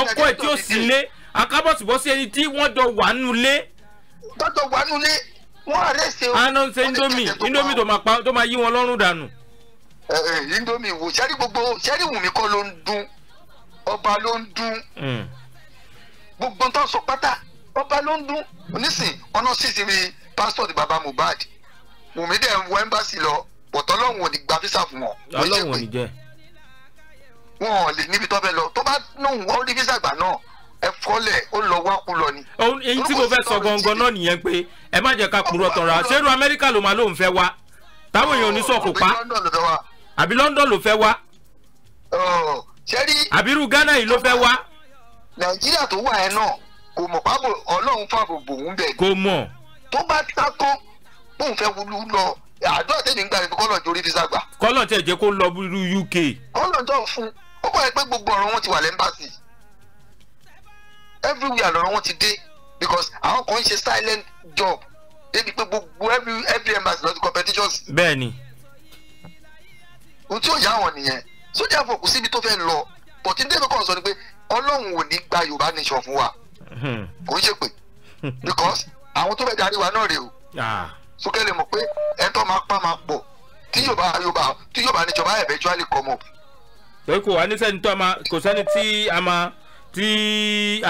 ọkọ ẹ̀ tí ò sí lé akábọ̀sibọ́sí ẹni tí wọ́n jọ wà nù lé. tọ́jọ́ wà nù lé wọ́n arrest ẹ̀ o. àná ń ṣe indomie indomie tó máa pa tó máa yí wọn lọ́rùn dànù. ẹ ẹ indomie wò sẹ́rí gbogbo sẹ́rí wùmí kọ́ ló ń dún ọba ló ń dún. Mm gbogbo nǹkan sọ pátá ọba ló ń dún onísìn ọ̀nà sísì rí pásítọ̀ di baba Mohbad wùmí dẹ̀ ń wọ ẹ́mbàsì lọ bọ̀tọ́ lọ́hùn ò ní gba físà fún wọn. ọlọ́hùn ò ní jẹ́. wọn ò lè níbi tọ́ bẹ lọ tó bá lóhùn wọn ó rí físà gbà náà ẹ fọlẹ̀ ó lọ wá kú lọ ni. èyí tí mo fẹ́ sọ gangan náà nìyẹn pé ẹ má jẹ́ ká purọ́ tọ̀ra ṣérú Amẹ́ríkà ló máa lóun fẹ́ wá táwọn èèyàn oníṣọ̀kù pa àbí London ló fẹ́ wá àbí irú Ghana yìí ló fẹ́ wá nàìjíríà tó wà ẹ náà kò mọ̀ pábò ọlọ́run fàbò bòun bẹ̀. kò mọ̀. tó bá tako bóun fẹ́ wulú lọ àdúrà tẹ̀lé ń gbà ní kọ́lọ̀ jórí fisa gbà. kọ́lọ̀ tẹ̀ jẹ́ kó lọ irú uk. kọ́lọ̀ jọ fún ó kọ́ ẹ pé gbogbo ọ̀rọ̀ wọn ti wà lẹ́mbàsì everywhere lọ́rọ̀ wọn ti dé because àwọn kan ń ṣe silent job débi pé gbogbo every every embassy lọ sí competitions. bẹ́ẹ̀ni. ohun tí ó yà wọn nìyẹn sójà fòkù síbi tó fẹ́ lọ pọ̀tí débẹ̀ kọ́ sọ ni pé ọlọ́run ò ní gba yorùbá nation fún wa hmm. kò ń ṣe pé because àwọn tó fẹ́ darí wa náà rè o ah. sókè lè mọ̀ pé ẹ̀tọ́ máa pa máa pọ̀ tí yorùbá yorùbá tí yorùbá nation bá eventually come up. pé kò wá ní sẹ́ni tó a máa kò sẹ́ni tí a máa tí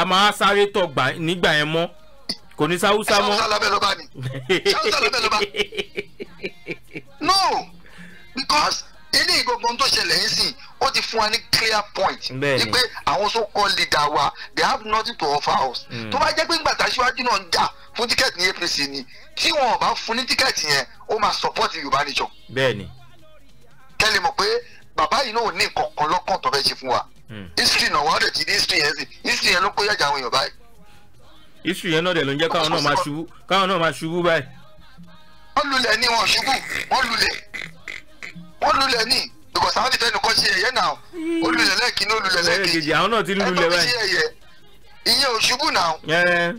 a máa sáré tọ̀ gbà nígbà yẹn mọ́ kò ní sáwúsá mọ́. sáwúsá lábẹ́ ló bá ní sáwúsá lábẹ́ ló bá no because ilé ìgbọ̀ngàn tó ṣẹlẹ̀ ń sìn ó ti fún wa ní clear point wípé àwọn so called leader wa they have nothing to offer us mm. tó bá jẹ́ pé ńgbà tá aṣíwájú náà ń jà fún tíkẹ́ẹ̀tì ní APC ni tí wọn ò bá fún ní tíkẹ́ẹ̀tì yẹn ó máa support Yorùbá Nation. bẹ́ẹ̀ni. kẹ́lẹ̀ mọ̀ pé bàbá yìí náà ò ní nǹkan kan lọ́kàn tó fẹ́ ṣe fún wa mm. history náà wàá rẹ̀ history yẹn sí history yẹn ló kó yàjà àwọn èèyàn báyìí. history yẹn náà dẹ̀ ló ń jẹ́ káwọn náà máa ṣubú káwọn náà máa ṣubú báyìí. wọ́n lulẹ̀ ní wọn ṣubú wọ́n lulẹ̀ wọ́n lulẹ̀ ní because àwọn ìfẹ́ nìkan ṣe ẹ̀yẹ náà olùlẹ̀ lẹ́ẹ̀kínní olùlẹ̀ lẹ́ẹ̀kejì àwọn náà ti ń lulẹ̀ báyìí ìyẹn ò ṣubú náà eh.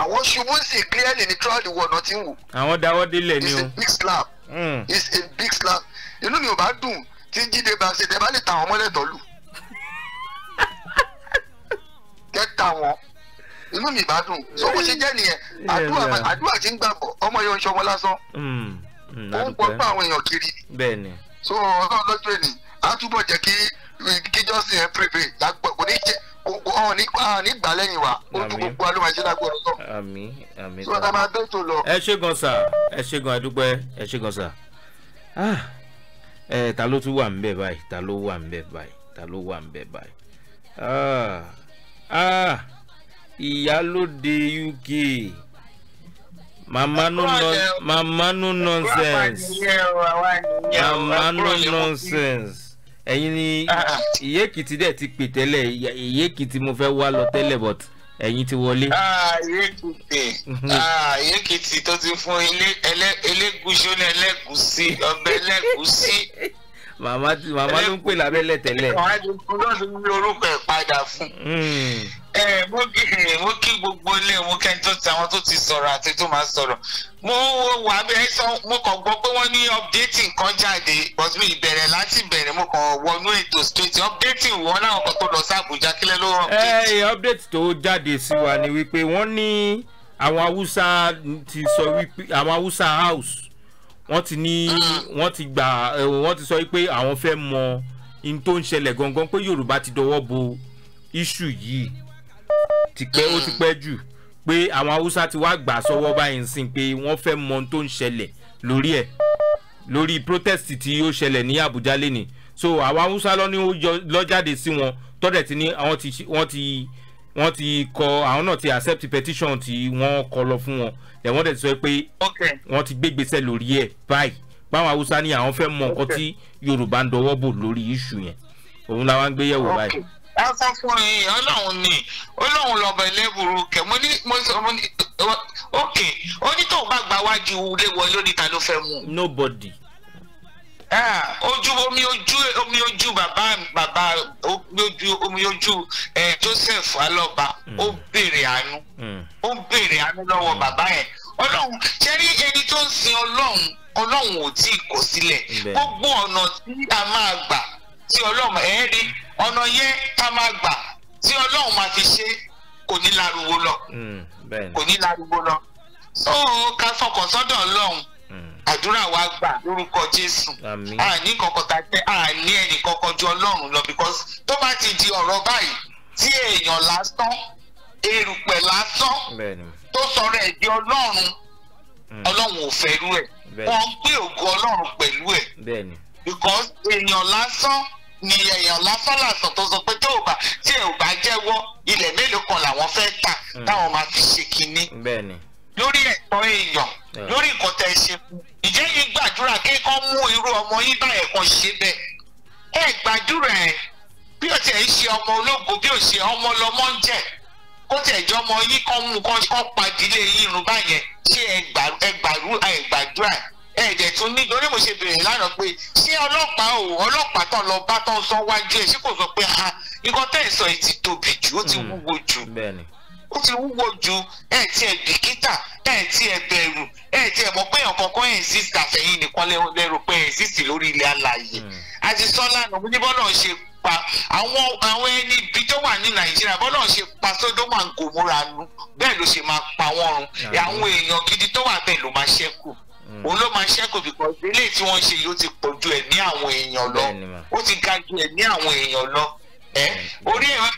àwọn ṣubú sì clearly ní crowd wọ̀nà tí ń wò. àwọn dáwọ́ délẹ̀ ni o it's a big slap mm. it's a big slap inú mi ò bá dùn tí jíde bá ṣe tẹ bá lè ta àwọn mọ́lẹ̀ tọ́lù kẹta wọn inú mi bá dùn so bó ṣe jẹ́ nìyẹn àdúrà àdúrà ti ń gbàgbọ́ ọmọ yẹn ń ṣọmọ lásán hmm. Hmm, ó ń pọ́ pọ́ àwọn èèyàn kiri. bẹ́ẹ̀ ni so ọlọ́run lọ́jọ́ ènì á túbọ̀ jẹ́ kí kíjọ́sìn ẹ̀ pèpè lágbọ́ kò ní jẹ́ ọ̀hún ní ọ̀hún ní gbàlẹ́yìn wa ojú gbogbo alóhùn ẹ̀ṣẹ́ lágbọ́dọ̀ sọ. àmì àmì sọ ta máa bẹ́ẹ̀ tó lọ. ẹ ṣe gan sà ẹ ṣe gan adúpẹ́ ẹ ṣe gan sà ah, ẹ ta ló tún wà ń bẹ̀ báyìí ta ló wà ń bẹ̀ báyìí ta ló wà ń bẹ̀ báyìí ah, ah, ìyálóde uk mama no no mama no nonsense mama no nonsense ẹyin ni iye ah, ah. kìtì dẹ ti pè tẹlẹ iye kìtì mo fẹ wá lọ tẹlẹ but ẹyin ti wọlé. iye ah, kìtì iye mhm. kìtì tó ti fún elégùsí ẹlẹ́gùsí ọbẹ̀ ẹlẹ́gùsí màmá tí màmá ló ń pè lábẹ́lẹ̀ tẹ́lẹ̀. màmá ti fún lọ́sùn ní orúkọ ẹ̀ padà fún. ẹ mo kí mo kí gbogbo ilé mo kẹ́ni tó ti àwọn tó ti sọ̀rọ̀ àti tó máa sọ̀rọ̀ mo wà bẹ́ẹ̀ sọ mo kàn gbọ́ pé wọ́n ní updating kan jáde but mi ìbẹ̀rẹ̀ láti bẹ̀rẹ̀ mo kàn wọnú ètò straight updating wọn láwọn kan tó lọ sí Àbújá kílẹ̀ ló rọ̀ update. ẹ update tó jáde sí wa ni wípé wọ́n ní àwọn Haúsá ti sọ wípé àwọn Haúsá house wọ́n ti ní wọ́n ti gbà wọ́n ti sọ pé àwọn fẹ́ mọ in tó ń ṣẹlẹ̀ gangan pé Yorùbá ti dọwọ́ bo iṣu yìí ti pẹ́ ó ti pẹ́ jù pé àwọn Haúsá ti wá gbà sọ́wọ́ báyìí ń sìn pé wọ́n fẹ́ mọ in tó ń ṣẹlẹ̀ lórí ẹ̀ lórí protest tí ó ṣẹlẹ̀ ní Àbújá lẹ́nìí so àwọn Haúsá lọ́ní ó lọ jáde sí wọn tọ́dẹ̀ ti ní wọ́n ti wọ́n ti kọ àwọn náà ti accept petition tí wọ́n kọ lọ fún wọn ẹ̀ wọ́n dẹ̀ sọ pé wọ́n ti gbégbèsè lórí ẹ̀ báyìí báwọn haúsá ní àwọn fẹ́ mọ nǹkan tí yorùbá ń dọwọ́ bò lórí iṣu yẹn òun la wá ń gbé yẹ̀wò báyìí. a sọ fún yín ọlọ́run ni ọlọ́run lọ́ba ẹlẹ́bùrú kẹ mo ní mo sọ mo ní ok onítọ̀hún bá gba wájú ilé wọlé oníta ló fẹ́ mú. nobody Ah, ojú omi ojú omi ojú bàbá bàbá omi ojú omi ojú ẹ eh, Joseph Alọba hmm. ó béèrè àánú hmm. ó béèrè àánú lọ́wọ́ bàbá yẹn Ọlọ́run ṣẹrí ẹni tó ń sin Ọlọ́run Ọlọ́run ò tí ì kó sílẹ̀ gbogbo ọ̀nà tí a máa gbà tí Ọlọ́run ẹ̀ rí ọ̀nà yẹn tá a máa gbà tí Ọlọ́run máa fi ṣe kò ní láruwo lọ hmm, kò ní láruwo lọ so ká fọkàn sọ́dọ̀ Ọlọ́run àdúrà wa gbà lórúkọ jésù àní kankan ta tẹ àní ẹnì kankan ju ọlọ́run lọ because tó bá ti di ọ̀rọ̀ báyìí tí èèyàn lásán erùpẹ̀ lásán tó sọ̀rọ̀ ẹ̀ di ọlọ́run mm. ọlọ́run ò fẹ́ rú ẹ̀ wọ́n gbé ògo ọlọ́run pẹ̀lú ẹ̀ because èèyàn lásán ni èèyàn lásán làsàn tó sọ pé tó o bá tí ẹ ò bá jẹ́wọ́ ilẹ̀ mélòó kan làwọn fẹ́ tà mm. táwọn máa fi ṣe kinní lórí ẹ̀tọ́ èèyàn lórí nǹkan tẹ́ ẹ ṣe ìjẹ́ yìí gbàdúrà kí kán mú irú ọmọ yín báyẹn kan ṣe bẹ́ẹ̀ ẹ gbàdúrà ẹ bí ó tiẹ̀ ń ṣe ọmọ ológo bí ó ṣe ọmọ lọmọ ń jẹ kó tiẹ̀ jọ ọmọ yín kán mú kán kán padìlé yín irun báyẹn ṣé ẹ gbàdúrà ẹ gbàdúrà ẹ ẹ̀jẹ̀ tún ní lórí mo ṣe bèrè lánàá pé ṣé ọlọ́pàá ò ọlọ́pàá tán lọ bá tán sọ wájú ẹ̀ ṣé kò sọ pé ah, nǹkan tẹ́ sọ ó ti wúwo ju ẹ̀ tí ẹ bìkítà ẹ̀ tí ẹ bẹ̀rù ẹ̀ tí ẹ mọ̀ pé èèyàn kankan exist àfẹ̀yìn nìkan lẹ́rù pé exist lórí ilẹ̀ alàyè àti hmm. sọ́lá nà mo ní bọ́lá ṣe pa àwọn àwọn ẹni ibi tó wà ní nàìjíríà bọ́lá ṣe pa sódómà ń kò múra nu bẹ́ẹ̀ ló ṣe máa pa wọ́n run hmm. àwọn èèyàn gidi tó wà bẹ́ẹ̀ ló máa ṣẹ́kù hmm. òun ló máa ṣẹ́kù because eléyìí tí wọ́n ṣe yìí ó ti pọ̀ ju ẹ̀mí àwọn èèyàn lọ ó ti ga ju ẹ̀mí àwọn èèyàn lọ orí ẹ̀rọ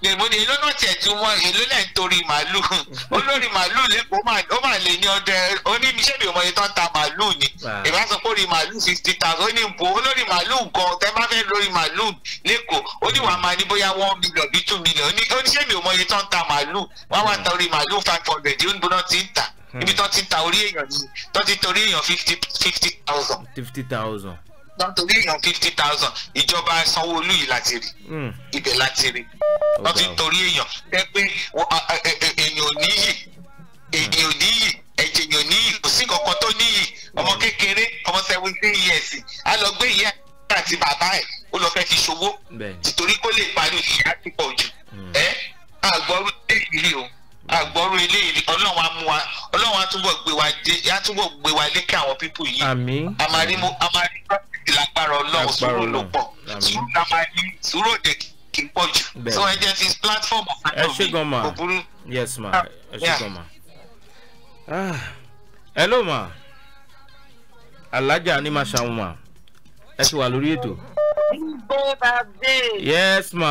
ìpamọ́ ni lọ́nà tiẹ̀ tí wọ́n èló lẹ̀ torí màálù olórí màálù lẹ́kọ̀ọ́ ó mà lè ní ọdẹ onímísẹ́bì ọmọye tó ń ta màálù ni ìbá pé orí màálù fifty thousand ó ní nbọ olórí màálù gan tẹ bá fẹ́ lórí màálù lẹ́kọ̀ọ́ ó ní wàá máa ní bóyá one million bí two million oníṣẹ́bì ọmọye tó ń ta màálù wọ́n wá ta orí màálù five hundred ó ń gbóná ti ń ta hmm. ibi tó ti ta orí èèyàn ni tó ti torí èèyàn fifty thousand. fifty thousand nítorí èèyàn fifty thousand ìjọba sanwó-olú yìí láti rí hmm. ibẹ̀ láti rí wọ́n fi torí èèyàn ẹ pé e, e, èèyàn ò níyì èèyàn ò níyì ẹ̀jẹ̀ èèyàn ò níyì kò sí kankan tó níyì ọmọ hmm. kékeré ọmọ seventeen years á lọ gbé ìyá àti bàbá ẹ̀ ó lọ fẹ́ fi ṣòwò tìtorí kó lè parí ìyá ti pọ̀ jù hmm. ẹ́ àgbọ̀rú eléyìí o àgbọ̀rú eléyìí ọlọ́run á mú wa ọlọ́run á túbọ̀ gbé wa dé á túbọ̀ gbé wa lékè àwọn pípù yìí àmín àmàrí mo àmàrí lágbára ọlọ́run sùúrù ló pọ̀ sùúrù la máa ní sùúrù òde kì í pọ̀ jù so ẹ jẹ́ fi platform of adobe kò yes ma ah, ẹ ṣe gan ma. Ah. hello ma Alaja ni màá ṣàwọn ma ẹ ti wà lórí ètò. yes ma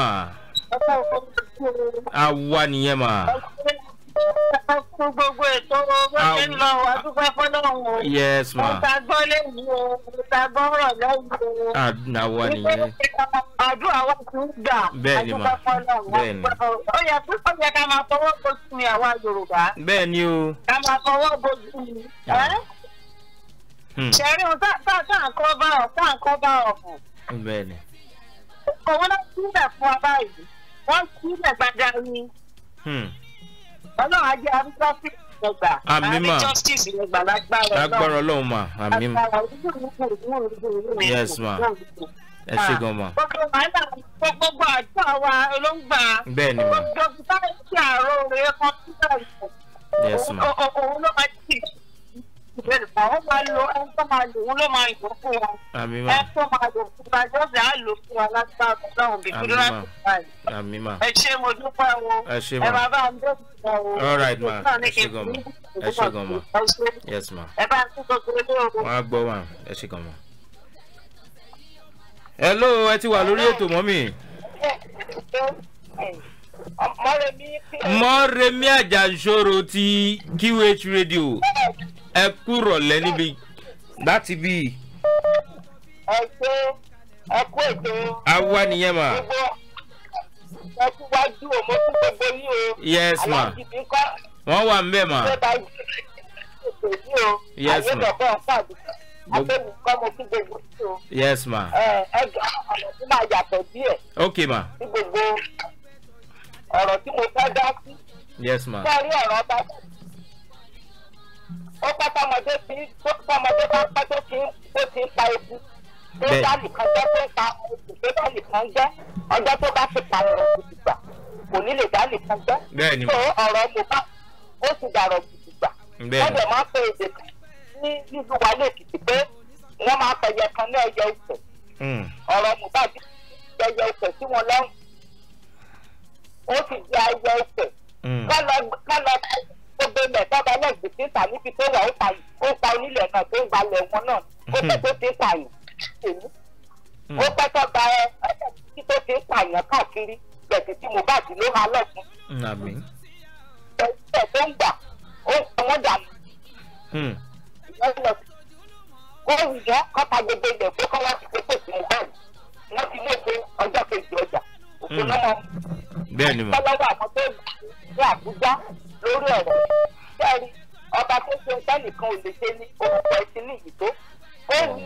àwa nìyẹn ma. Okay ẹ gbogbo ètò owó ń lọ àdúgbò fọlọ́run o. yes ma. mo ta gbọ́ lẹ́yìn o mo ta gbọ́ rọ̀ lẹ́yìn o. àwa nìyẹn. àdúrà wa ti ń gbà àdúgbò fọlọ́run. bẹ́ẹ̀ ni ó yẹ kí ó yẹ ká máa fọwọ́ bojú ni àwa yorùbá. bẹ́ẹ̀ ni o. ká ah. máa hmm. fọwọ́ bojú ni. ṣẹ̀rí ohun tá à ń kọ́ bá ọ̀ tá à bá ọ̀ fún. bẹ́ẹ̀ ni. òun hmm. náà sílẹ̀ fún wa báyìí wọ́n sílẹ̀ gbàgbà ọlọ́run ajé arúgbó sí ìgbà àmì mà lágbára ọlọ́run mà àmì mà yes ma ẹ ṣe gan ma. gbogbo wàhálà gbogbo àjọ wa ló ń gbà. bẹ́ẹ̀ ni ma. gbogbo báyìí ṣe àrò rẹ̀ kan síbẹ̀. yes ma. òun ló máa ti ṣe àwọn máa lo ẹni tó máa lò o ẹ bá bá ń dé ìgbà o ẹ ṣe gan ma yes ma ẹ bá ń tún gbogbo ilé o. wọn hello ẹ ti wà lórí ètò mọ́mì. mọ́rẹ̀mí àjàǹṣòro ti QH radio ẹ kúrọ̀ lẹ́ níbi láti bí. ẹ kú ẹ kú ètò. awa nìyẹn mà. ẹ kú wájú o mo gbogbo yín o. yes ma wọ́n wà ń bẹ̀ mà. yes ma yes ma. ẹ ọ̀rọ̀ tí máa yàtọ̀ díẹ̀. ok ma. ọ̀rọ̀ tí mo fẹ́ dá sí. yes ma. sọ́ọ́rí ọ̀rọ̀ bá bẹ̀rẹ̀ ó pẹ́ tọmọdé tí tọmọdé bá pẹ́ tó ti ń pa eku bẹ́ẹ̀ni kan jẹ́ tó ń pa bẹ́ẹ̀ni kan jẹ́ ọjọ́ tó bá ti pa ọ̀rọ̀ gbùdùgbà kò ní lè dálè kan jẹ́ bẹ́ẹ̀ni tó ọ̀rọ̀ mo bá ó ti dàrọ̀ gbùdùgbà wọ́n dẹ̀ máa ń pe èdè kan ní nílùú wa lẹ́kìtì pé wọ́n máa pẹ̀yẹ kan ní ọyọ ìfẹ́ hmm. ọ̀rọ̀ mo bá ti yẹyẹ ìfẹ́ sí wọn lọ́rùn ó ti di ayẹyẹ ìfẹ́ hmm. kọ́ lọ gbẹlẹ̀ bàbá náà gbèsè ta níbi tó wà ó ta yìí ó ta onílẹ̀ náà tó ń gbalẹ̀ wọn náà ó pẹ́ tó ti ta yìí èmi hmm. ó pẹ́ tó gba ẹ ẹ̀ẹ́dẹ̀bí tó ti ta yàn káàkiri gbẹ̀sẹ̀ tí mo bá dì ló máa lọ́sùn. Hmm, ẹ̀sẹ̀ tó ń gbà ó ń sọ wọ́n dànù. kó ìyá kọ́ta gbogbo ilẹ̀ pé kọ́ wọ́n ti pé kò mo bá yìí wọ́n ti lé pé ọjọ́ kejì ọjà hmm. òkú náà. bẹ́ẹ̀ ni mo. lórí ọ̀rọ̀ sẹ́ẹ̀rí ọba tó ṣe nǹkan nìkan ò lè ṣe ní orúkọ gbogbo àwọn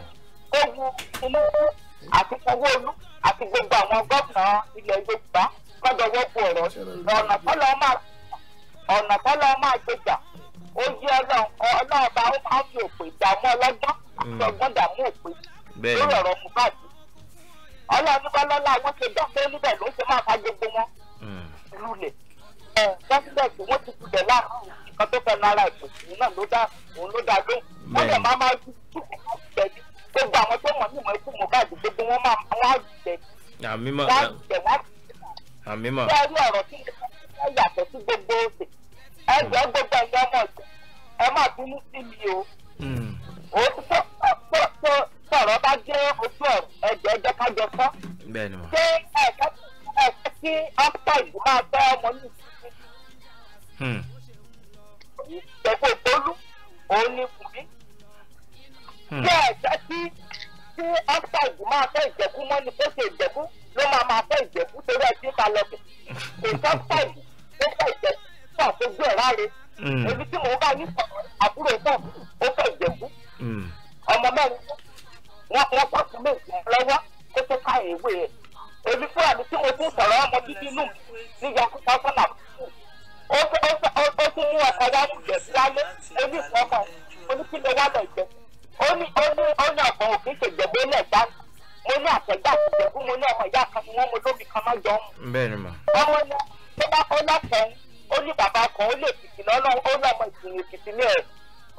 ilẹ̀ yorùbá ọ̀rọ̀ ọ̀nà kọ́lọ́ máa ọ̀nà kọ́lọ́ máa gbèjà ó máa fi òpè dààmú ọlọ́gbọ́n hmm. dààmú òpè lórí ọ̀rọ̀ mohbad dọ́kẹ́ níbẹ̀ ló ṣe máa fa gbogbo wọn hmm. dókítà pé wọ́n ti kulẹ̀ láàrin nǹkan tó fẹ́ẹ́ lára ìpò òun náà ló dá òun ló dá lóhùn wọ́n lè máa máa ju túbọ̀ máa ju tẹ̀lé gbogbo àwọn tó mọ̀ ní ìmọ̀ ikú mohbad gbogbo wọn máa wá ju tẹ̀lé wọ́n á ju tẹ̀lé wọ́n á ju tẹ̀lé ọ̀rọ̀ tí wọ́n yàtọ̀ sí gbogbo ọ̀sẹ̀ ẹgbẹ́ gbogbo ẹ̀yọ́ ọmọ ọ̀sẹ̀ ẹ má bínú sí mi o sọ̀rọ̀ bá jẹ́ ojú ẹ̀ ẹ̀jẹ̀ ẹ̀jẹ̀ kájọ sọ ṣé ẹ̀ka tí ọ̀pọ̀ ìgbìmọ̀ abẹ́ ọmọ yìí Hmm. ẹgbẹ́ gbólú òun ni kùmí. Hmm. ṣé ẹ̀jẹ̀ tí tí ọ́fíà yìí máa fẹ́ ìjẹ̀bú mọ́ ni kó ṣe ló máa máa fẹ́ ìjẹ̀bú torí ẹ ti ń ta lọ sí. ètò ló fẹ́ ìjẹ̀bú fún àtọ́jú ẹ̀ láre. Hmm. èmi tí mò ń bá yín sọ̀rọ̀ àbúrò náà ó fẹ́ ìjẹ̀bú. ọmọ mẹ́rin wọn wọn pọ̀ sí méjì lọ́wọ́ kó tó ká ìwé ẹ̀. èmi fúnra tí mo ti sọ̀rọ̀ ọmọ bíbí inú mi ó tún mú ọ̀kadà ìjẹ̀ lálẹ́ ebi ìfọ̀kàn ó ní kí ló wà lọ ìjẹ̀ ó ní ó ní ó ní ọ̀gbọ̀n òfin ṣèjọba ilẹ̀ dáná mo ní àtẹ̀gbà àtẹ̀jẹ̀bú mo ní ọmọ ìyá kan ni wọ́n mo lóbi kan má jọ ọ́n. bẹ́ẹ̀ni ma. ọmọ náà tó bá kọ́ lọ́kàn ó ní bàbá kan ó lè tìtì lọ́nà ó lọ́mọ ìsìn òkìtì ní ẹ̀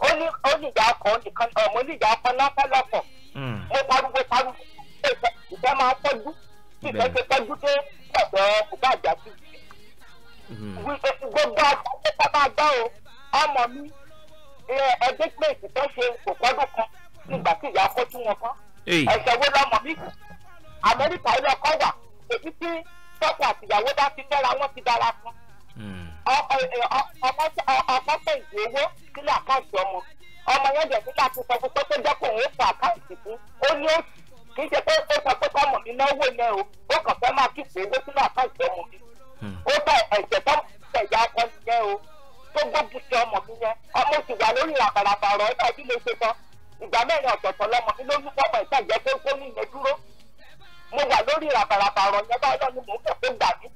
ó ní ó ní ìyá kan nìkan ọmọ ní ìyá kan lọ́pọ̀lọpọ̀ hmm. mo pariwo pariwo ìfẹ́ máa tọ́jú ìfẹ́ ti tọ́jú dé ọ̀dọ̀ ọ̀gá àjàkú gbogbo àgbàdo sábà gbọ́ o ọmọ mi ẹgbẹ́ pèsè tó ṣe kò kọ́dún kan nígbà tí ìyá kó tún wọn kan ẹ̀sẹ̀ wo lọmọ mi kù amẹ́ríkà ilé ọkọ wà èyí tí tọ́kọ àtìyàwó bá ti fẹ́ra wọn ti dára fún hmm. ọmọ fẹ̀yìntì owó sílẹ̀ àkáǹtì ọmọ ọmọ yẹn jẹ̀ sílẹ̀ àti sọ fún pé tó jẹ́ kó òun fún àkáǹtì fún ó ní òsì kì í ṣe pé ó sọ pé kọ́mọ mi náwó náà o ó kàn fẹ́ máa kíkó owó sílẹ̀ àkáǹtì ọmọ mi ó bá ẹ̀jẹ̀ tó tẹ̀yà ọkọ nìyẹn o tó gbógun ti ọmọ mi yẹn ọmọ ti wà lórí làbàràbà ọ̀rọ̀ ẹ̀ka bí mo ṣe sọ ìgbà mẹ́rin ọ̀tọ̀ọ̀tọ̀ lọ́mọ mi lójú fọmọ ìtàjẹ́ pé kó ní ìyẹn dúró mo wà lórí làbàràbà ọ̀rọ̀ yẹn báyọ̀ ni mò ń fẹ́ pé gbà mí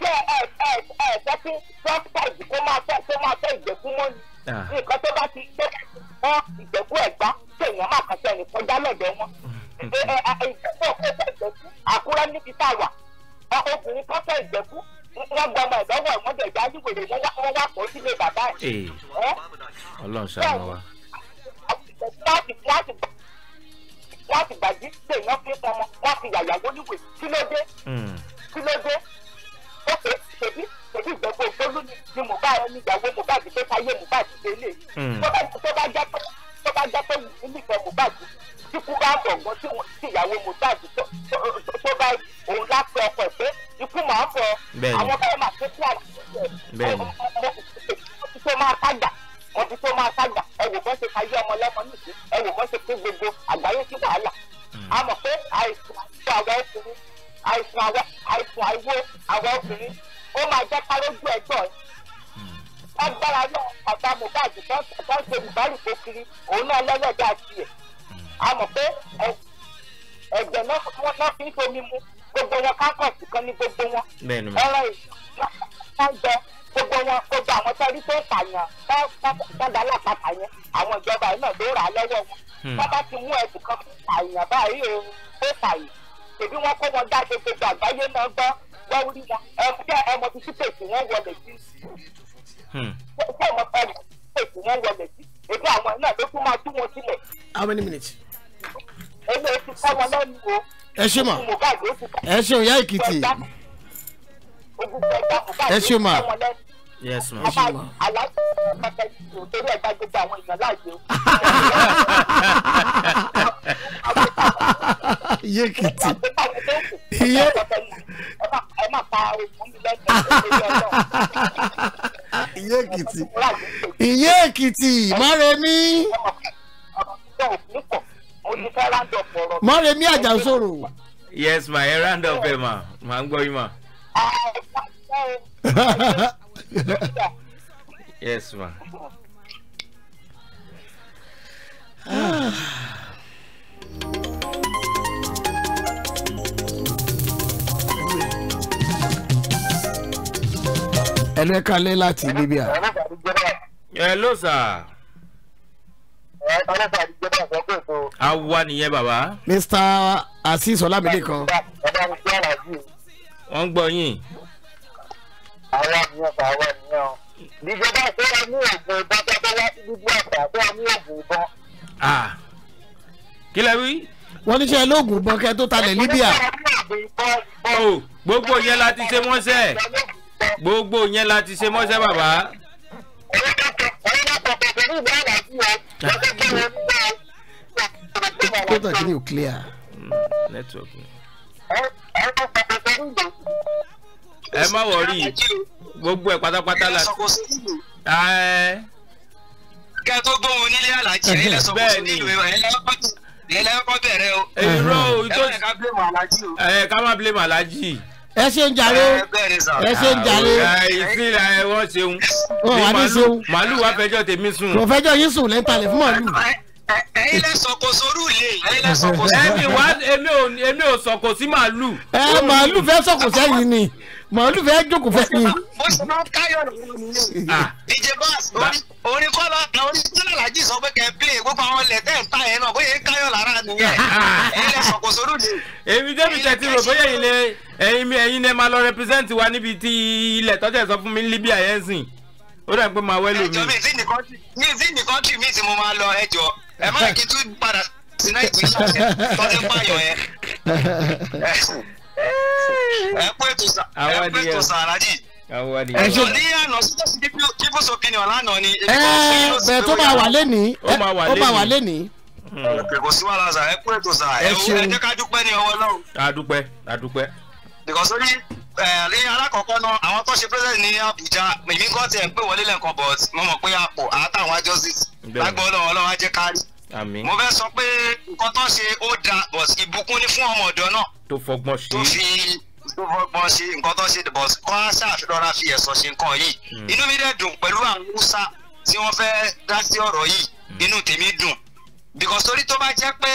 ṣé ẹ ẹ ẹ jẹ́ kí prọ́fítàìsì kó máa fẹ́ kó máa fẹ́ ìjẹ̀kú mọ́ ni ah. nǹkan tó bá ti gbé mọ́ ìjẹ̀kú ẹ̀gbá tó èèyàn máa kàn sẹ́yìn kọjá lọ́dọ̀ wọn mm. ìjẹ̀kú ọ̀pọ̀ ìjẹ̀kú àkúrẹ́ níbi tá a wà ọkùnrin kan ìgbẹ́kú wọ́n gba ọmọ ìdánwò ẹ̀ wọ́n dẹ̀ gba ayúwèrè wọ́n wá kọ́ sílé bàbá ẹ̀. ọlọ́run ṣàánú wa. láti láti láti gbàgbé pé wọ́n fi ọmọ wọ́n fi yàyàwó níwèé kí ló dé hmm. kí ló dé ó pè ṣèbí ṣèbí ìgbẹ́kọ̀ ìgbólú ni mo bá ẹni ìyàwó mo bá ti gbé káyé mo bá ti gbé tó bá jẹ́ tó bá jẹ́ pé nígbà mo bá ti Sugar gbọ̀ngàn tí ìyàwó Mohbad tó bá òun láti ọkọ ẹ̀ pé ikú máa ń bọ̀ àwọn báyìí máa tó fún àwọn ọmọ tó máa sájà wọ́n ti tó máa sájà ẹ wò bọ́n ṣe fayé ọmọ lọ́mọ nìkú ẹ wò bọ́n ṣe pé gbogbo àgbáyé sí wàhálà a mọ̀ pé àìsàn àwọ̀ ọkùnrin àìsàn àwọ̀ àìsàn àìwó àwọ̀ ọkùnrin ó máa jẹ́ kárójú ẹ̀gbọ́n ẹ̀ agbára hmm. náà bàbá Mohbad tó ń ṣe ìbálòpọ̀ kiri òun náà lọ́lọ́dà tiẹ̀ a pé ẹ̀jẹ̀ náà fi ń fomi mu gbogbo wọn kákọ̀sì kan ní gbogbo wọn ọ̀rọ̀ ìjọba gbogbo wọn gbogbo àwọn tó rí tó pààyàn tọ́jà lápapà yẹn àwọn ìjọba yìí náà ló rà á lọ́wọ́ wọn hmm. wọ́n bá ti mú ẹ̀sùn kan pààyàn báyìí o tó pààyàn èbí wọn kó wọn jáde gbogbo àgbáyé náà gbọ́ gbọ́ rí wọn ẹ̀fẹ́ ẹmọ tuntun pèsè wọn wọlé sí ẹ̀fẹ́ ẹmọ tuntun pèsè wọn wọlé sí èbí àwọn náà ló tún máa tú wọn sílẹ̀. how many minutes èmi ò ti kọ́ wọn lẹ́nu o. ẹ ṣé mà ẹ ṣé ìyá èkìtì. ẹ ṣé mà yes ma. ọba aláṣẹ ọmọkẹ nítorí ẹ bá gbogbo àwọn èèyàn láàyè o. iye kìtì. iye. ẹ má pa òkun mi lẹ́sẹ̀ iye kìtì. iye kìtì má rẹ mí. ọmọ kẹ́kọ̀ọ́ nípò onífẹ́ roundup ọ̀rọ̀. mọ́rẹ̀mí àjàsòrò. yes ma ẹ roundup ẹ ma ma ń gbọ́ yín ma. yes ma. ẹnìkan lé láti libya. hello sir awa nìyẹn baba. mr asis olamide kan. wọ́n gbọ́ yín. àwa nìyẹn bá wa nìyẹn o. ìjọba ìṣẹ́ra ní oògùn ìbọn tọ́tọ́ láti dúdú àgbà tó a ní oògùn ìbọn. kí lẹ wí. wọ́n ní sẹ́ lóògùn ìbọn kẹ́ tó talẹ̀ libya. Oh, gbogbo yẹn la ti ṣe mọ́sẹ̀ gbogbo yẹn la ti ṣe mọ́sẹ̀ baba kódà kí ni ò clear. Hmm, network ni. ẹ má wọrí gbogbo ẹ pátápátá la. kẹ́ ẹ tó gbọ́ wọn nílé alájí ẹ lè sọ fún mi nílùú ẹ lè kọ́ bẹ̀rẹ̀ o. èrò ojú ẹ ká má blame alájí ẹ ṣe ń jàre ẹ ṣe ń jàre. ìsìnlá ẹ wọ́n ṣeun ní màálù wàá fẹjọ́ tèmi sùn. kò fẹjọ́ yín sùn lẹ́ńtàlẹ̀ fún màálù ẹyin lẹ sọkò sórú ilé ẹyin lẹ sọkò sórú ilé. èmi ò èmi ò sọkò sí màálù. ẹ màálù fẹ́ sọkò sẹ́yìn ni mọ̀ọ́lù fẹ́ jókòó fẹ́ mi. bó ṣe máa ń káyọ̀ nìyẹn. dj bass orin kọ́lá orin kọ́lá làjì sọ pé kẹ́ ẹ play gbogbo àwọn ilẹ̀ tẹ́ ń ta yẹn náà bóyá káyọ̀ lára nìyẹn ilẹ̀ sọ̀kòsó lóde. èmi débi tẹ̀sí rò bóyá ilé ẹ̀yin mi ẹ̀yin lẹ máa lọ represent wa níbi tí ilẹ̀ tọ́jà sọ fún mi ní Libya yẹn sìn ó dà pé máa wẹ́lò mi. ẹjọ́ mi sí ní kọ́ńtì mi tí mo máa lọ ẹjọ́ ẹ má kí tún padà sí náà ìpínlẹ̀ ọ̀sẹ̀ tọ́jú pààyàn yẹn. ẹ pé tó sàn ẹ pé tó sàn alájì ẹ ṣe ní àná people's opinion lánàá ni. ẹ bẹẹ tó máa wà lẹ́nìí ó máa wà lẹ́nìí. Hmm. kò sí wàhálà sàn ẹ pé tó sàn ẹ jẹ́ ká dúpẹ́ ní ọwọ́ náà. a dúpẹ́ a dúpẹ́. because ó ní ní alákọ̀ọ́kọ́ náà àwọn tó ṣe president ní Abuja èmi kọ́ tiẹ̀ ń pè wọlé lẹ́ǹkan but mo mọ̀ pé àpò àtàwọn justice lágbọ́n ọlọ́run ọlọ́run á jẹ́ kárí. mo fẹ́ sọ pé nǹkan tó ṣe ó da but ìbùkún ni fún ọmọ ọ̀dọ́ náà tó fọgbọ́n ṣe. tó fi tó fọgbọ́n ṣe nǹkan tó ṣe dìbò kọ́ ṣàfihàn fi ẹ̀sọ̀ ṣe nǹkan yìí hmm. inú mi dẹ̀ dùn pẹ̀lú àwọn húsá tí wọ́n fẹ́ dá sí ọ̀rọ̀ yìí hmm. inú tèmi dùn because torí tó bá jẹ́ pé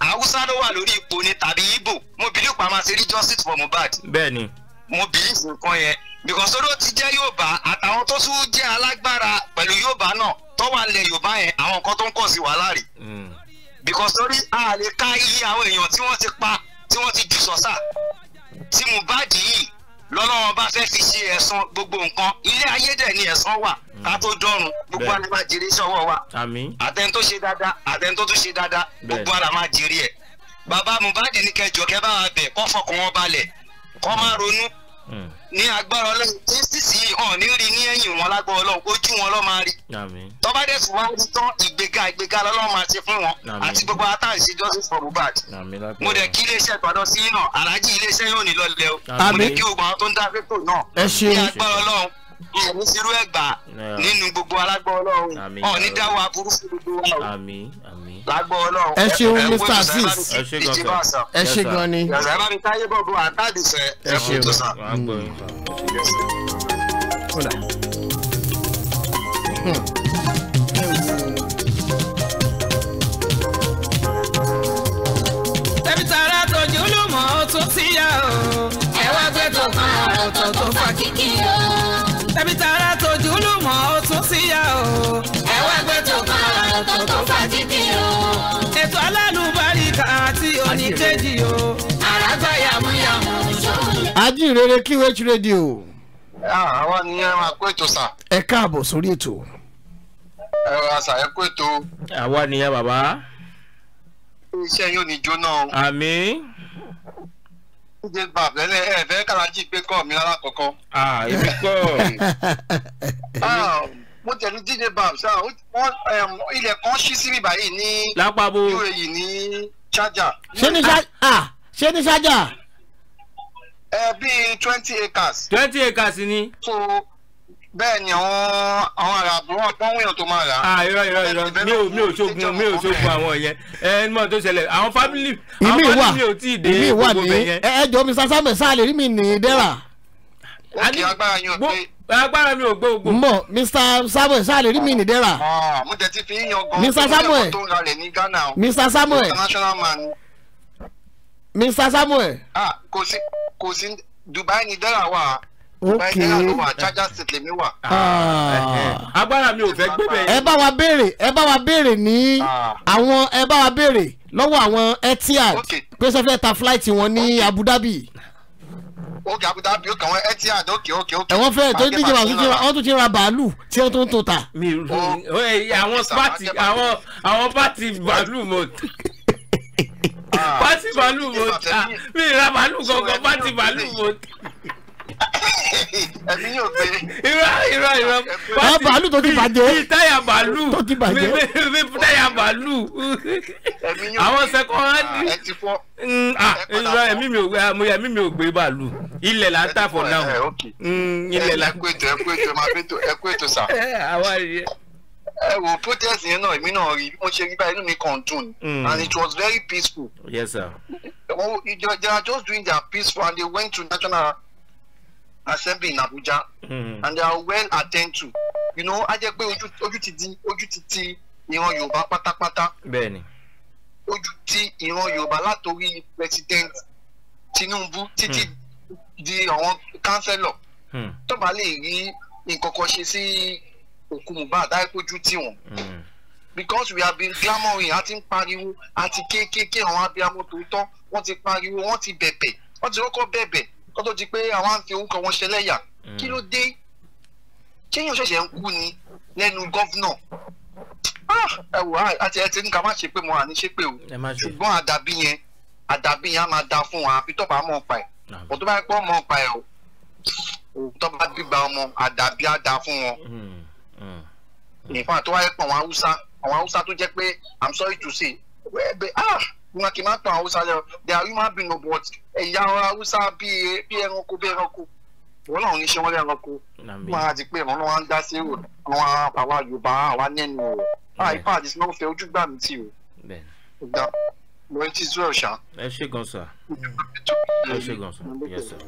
haúsá ló wà lórí ipò ni tàbí ibo mo believe pa máa ṣe rí justice for Mohbad. bẹ́ẹ̀ni. mo believe nǹkan yẹn because torí ó ti jẹ́ Yorùbá àtàwọn tó tún jẹ́ alágbára pẹ̀lú Yorùbá náà tó wà lẹ̀ Yorùbá yẹn àwọn nǹkan tó ń kọ̀ sí wàhálà rè. Hmm. because torí a lè ka iye àwọn èèyàn tí wọ́n ti pa tí wọ́n ti jù sọ́sà tí Mohbad yìí lọ́lọ́wọ́n bá fẹ́ fi ṣe ẹ̀san gbogbo nǹkan ilé ayé dẹ̀ ni ẹ̀san wà hmm. ká tó dọ́run gbogbo àná máa jèrè sọ́wọ́ wa àtẹ̀ntó ṣe dáadáa àtẹ̀ntó tó ṣe dada, gbogbo àná máa jèrè ẹ̀ bàbá Mohbad ní kẹjọ kẹ bá wa bẹ̀ kọ́ fọkàn wọn balẹ̀ kọ́ máa ronú hmm ní agbára ọlọ́run justice yìí hàn ní ní ẹ̀yìn wọn lágbára ọlọ́run ojú wọn lọ́ máa rí tọ́ba dẹ̀ fún wọn rí tán ìgbéga ìgbéga lọ́lọ́run máa ṣe fún wọn àti gbogbo atáǹsì justice for mo dẹ̀ kí iléeṣẹ́ ìpàdán sí náà aláàjì iléeṣẹ́ yóò ní lọ́lẹ̀ o mo dẹ̀ kí gbogbo àwọn tó ń dá fẹ́tò náà ní agbára ọlọ́run ìyẹn sírú ẹ̀gbà nínú gbogbo alágbára ọlọ́run ọ̀ ní dáwọ́ aburú fún gbogbo wa lágbó ọlọ́run. ẹ ṣeun mr aziz ẹ ṣe gan ni. ẹ bá mi tó sàn. tẹ̀bí tààrà tún ti o. ẹ wá tó kan ọ̀rọ̀ tó tó fa kíkì o. tẹ̀bí tààrà tòjú lùmọ̀ ó tún ti o. ẹ wá tó kan ọ̀rọ̀ tó tó fa kíkì o. ajínrere QH radio. àwa ni ẹ máa kó ètò sà. ẹ káàbọ̀ sórí ètò. ẹ wá sà ẹ kó ètò. àwa nìyẹn bàbá. iṣẹ́ yóò ní jóná. àmín. ṣíṣe bàbá ẹ ẹ fẹ́ kàlájì gbé kọ́ mi rárá kankan. à èmi kọ́. Ah, mo tẹ̀lé dídé bàbá wọ́n ilẹ̀ kan ṣí síbí báyìí ní. lápapọ̀. yóò èyí ní ṣájà. ṣé ní ṣájà. ṣé ní ṣájà ẹ bíi twenty acres. twenty acres ni. so bẹ́ẹ̀ ni àwọn àwọn àràbù wọn pọ́n wíyàn tó máa rà. ah irọ́ irọ́ irọ́ mi ò mi ò ṣoògùn mi ò ṣoògùn àwọn yẹn ẹ ẹ mọ̀ tó ṣẹlẹ̀ àwọn family àwọn family ò tí ì dé gbogbo bẹ̀ yẹn. ẹ jọ mi sasa mẹ sáà lè rí mi ní dẹ́rà. ó kì í agbára yín ò pé agbára mi ò gbé ogun. mbọ mr samuel sáà lè rí mi ní dẹ́rà. Ah, mo jẹ ti fi yíyan gan. mr samuel mr samuel mr samuel. ah kò sí kò sí Dubai ni dẹ́rà wà ok ah. Ah. agbára mi ò fẹ́ gbé bẹ́ẹ̀. ẹ bá wa béèrè ẹ bá wa béèrè ní ah. àwọn ẹ bá wa béèrè lọ́wọ́ àwọn Etihad pé sọ fẹ́ ta flight wọn ní Abu Dhabi. ok Abu Dhabi ok àwọn Etihad ok ok ok. ẹ̀wọ̀n fẹ́ tó díje wà wọ́n tún ti ra bàálù tí wọ́n tún tó ta. mi ò àwọn pati àwọn àwọn pati bàálù mọ̀. pati balu mo ta mi ra màálù kankan pati màálù mo ta. ẹ̀mí yóò gbé. irọ́ irọ́ irọ́. àwọn màálù tó ti bàjẹ́. bíi táyà màálù. tó ti bàjẹ́. bíi táyà màálù. àwọn sẹ́kọ̀ọ́rẹ́dì. Ah, ẹ ti fọ́. Mm, ah, irọ́ ẹ̀mí mi ò gbé ah, ẹ̀mí mi ò gbé màálù. ilẹ̀ là tà for now. ilẹ̀ là ń. Mm, ètò ẹ ètò ẹ ètò sà. ẹ wo protest yẹn náà èmi náà rí bí mo ṣe rí báyìí inú mi kàn dùn mm. and it was very peaceful. yes sir. Oh, they are just doing their peaceful and they went to national assembly in Abuja mm. and they are well attend to you know a jẹ́ pé ojú ti di ojú ti ti ìran Yorùbá pátápátá. bẹ́ẹ̀ni. ojú ti ìran Yorùbá látòrí president Tinubu títí mm. di àwọn kánsẹ́lọ̀ mm. tó bá lè rí nǹkan kan ṣe sí. Si, òkú Mohbad á hmm. because we have been glamouring a ti ń pariwo àti kekeke àwọn abiyamọ tòótọ́ wọ́n ti pariwo wọ́n ti bẹ̀bẹ̀ wọ́n ti kọ́kọ́ bẹ̀bẹ̀ kó tó di pé àwọn á fi orúkọ wọn ṣẹlẹ́yà hmm. kí ló dé kéèyàn ṣẹ̀ṣẹ̀ ń kú ni lẹ́nu gọ́vnà ah, ẹ wò àti ẹ ti ní ká má ṣe pé mo hàn ní ṣe pé o ṣùgbọ́n àdàbí yẹn àdàbí yẹn á máa da fún wa àfi tọ́ba mọ̀ pa ẹ̀ kò tó bá pọ̀ mọ̀ pa ẹ̀ o tọ́ba gbígba ọmọ àdàbí á da fún wọn. Hmm nǹkan mm. àti wáyé pọ̀ àwọn haúsá àwọn haúsá tó jẹ́ pé i'm sorry to say wẹ́ẹ̀bẹ̀ ah wọn kì í máa tàn haúsá lọ they are human being but ẹ̀yà haúsá bíi ẹranko bíi ẹranko wọn náà ní ṣe wọn lẹ́ranko wọn á ti pé ìrànlọ́wọ́ wọn á ń dá sí èrò àwọn àwa yorùbá àwa nẹ́nu ọ̀rọ̀ ah ipa àti sinú fẹ́ ojú gbà mí tì o ìgbà mo ti zú ẹ̀ ṣá. ẹ ṣe gan sir ẹ ṣe gan sir yes sir.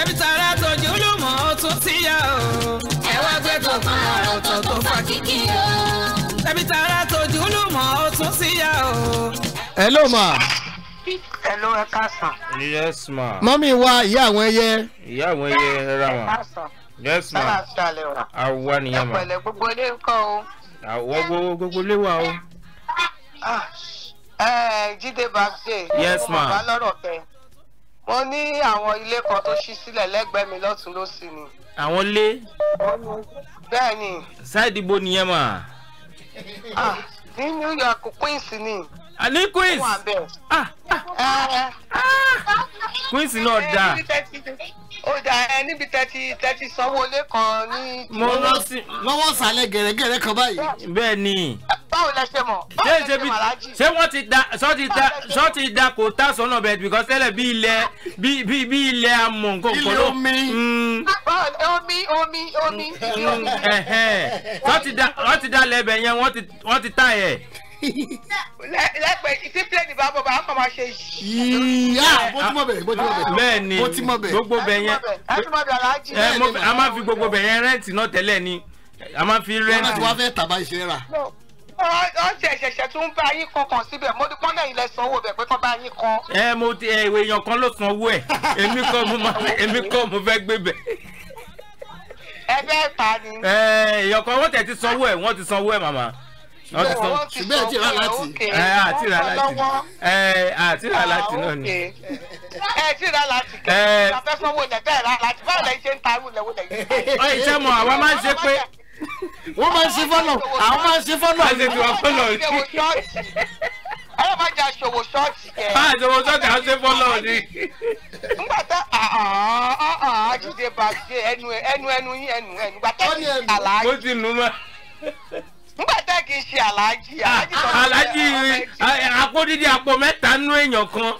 tẹbí tara tòjú olùmọ̀ ó tún ti yá o. ẹ wá gbé tó kan ọ̀rọ̀ tó tó fa kíkì o. tẹbí tara tòjú olùmọ̀ ó tún ti yá o. ẹ ló mà. ẹ ló ẹ káàsán. yes ma. mọ́mí wa ìyá àwọn ẹyẹ. ìyá àwọn ẹyẹ ẹ ra wọn. ẹ káàsán. yes ma. Awa ṣàlẹ̀ wa. àwa nìyẹn ma. ẹ pẹ̀lẹ́ gbogbo ilé ńkọ́ o. àwọ̀ gbogbo gbogbo ilé wa o. ẹ jíde bá ń pè. yes ma. ọba lọ́rọ̀ kẹ wọ́n ní àwọn ilé kan tó ṣí sílẹ̀ lẹ́gbẹ̀ẹ́ mi lọ́tún lọ́sì ni. àwọn lé. bẹ́ẹ̀ ni. sáìdì bo nìyẹn mà. ah ní new york queens ni. àní queens. ah ah ah queens náà dáa ó dà ẹ níbi tẹ́tí tẹ́tí sanwó-olé kan ní. mo lọ sí lọ́wọ́ sàlẹ̀ gẹ̀rẹ́gẹ̀rẹ́ kan báyìí. bẹ́ẹ̀ ni. báwo lẹ ṣe mọ̀ báwo lẹ ṣe mọ̀ aláàjì. ṣé wọ́n ti da sọ ti da sọ ti da kò tá sọ́nà bẹ́ẹ̀ because tẹ́lẹ̀ bí ilẹ̀ bí bí bí ilẹ̀ amọ̀ nǹkan kan ló. ilé omi. Mm. omi omi omi omi. ti da sọ ti da lẹ́bẹ̀ yẹn wọ́n ti wọ́n ti tà yẹ lẹ́pẹ̀ tí plẹ́ẹ̀nì bá bọ̀ bá ń bàmá ṣe yìí. bó ti mọ̀ bẹ̀ bó ti mọ̀ bẹ̀. bẹ́ẹ̀ ni gbogbo bẹ̀ yẹn a máa fi gbogbo bẹ̀ yẹn rẹ́ǹtì náà tẹ́lẹ̀ ni a máa fi rẹ́ǹtì. wọ́n ti wá fẹ́ tàbá ìṣe rà. wọ́n ti ẹ̀ṣẹ̀ṣẹ̀ tún bá yín kankan síbẹ̀ mo dúpọ́ náà ilẹ̀ sanwó bẹ̀ pé kán bá yín kan. ẹ mo ti èèyàn kan ló sanwó ẹ èmi kọ́ mo fẹ́ gbé bẹ̀ ẹ bẹ́ẹ̀ ta ni. èèyàn kan wọ́n tẹ̀ ti sanwó ẹ̀ wọ́n ti sanwó ẹ̀ màmá ṣùgbọ́n ah, ẹ ti rà láti ẹ àti rà láti ẹ àti rà láti náà ni. ẹ ti rà láti kẹ́ ẹ fẹ́ sanwó lẹ̀ bẹ́ẹ̀ rà láti báwo lẹ ṣe ń ta irú lẹ́wọ́ lẹ́yìn. ọ ìṣe mọ àwa máa ń ṣe pé wọ́n máa ń ṣe fọ́nà àwọn máa ń ṣe fọ́nà àti ètò àfọ́nà ẹ má jà ṣòwò ṣọ́ọ̀ṣì kẹ. bá ah, a ṣòwò ṣọ́ọ̀ṣì à ń ṣe fọ́lọ́ ni. nígbà tá àjídé ah, bàjẹ́ ẹnu ẹnu ẹnu yín ẹnu ẹnu gbàtẹ́ àlàyé. ó ti nù mọ́ ngbàtà kì í ṣe aláàjì. Ah, aláàjì akódídí eh, àpò mẹ́ta nú èèyàn kan.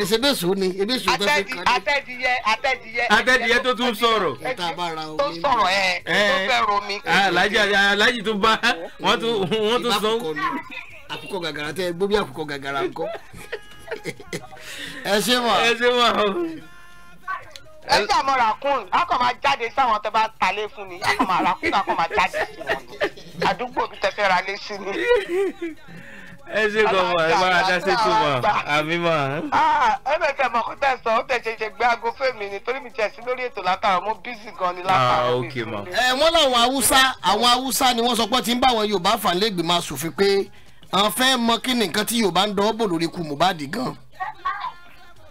ẹsẹ bẹ sùn ni ebi sùn tó fi kàn ní. atẹ́dìyẹ atẹ́dìyẹ atẹ́dìyẹ tó tún sọ̀rọ̀. tó sọ̀rọ̀ ẹ tó fẹ́ eh, eh, romi. Ah, aláàjì aláàjì tó bá wọ́n tó wọ́n tó sọ. àkùkọ gàgàrà tẹ gbóbi àkùkọ gàgàrà ńkọ́. ẹ ṣe wà. ẹ ṣe wà ẹ jà mọ ràkún a kàn máa jáde sáwọn tó bá talé fún ni a kàn máa ràkún a kàn máa jáde sí wọn ni àdúgbò mi tẹ ra lé sí ni. ẹ ṣe kàn mọ ẹ máa dá sí mọ àmì mọ. ẹ bẹ tẹ mọ kó sọ ó tẹ ṣe ṣe gbé aago fèmí ni torí mi tẹ sí lórí ètò látàrọ mo bísí gan ni látàrọ ah, mi fún mi. ẹ wọ́n láwọn haúsá àwọn haúsá ni wọ́n sọ pé ti ń bá àwọn yorùbá fàlẹ́gbẹ̀ẹ́ máa sòfin pé àwọn fẹ́ mọ kí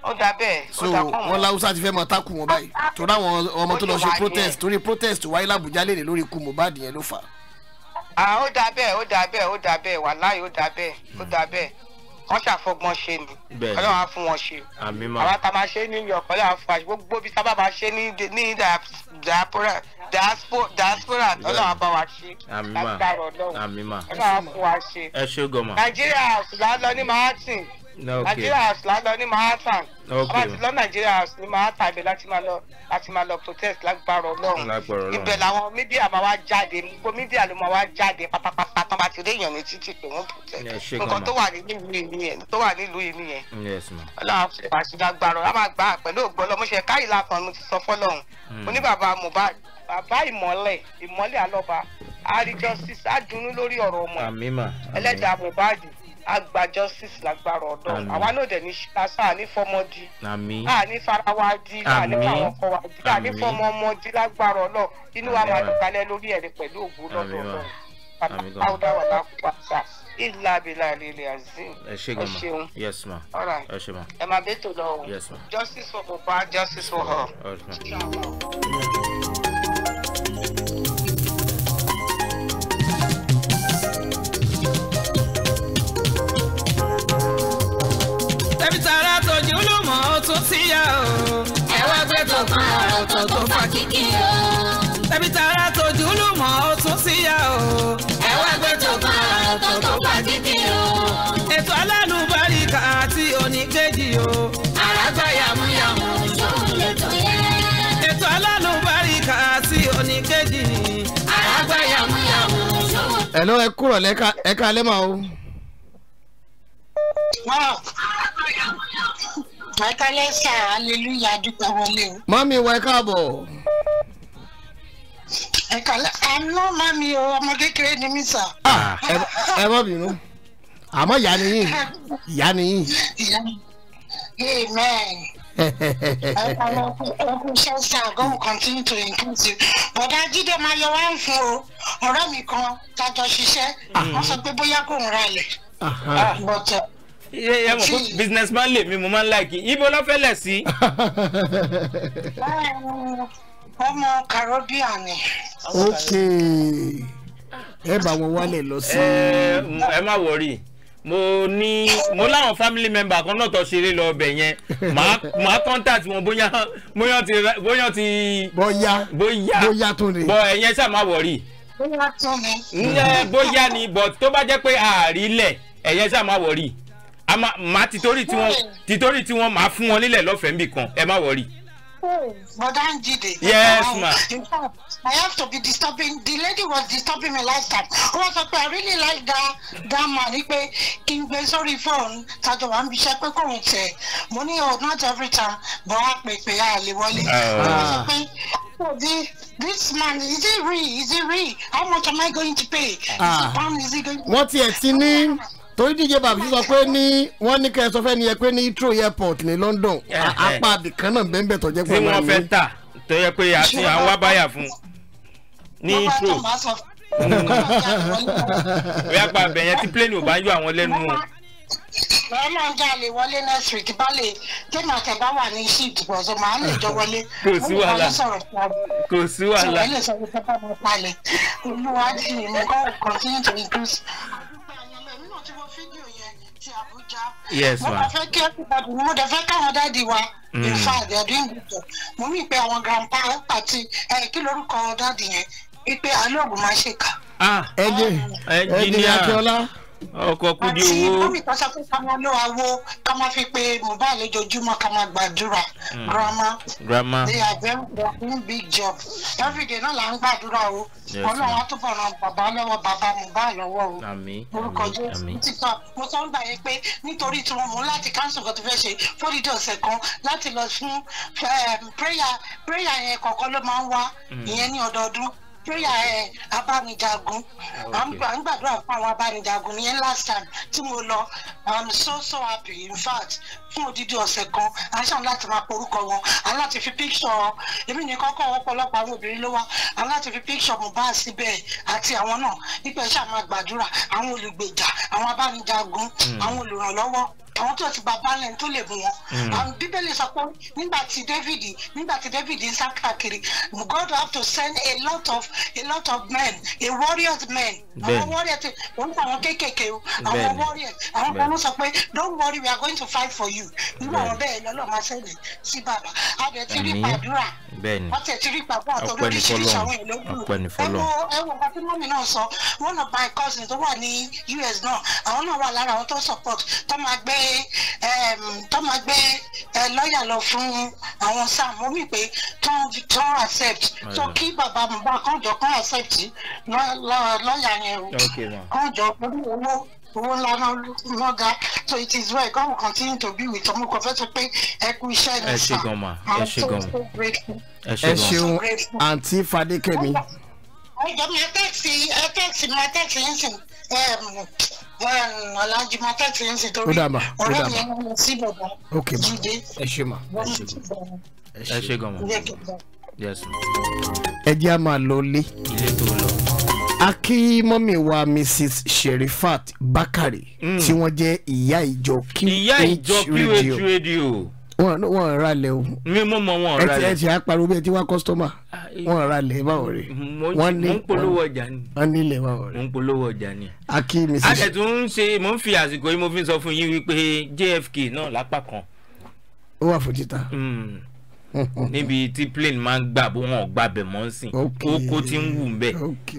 ó dà bẹ́ẹ̀ ó dà kún wọn. so wọn láwùsá ti fẹ́ máa takùn wọn báyìí torí àwọn ọmọ tó lọ ṣe protest torí protest wáyé làbújá lè lórí ikú Mohbad yẹn ló fà. Ah, ó dà bẹ́ẹ̀ ó dà bẹ́ẹ̀ ó dà bẹ́ẹ̀ wàláhì ó dà bẹ́ẹ̀ ó dà bẹ́ẹ̀ wọ́n ṣàfọgbọ́n ṣe ni ọlọ́run á fún wọn ṣe àwa tá a máa ṣe ní New York ọlọ́run á fún wa gbogbo bí sábà máa ṣe ní ní diaspora ọlọ́run á bá wa ṣe láti dárò ọlọ́run ọlọ́run á fún wa nàìjíríà ọ̀sùn lálọ́ ní martin nigeria house la lọ ní manhattan ọba ti lọ nigeria house ní manhattan ibẹ̀ láti máa lọ láti máa lọ protest lágbára ọlọ́run ibẹ̀ làwọn mídíà máa wá jáde gbogbo mídíà ló máa wá jáde pátápátá tán bá ti rí èèyàn ní títì pé wọ́n protest nǹkan tó wà nílùú yìí nìyẹn tó wà nílùú yìí nìyẹn ọlọ́run fi pàṣẹ lágbára a máa gbà pẹ̀lú ògbọ́n lọ́mọṣẹ́ káyìlá kan mo ti sọ fọ́lọ́run hmm. oníbàbà mohbad bàbá ìmọ̀lẹ̀ ìmọ̀lẹ̀ alọ́ba àrí justice àdùnnú lórí ọ̀rọ̀ ọmọ ẹlẹ́dàá mohbad àgbà justice lágbára ọdọ àwa náà dẹ̀ ní ṣíláṣá àní fọmọ di àní fara wa di àní fáwọn ọkọ wa di àní fọmọ ọmọ di lágbára ọlọ inú wa máa dùkalẹ lórí ẹrẹ pẹ̀lú ògùn lọ́dọ̀ ọlọ àwùdá wà bá kú àṣà ìlà abìlà àlèlè azim ẹ ṣeun yes ma ẹ ṣe ma ẹ máa bẹ́tò lọ o justice for Papa. justice for all. ṣebí tara tọ́jú ló mọ̀ ọ́ tún ti yá o. ẹ wá gbé tó kan ọ̀rọ̀ tó tó fa kíkì o. ṣebí tara tọ́jú ló mọ̀ ọ́ tún ti yá o. ẹ wá gbé tó kan ọ̀rọ̀ tó tó fa kíkì o. ètò alálùbáríkà àti oníkejì o. àràgbá yàmúyàmú ojú lè tó yẹ. ètò alálùbáríkà àti oníkejì. àràgbá yàmúyàmú ojú. ẹ̀ ló ẹ kúrọ̀ lẹ́ka ẹ̀ka lẹ́mọ̀ o. wọ́n ẹ kálẹ́ sà hallelujah dúpẹ́ wọlé o. mọ́mí wọ ẹ káàbọ̀. ẹ kálẹ́ àná mọ́mí o ọmọ kékeré ni mí sà. Ah, ẹ má bínú àmọ́ ìyá ni yín ìyá ni yín. amen. Ọkùnrin sá go continue to increase you. Bọ̀dá Jídé máa yọ wá ń fún o. Ọ̀rẹ́ mi kan tájọ ṣiṣẹ́. Ah. Wọ́n sọ pé bóyá kò ń ralẹ̀. Ah, but uh, yẹ mọ fún businessman mo máa ń láìkí ibo ló fẹ́lẹ̀ ọmọ caribbean ni. ok ẹ bá wọn wálẹ̀ lọ sí. Eh, ẹ má wọrí mo ní mo láwọn family member kan náà tó ṣeré lọ ọbẹ̀ yẹn màá contact wọn bóyá bóyá ti bóyá ti. bóyá bóyá tó ni. bọ ẹ̀yẹn ṣáà má wọrí. bóyá tó ni. bóyá ni but tó bá jẹ́ pé àárí lẹ̀ ẹ̀yẹn ṣáà má wọrí màá tìtorí tiwọn hmm. tìtorí tiwọn màá fún wọn nílẹ̀ lọ́fẹ̀ẹ́ nbì kan ẹ má wọrí. Madam Jide. Yes, hmm. ma'am. I have to be disturbing. The lady was disturbing me last time. Ó wá sọ pé I really like that that man. Ní pé kí n gbé sórí fóònù tájọ wà ń bíṣẹ́ pé kò ń tẹ̀. Mo ní o oh, not every time but wá pè pé a lè wọlé. Ah. Oh, the this man is he real is he real how much am I going to pay? Is he ah. pound is he going ti ní torí díje bàbí sọ pé ní wọ́n ní kẹ́ ẹ sọ fẹ́ ni ẹ pé ní Heathrow airport ní London eh, eh. apá àbìkan náà bẹ́ẹ̀ bẹ́ẹ̀ tọ́jẹ́ pẹ̀lú àwọn tí wọ́n fẹ́ tà tó yẹ pé àti àwọn abáyà fún ní Heathrow hmm. bóyá pa àbẹ̀yẹn tí plane ò bá yọ àwọn lẹ́nu o. lọ́wọ́ máa ń já lè wọlé next week bá lè tèmi àtẹ̀bá wà ní sí ìdìbò ọ̀sẹ̀ máa ń lè jọ wọlé kò sí wàhálà kò sí wàhálà. olùwádìí mi kọ́ continue to increase ti wo fídíò yẹn ti Abuja. yes ma. mo fẹ́ kí everybody mo dẹ̀ fẹ́ káwọn dáàdi wa. Hmm. in fact they are doing good job. mo rí i pé àwọn grandpa àti kí lorúkọ dáàdi yẹn wípé alóògùn máa ṣèkà. ah ẹni ẹni akíọlá ọkọ kú di owó. àti mọ́mí kan sọ pé ká máa lọ àwo ká máa fi pe Mohbad lójoojúmọ́ ká máa gbàdúrà hmm. grandma grandma they are very big job everyday náà là ń gbàdúrà o ọlọ́run àtúbọ̀ ran bàbá lọ́wọ́ bàbá Mohbad lọ́wọ́ o orúkọ Jésù ti sọ mo sọ ń gbà pé nítorí tí wọn mú láti council kan tó fẹ́ ṣe fódìdí ọ̀sẹ̀ kan láti lọ fún um, prayer prayer yẹn kọ̀ọ̀kan ló máa ń wá hmm. ìyẹn ní ọdọọdún prayer ẹ abánijagun à ń gbàdúrà fún àwọn abánijagun ní last time tí mo lọ i'm so so happy in fact fún odidi ọ̀sẹ̀ kan a ṣàn láti máa porúkọ wọn a fi picture èmi nìkan kọ́ ọ̀pọ̀lọpọ̀ àwọn obìnrin ló wá a fi picture Mohbad síbẹ̀ àti àwọn náà nípa ẹ̀ ṣáà máa àwọn olùgbèjà àwọn abánijagun hmm. àwọn olùrànlọ́wọ́ àwọn tí o ti bàbá lẹ́nu tó lè mú wọn. Mm. àwọn bíbélì sọ pé nígbà tí David nígbà tí David ń sá káàkiri God have to send a lot of a lot of men a warriors men. àwọn warrior ti wọ́n fún àwọn kéékèèké o àwọn warrior àwọn kan ló sọ pé don't worry we are going to fight for you. irú àwọn bẹ́ẹ̀ lọ́lọ́ máa ṣẹlẹ̀ sí bàbá a bẹ̀ ti rí pàdúrà wọ́n tẹ̀ ti rí pàdúrà tó lóríṣiríṣi àwọn èlò gbòòrò ẹ wo nǹkan tí mọ́mí náà sọ one of my cousins tó wà ní US náà àwọn náà wà lára àwọn tó support tó máa gbẹ́ tó máa gbé lọ́ọ̀yà lọ fún àwọn sáà mo mì pé tán accept so kí bàbá Mohbad kàn jọ kàn accept lọ́ọ̀yà yẹn o kàn jọ pẹ̀lú owó owó ńlá náà ga so it is well God continue to be with ọmọ kan fẹ́ sọ pé ẹ kú iṣẹ́ ní sàn ẹ ṣeun àǹtí Fadékẹ́mi. ẹ jẹ́ mi ẹ tẹ́sí ẹ tẹ́sí mi ẹ tẹ́sí yín sìn ọlájúmọ́kẹ́ kì í ṣe torí ọ̀rẹ́ ẹ ṣe mà ẹ ṣe gan mọ ẹ jẹ́ a máa lọ lé a kí wa mrs sherifat bakari mm. tí wọ́n jẹ́ ìyá ìyá ìjọ qh radio wọn wọn ra lẹ o. mi mo mọ wọn ra lẹ. ẹ ti ẹ pariwo bí ẹ ti wá kọ́sítọ́mà ah, eh. wọn ra lẹ báwo rè. Mm, mo ń polówó ọjà ni. wọn ní ilẹ̀ báwo rè. mo ń polówó ọjà ni. a kì í mi sí. àṣẹ tó ń ṣe mo ń fi àsìkò yìí mo fi sọ fún yín wípé JFK náà lápá kan. ó wà fún títà. Hmm. níbi tí plane máa ń gbà bó wọn gbà bẹ̀ mọ́ ń sìn kókó tí ń wù ń bẹ̀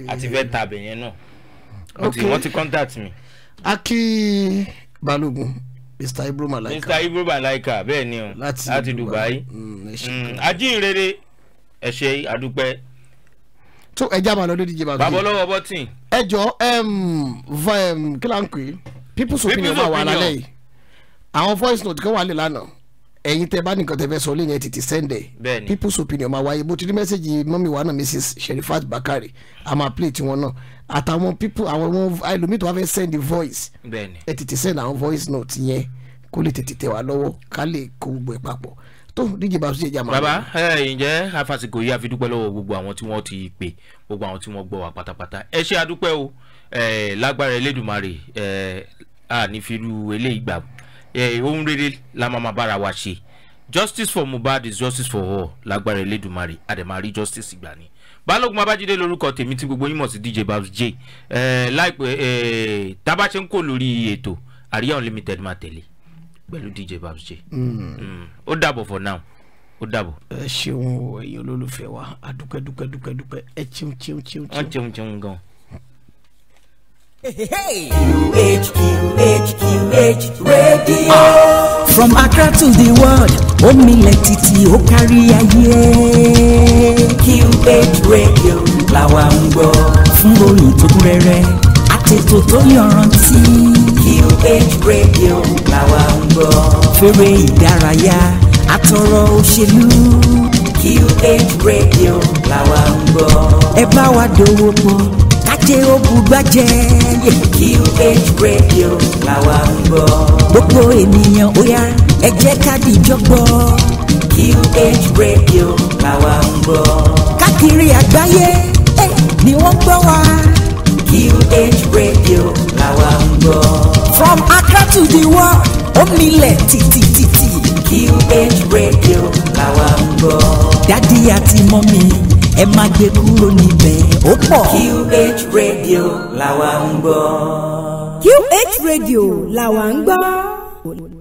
àti fẹ́ ta náà wọ́n ti contact mi. a kì mr Ibrahim malaika mr ibro malaika bẹ́ẹ̀ ni o láti dubai mm, mm, ajínrere ẹ ṣé àdúpẹ́. tó ẹja máa lọ lórí ìjìbá gbé bàbá lọ́wọ́ bọ́tìn. ẹ jọ kí ló ń pè é people's opinion wà wà lálẹ́ yìí àwọn voice note kan wà lè lánàá ẹ̀yin tẹ́ bá nìkan tẹ́ fẹ́ sọ lẹ́yìn ẹ̀ tètè sẹ́ndẹ̀ people's opinion máa wáyé bó ti rí mẹ́sẹ̀gì mọ́mí wa náà Mrs Sherifat Bakari a máa play náà àtàwọn people àwọn ẹlòmíì tó wá fẹ́ send the voice ẹ̀ tètè send àwọn voice note yẹn kó lè tètè tẹ̀ wá lọ́wọ́ ká lè kó gbogbo ẹ̀ papọ̀ tó díje bá ṣe jàmọ́. bàbá ẹ ǹjẹ́ afásitì yìí àfidúpẹ́ lọ́wọ́ gbogbo àwọn tí wọ́n ti pè gbogbo àwọn tí wọ́n gbọ́ wà pátápátá ẹ ṣe adúpẹ́ o lágbára Elédùmarè ànífirú eléyìí gbà ohun rere la máa máa bára wa ṣe justice for Mohbad is justice for all lágbára Elédùmarè àdèmàrí justice ìgbà ni balógun abájídé lórúkọ tèmi tí gbogbo yín mọ̀ sí dj babs j láìpẹ́ tabaṣe ń kó lórí ètò àríyá unlimited máa tẹ̀lé pẹ̀lú dj babs j hmm. Hmm. ó dàbọ̀ for now ó dàbọ̀. ẹ ṣeun ẹ̀yin olólùfẹ́ wa adúpẹ́ dúpẹ́ dúpẹ́ dúpẹ́ ẹ cheun cheun cheun cheun. wọ́n cheun cheun gan-an. QH, QH, QH Radio. From Accra to the world, omilẹ̀ títí ó kárí aye. QH Radio làwa ń gbọ́. Fún oyin tó kún rẹ́rẹ́, àtètò tó yọrantí. QH Radio làwa ń gbọ́. Fèrè ìdárayá, àtọ̀rọ̀ òṣèlú. QH Radio làwa ń gbọ́. Ẹ bá wa dòwò pọ̀ jáde ó bùgbàjẹ́. QH radio làwa ń gbọ́. gbogbo ènìyàn ó yá ẹ jẹ́ ká dìjọ gbọ́. QH radio làwa ń gbọ́. káàkiri àgbáyé ni wọ́n gbọ́ wa. QH radio làwa ń gbọ́. from Accra to the world ó milẹ̀ tìtìtìtì. QH radio làwa ń gbọ́. dádì àti mọ́mí ẹ má gbé kúrò níbẹ̀ ó pọ̀. QH Radio làwa ń gbọ́. QH Radio làwa ń gbọ́.